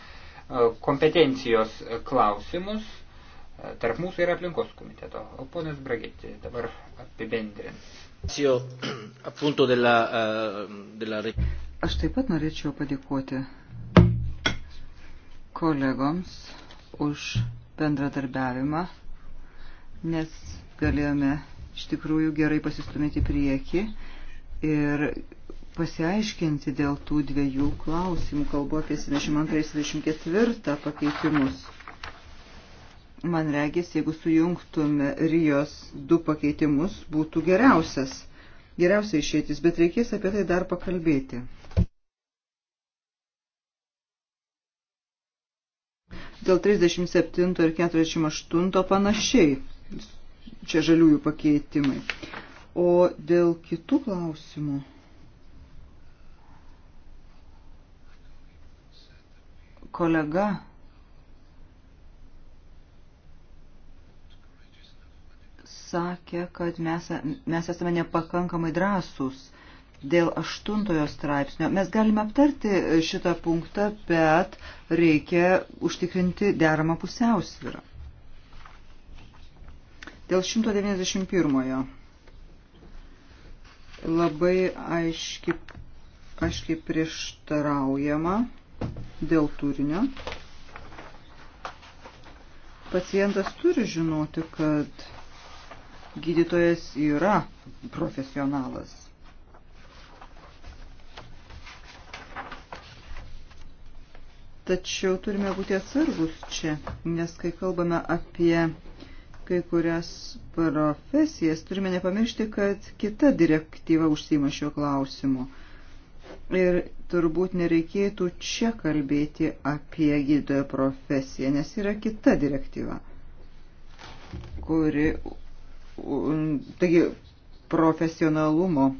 kompetencijos klausimus e, tarp mūsų ir aplinkos komiteto. O ponas Bragetti dabar apibendrins. Eh, Aš taip pat norėčiau padėkoti kolegoms už bendradarbiavimą, nes galėjome iš tikrųjų gerai pasistumėti prieki ir pasiaiškinti dėl tų dviejų klausimų. Kalbu apie 72-74 pakeitimus. Man regis, jeigu sujungtume Rijos du pakeitimus, būtų geriausias. Geriausia išėtis, bet reikės apie tai dar pakalbėti. Dėl 37 ir 48 panašiai. Čia žaliųjų pakeitimai. O dėl kitų klausimų. Kolega sakė, kad mes, mes esame nepakankamai drąsūs dėl aštuntojo straipsnio. Mes galime aptarti šitą punktą, bet reikia užtikrinti deramą pusiausvyrą. Dėl 191. Labai aiškiai, aiškiai prieštaraujama dėl turinio. Pacientas turi žinoti, kad gydytojas yra profesionalas Tačiau turime būti atsargus čia, nes kai kalbame apie kai kurias profesijas, turime nepamiršti, kad kita direktyva užsima šio klausimu. Ir turbūt nereikėtų čia kalbėti apie gydytojo profesiją, nes yra kita direktyva, kuri, taigi, profesionalumo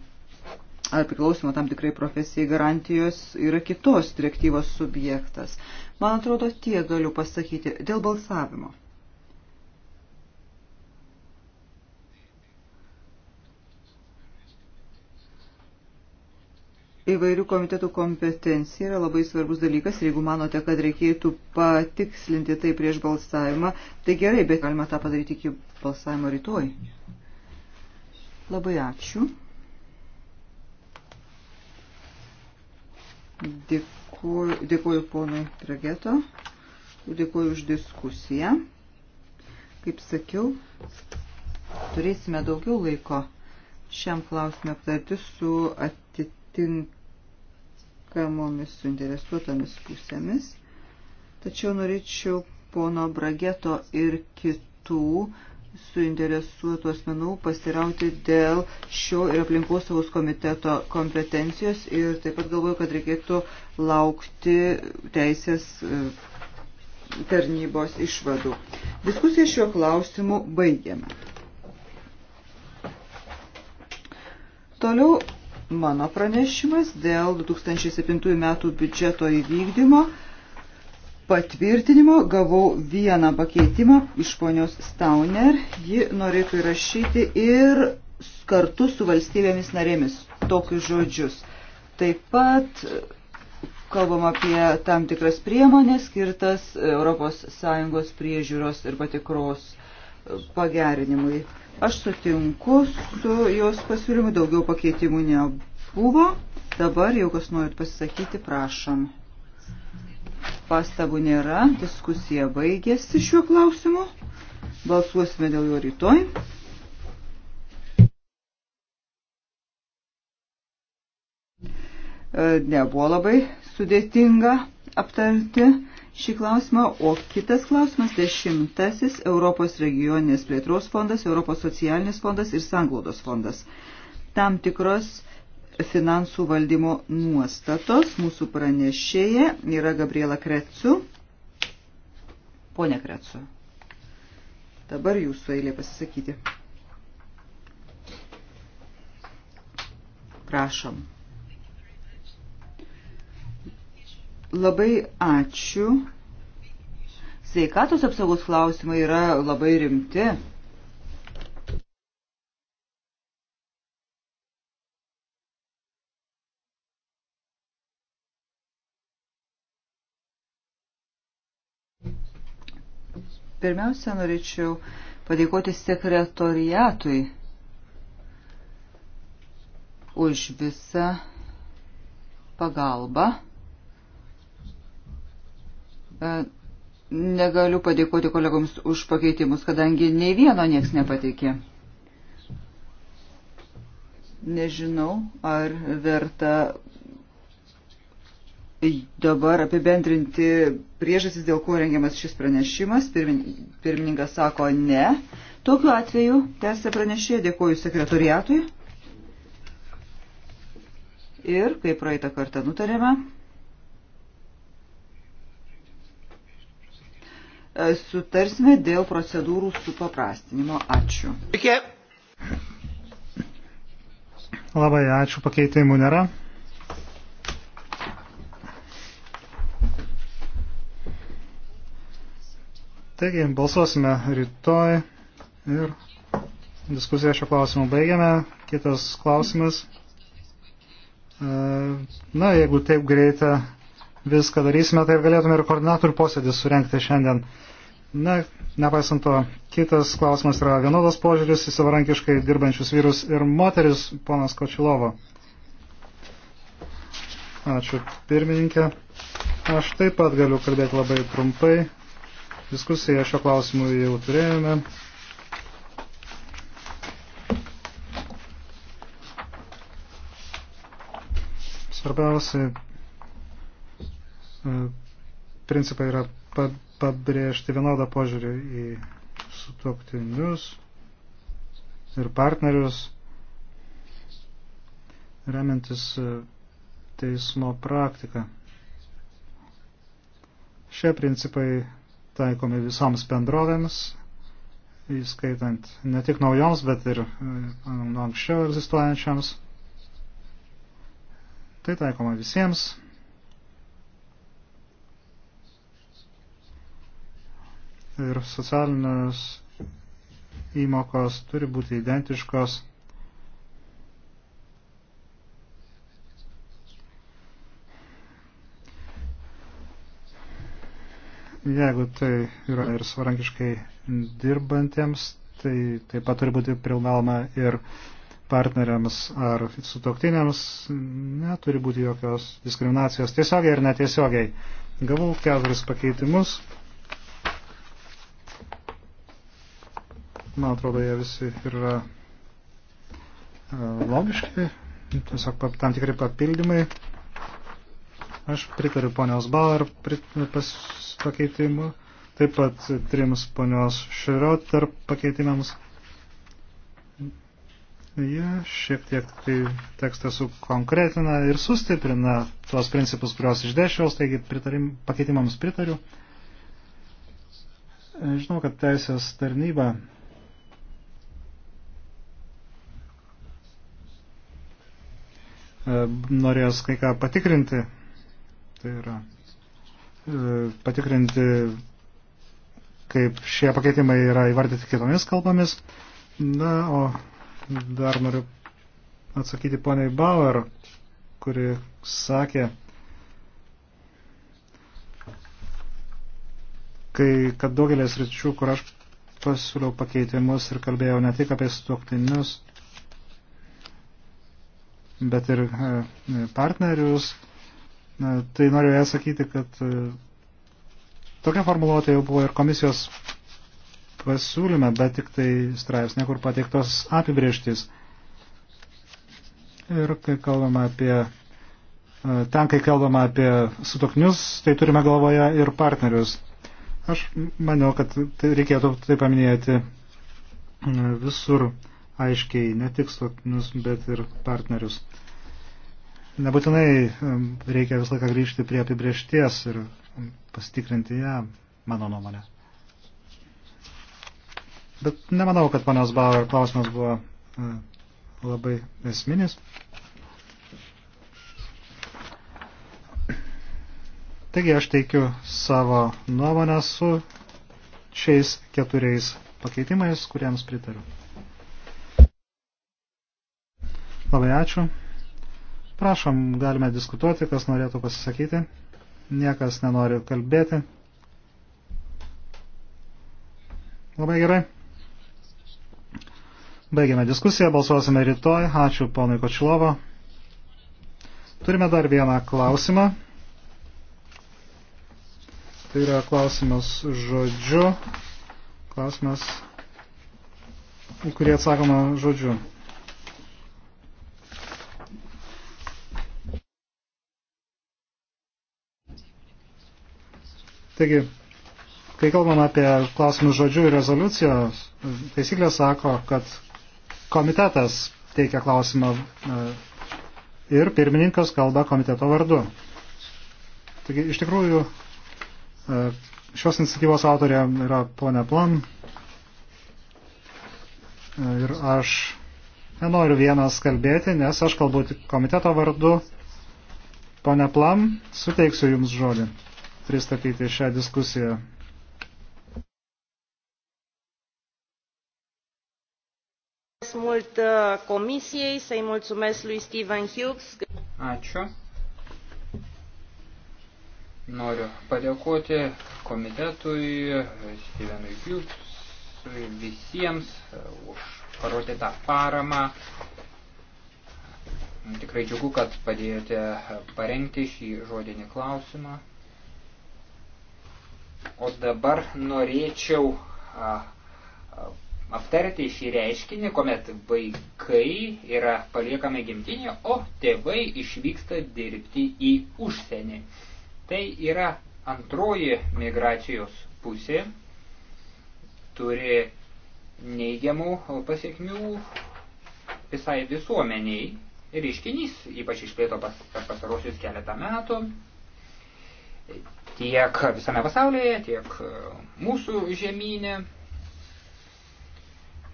ar priklausimo tam tikrai profesijai garantijos yra kitos direktyvos subjektas. Man atrodo, tiek galiu pasakyti dėl balsavimo. Įvairių komitetų kompetencija yra labai svarbus dalykas ir jeigu manote, kad reikėtų patikslinti tai prieš balsavimą, tai gerai, bet galima tą padaryti iki balsavimo rytoj. Labai ačiū. Dėkuoju, dėkuoju ponui Trageto, dėkuoju už diskusiją. Kaip sakiau, turėsime daugiau laiko šiam klausimui aptarti su atitinkamomis suinteresuotomis pusėmis. Tačiau norėčiau pono Brageto ir kitų suinteresuotų asmenų pasirauti dėl šio ir aplinkosaugos komiteto kompetencijos ir taip pat galvoju, kad reikėtų laukti teisės e, tarnybos išvadų. Diskusiją šiuo klausimu baigiame. Toliau mano pranešimas dėl 2007 metų biudžeto įvykdymo patvirtinimo gavau vieną pakeitimą iš ponios Stauner. Ji norėtų įrašyti ir kartu su valstybėmis narėmis tokius žodžius. Taip pat kalbam apie tam tikras priemonės skirtas ES priežiūros ir patikros pagerinimui. Aš sutinku su jos pasiūlymu, daugiau pakeitimų nebuvo. Dabar jau kas norit pasisakyti, prašom. Pastabų nėra, diskusija baigėsi šiuo klausimu. Balsuosime dėl jo rytoj. E, nebuvo labai sudėtinga aptarti šį klausimą, o kitas klausimas dešimtasis Europos regioninės plėtros fondas, Europos socialinis fondas ir sanglaudos fondas. Tam tikros finansų valdymo nuostatos. Mūsų pranešėja yra Gabriela Krecu. Pone Krecu, dabar jūsų eilė pasisakyti. Prašom. Labai ačiū. Sveikatos apsaugos klausimai yra labai rimti. Pirmiausia, norėčiau padėkoti sekretoriatui už visą pagalbą. E, negaliu padėkoti kolegoms už pakeitimus, kadangi nei vieno nieks nepateikė. Nežinau, ar verta dabar apibendrinti priežasis, dėl ko rengiamas šis pranešimas. Pirmininkas sako ne. Tokiu atveju tęsė pranešė, dėkoju sekretoriatui. Ir, kaip praeitą kartą nutarėme, sutarsime dėl procedūrų supaprastinimo. Ačiū. Labai ačiū, pakeitimų nėra. Taigi, balsuosime rytoj ir diskusiją šio klausimu baigiame. Kitas klausimas. E, na, jeigu taip greitą viską darysime, tai galėtume ir koordinatorių posėdį surenkti šiandien. Na, nepaisant to, kitas klausimas yra vienodas požiūris į savarankiškai dirbančius vyrus ir moteris, ponas Kočilovo. Ačiū, pirmininkė. Aš taip pat galiu kalbėti labai trumpai. Diskusiją šio klausimu jau turėjome. Svarbiausia e, principai yra pabrėžti vienodą požiūrį į sutoktinius ir partnerius, remiantis e, teismo praktiką. Šie principai taikomi visoms bendrovėms, įskaitant ne tik naujoms, bet ir e, nuo anksčiau egzistuojančiams. Tai taikoma visiems. Ir socialinės įmokos turi būti identiškos Jeigu tai yra ir svarankiškai dirbantiems, tai taip pat turi būti privaloma ir partneriams ar sutoktiniams neturi būti jokios diskriminacijos tiesiogiai ir netiesiogiai. Gavau keturis pakeitimus. Man atrodo, jie visi yra e, logiški, tiesiog tam tikri papildymai. Aš pritariu ponios Bauer prit, pas, pakeitimu, taip pat trims ponios Šrioter pakeitimams. Jie ja, šiek tiek tai tekstą sukonkretina ir sustiprina tuos principus, kuriuos išdėšiaus, taigi pritarim, pakeitimams pritariu. Žinau, kad teisės tarnyba e, norės kai ką patikrinti Tai yra e, patikrinti, kaip šie pakeitimai yra įvardyti kitomis kalbomis. Na, o dar noriu atsakyti poniai Bauer, kuri sakė, kai, kad daugelės ryčių, kur aš pasiūliau pakeitimus ir kalbėjau ne tik apie sutuoktinius, bet ir e, partnerius, Tai norėjau sakyti, kad e, tokia formuluotė jau buvo ir komisijos pasiūlyme, bet tik tai straipsnė, kur pateiktos apibrieštys. Ir kai kalbama apie, e, ten, kai kalbama apie sutoknius, tai turime galvoje ir partnerius. Aš maniau, kad tai reikėtų tai paminėti e, visur aiškiai, ne tik sutoknius, bet ir partnerius. Nebūtinai reikia visą laiką grįžti prie apibriešties ir pasitikrinti ją, mano nuomonė. Bet nemanau, kad ponios Bauer klausimas buvo labai esminis. Taigi aš teikiu savo nuomonę su šiais keturiais pakeitimais, kuriems pritariu. Labai ačiū. Prašom, galime diskutuoti, kas norėtų pasisakyti. Niekas nenori kalbėti. Labai gerai. Baigiame diskusiją, balsuosime rytoj. Ačiū ponui Kočilovo. Turime dar vieną klausimą. Tai yra klausimas žodžiu. Klausimas, kurį atsakoma žodžiu. Taigi, kai kalbam apie klausimus žodžių ir rezoliucijos, taisyklė sako, kad komitetas teikia klausimą e, ir pirmininkas kalba komiteto vardu. Taigi, iš tikrųjų, e, šios iniciatyvos autorė yra ponia Plon. E, ir aš nenoriu vienas kalbėti, nes aš kalbu tik komiteto vardu. Pone Plam, suteiksiu Jums žodį pristatyti šią diskusiją. mult uh, comisiei, să-i mulțumesc lui Steven Hughes. Ačiū. Noriu padėkoti komitetui, Stevenui Hughesui, visiems uh, už parodytą paramą. Tikrai džiugu, kad padėjote parengti šį žodinį klausimą. O dabar norėčiau a, a, aptarti šį reiškinį, kuomet vaikai yra paliekami gimtinė, o tėvai išvyksta dirbti į užsienį. Tai yra antroji migracijos pusė, turi neigiamų pasiekmių visai visuomeniai. Reiškinys ypač išplėto pas, per pastarosius keletą metų tiek visame pasaulyje, tiek mūsų žemynė.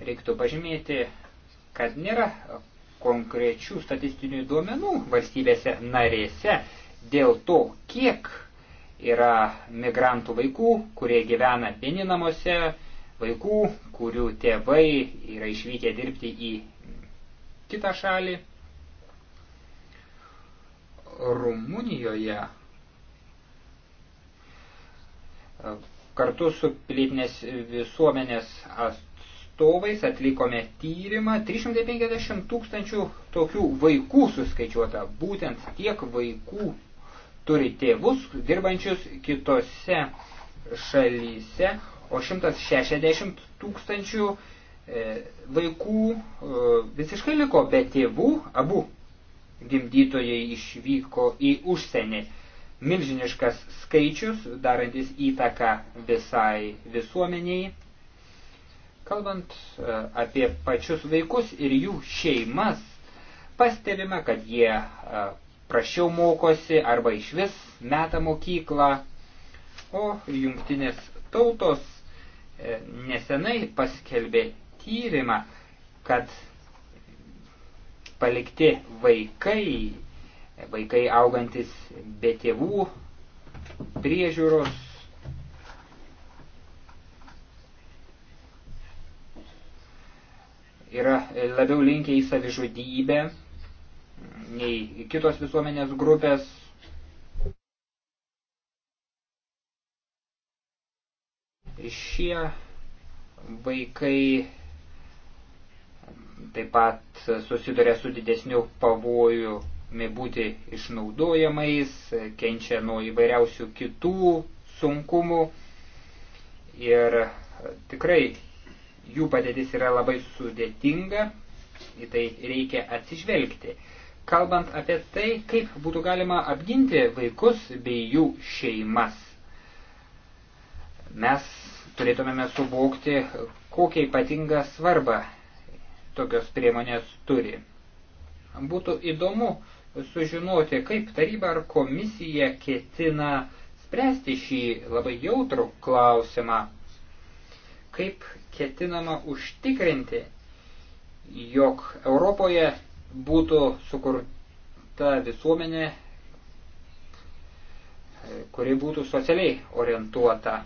Reiktų pažymėti, kad nėra konkrečių statistinių duomenų valstybėse narėse dėl to, kiek yra migrantų vaikų, kurie gyvena vieni namuose, vaikų, kurių tėvai yra išvykę dirbti į kitą šalį. Rumunijoje Kartu su pilietinės visuomenės atstovais atlikome tyrimą. 350 tūkstančių tokių vaikų suskaičiuota. Būtent tiek vaikų turi tėvus dirbančius kitose šalyse, o 160 tūkstančių e, vaikų e, visiškai liko be tėvų, abu gimdytojai išvyko į užsienį milžiniškas skaičius, darantis įtaką visai visuomeniai. Kalbant e, apie pačius vaikus ir jų šeimas, pastebime, kad jie e, prašiau mokosi arba iš vis meta mokyklą, o jungtinės tautos e, nesenai paskelbė tyrimą, kad palikti vaikai vaikai augantis be tėvų, priežiūros. Yra labiau linkę į savižudybę nei kitos visuomenės grupės. Šie vaikai taip pat susiduria su didesniu pavoju būti išnaudojamais, kenčia nuo įvairiausių kitų sunkumų ir e, tikrai jų padėtis yra labai sudėtinga, į tai reikia atsižvelgti. Kalbant apie tai, kaip būtų galima apginti vaikus bei jų šeimas, mes turėtumėme suvokti, kokią ypatingą svarbą tokios priemonės turi. Būtų įdomu sužinoti, kaip taryba ar komisija ketina spręsti šį labai jautrų klausimą, kaip ketinama užtikrinti, jog Europoje būtų sukurta visuomenė, kuri būtų socialiai orientuota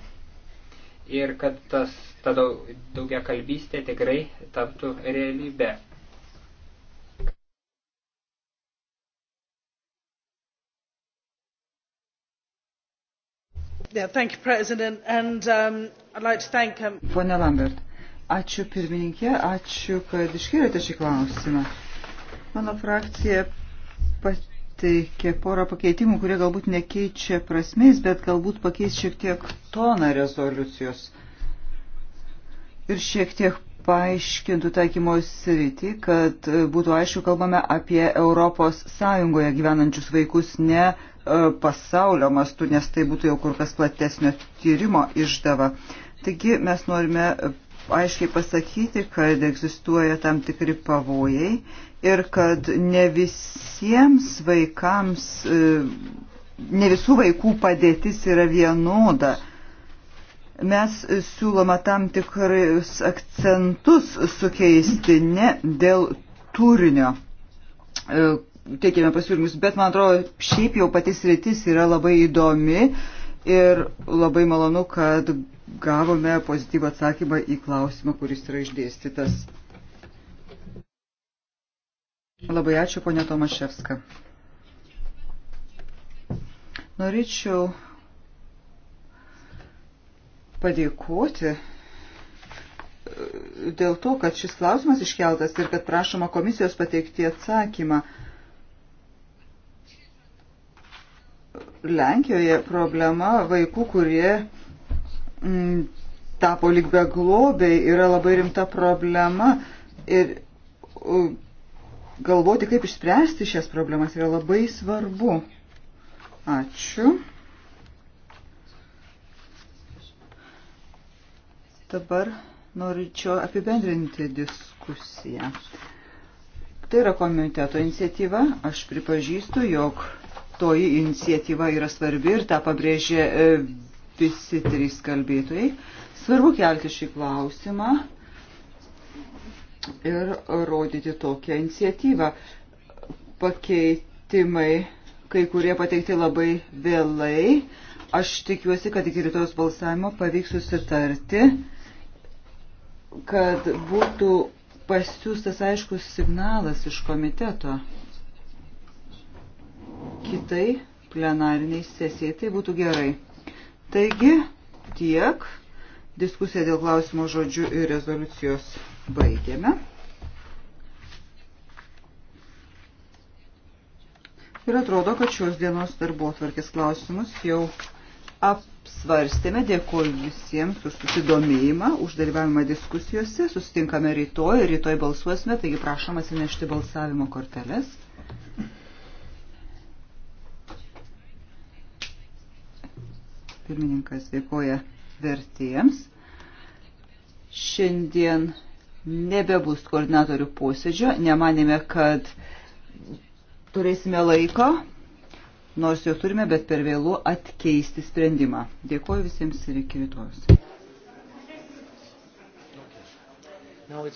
ir kad tas ta daugia kalbystė tikrai taptų realybė. Yeah, thank you, President, and um, I'd like to thank um... Pone Lambert, ačiū pirmininkė, ačiū, kad iškėlėte šį klausimą. Mano frakcija pateikė porą pakeitimų, kurie galbūt nekeičia prasmės, bet galbūt pakeis šiek tiek toną rezoliucijos ir šiek tiek paaiškintų taikymo sritį, kad būtų aišku, kalbame apie Europos Sąjungoje gyvenančius vaikus, ne E, pasaulio mastu, nes tai būtų jau kur kas platesnio tyrimo išdava. Taigi mes norime aiškiai pasakyti, kad egzistuoja tam tikri pavojai ir kad ne visiems vaikams, e, ne visų vaikų padėtis yra vienoda. Mes siūloma tam tikrus akcentus sukeisti ne dėl turinio e, teikėme pasiūlymus, bet man atrodo, šiaip jau patys rytis yra labai įdomi ir labai malonu, kad gavome pozityvą atsakymą į klausimą, kuris yra išdėstytas. Labai ačiū, ponė Tomaševska. Norėčiau padėkoti e, dėl to, kad šis klausimas iškeltas ir kad prašoma komisijos pateikti atsakymą. Lenkijoje problema vaikų, kurie mm, tapo lyg be globiai, yra labai rimta problema. Ir uh, galvoti, kaip išspręsti šias problemas, yra labai svarbu. Ačiū. Dabar norėčiau apibendrinti diskusiją. Tai yra komiteto iniciatyva. Aš pripažįstu, jog toji iniciatyva yra svarbi ir tą pabrėžė e, visi trys kalbėtojai. Svarbu kelti šį klausimą ir rodyti tokią iniciatyvą. Pakeitimai, kai kurie pateikti labai vėlai. Aš tikiuosi, kad iki rytojus balsavimo pavyks susitarti, kad būtų pasiūstas aiškus signalas iš komiteto kitai plenariniai sesijai. Tai būtų gerai. Taigi tiek. Diskusiją dėl klausimo žodžių ir rezoliucijos baigėme. Ir atrodo, kad šios dienos darbo atvarkės klausimus jau apsvarstėme. Dėkoju visiems už susidomėjimą, už dalyvavimą diskusijose. Susitinkame rytoj, rytoj balsuosime, taigi prašom atsinešti balsavimo korteles. Pirmininkas dėkoja vertėjams. Šiandien nebebus koordinatorių posėdžio. Nemanėme, kad turėsime laiko, nors jau turime, bet per vėlų atkeisti sprendimą. Dėkuoju visiems ir iki rytojus. No,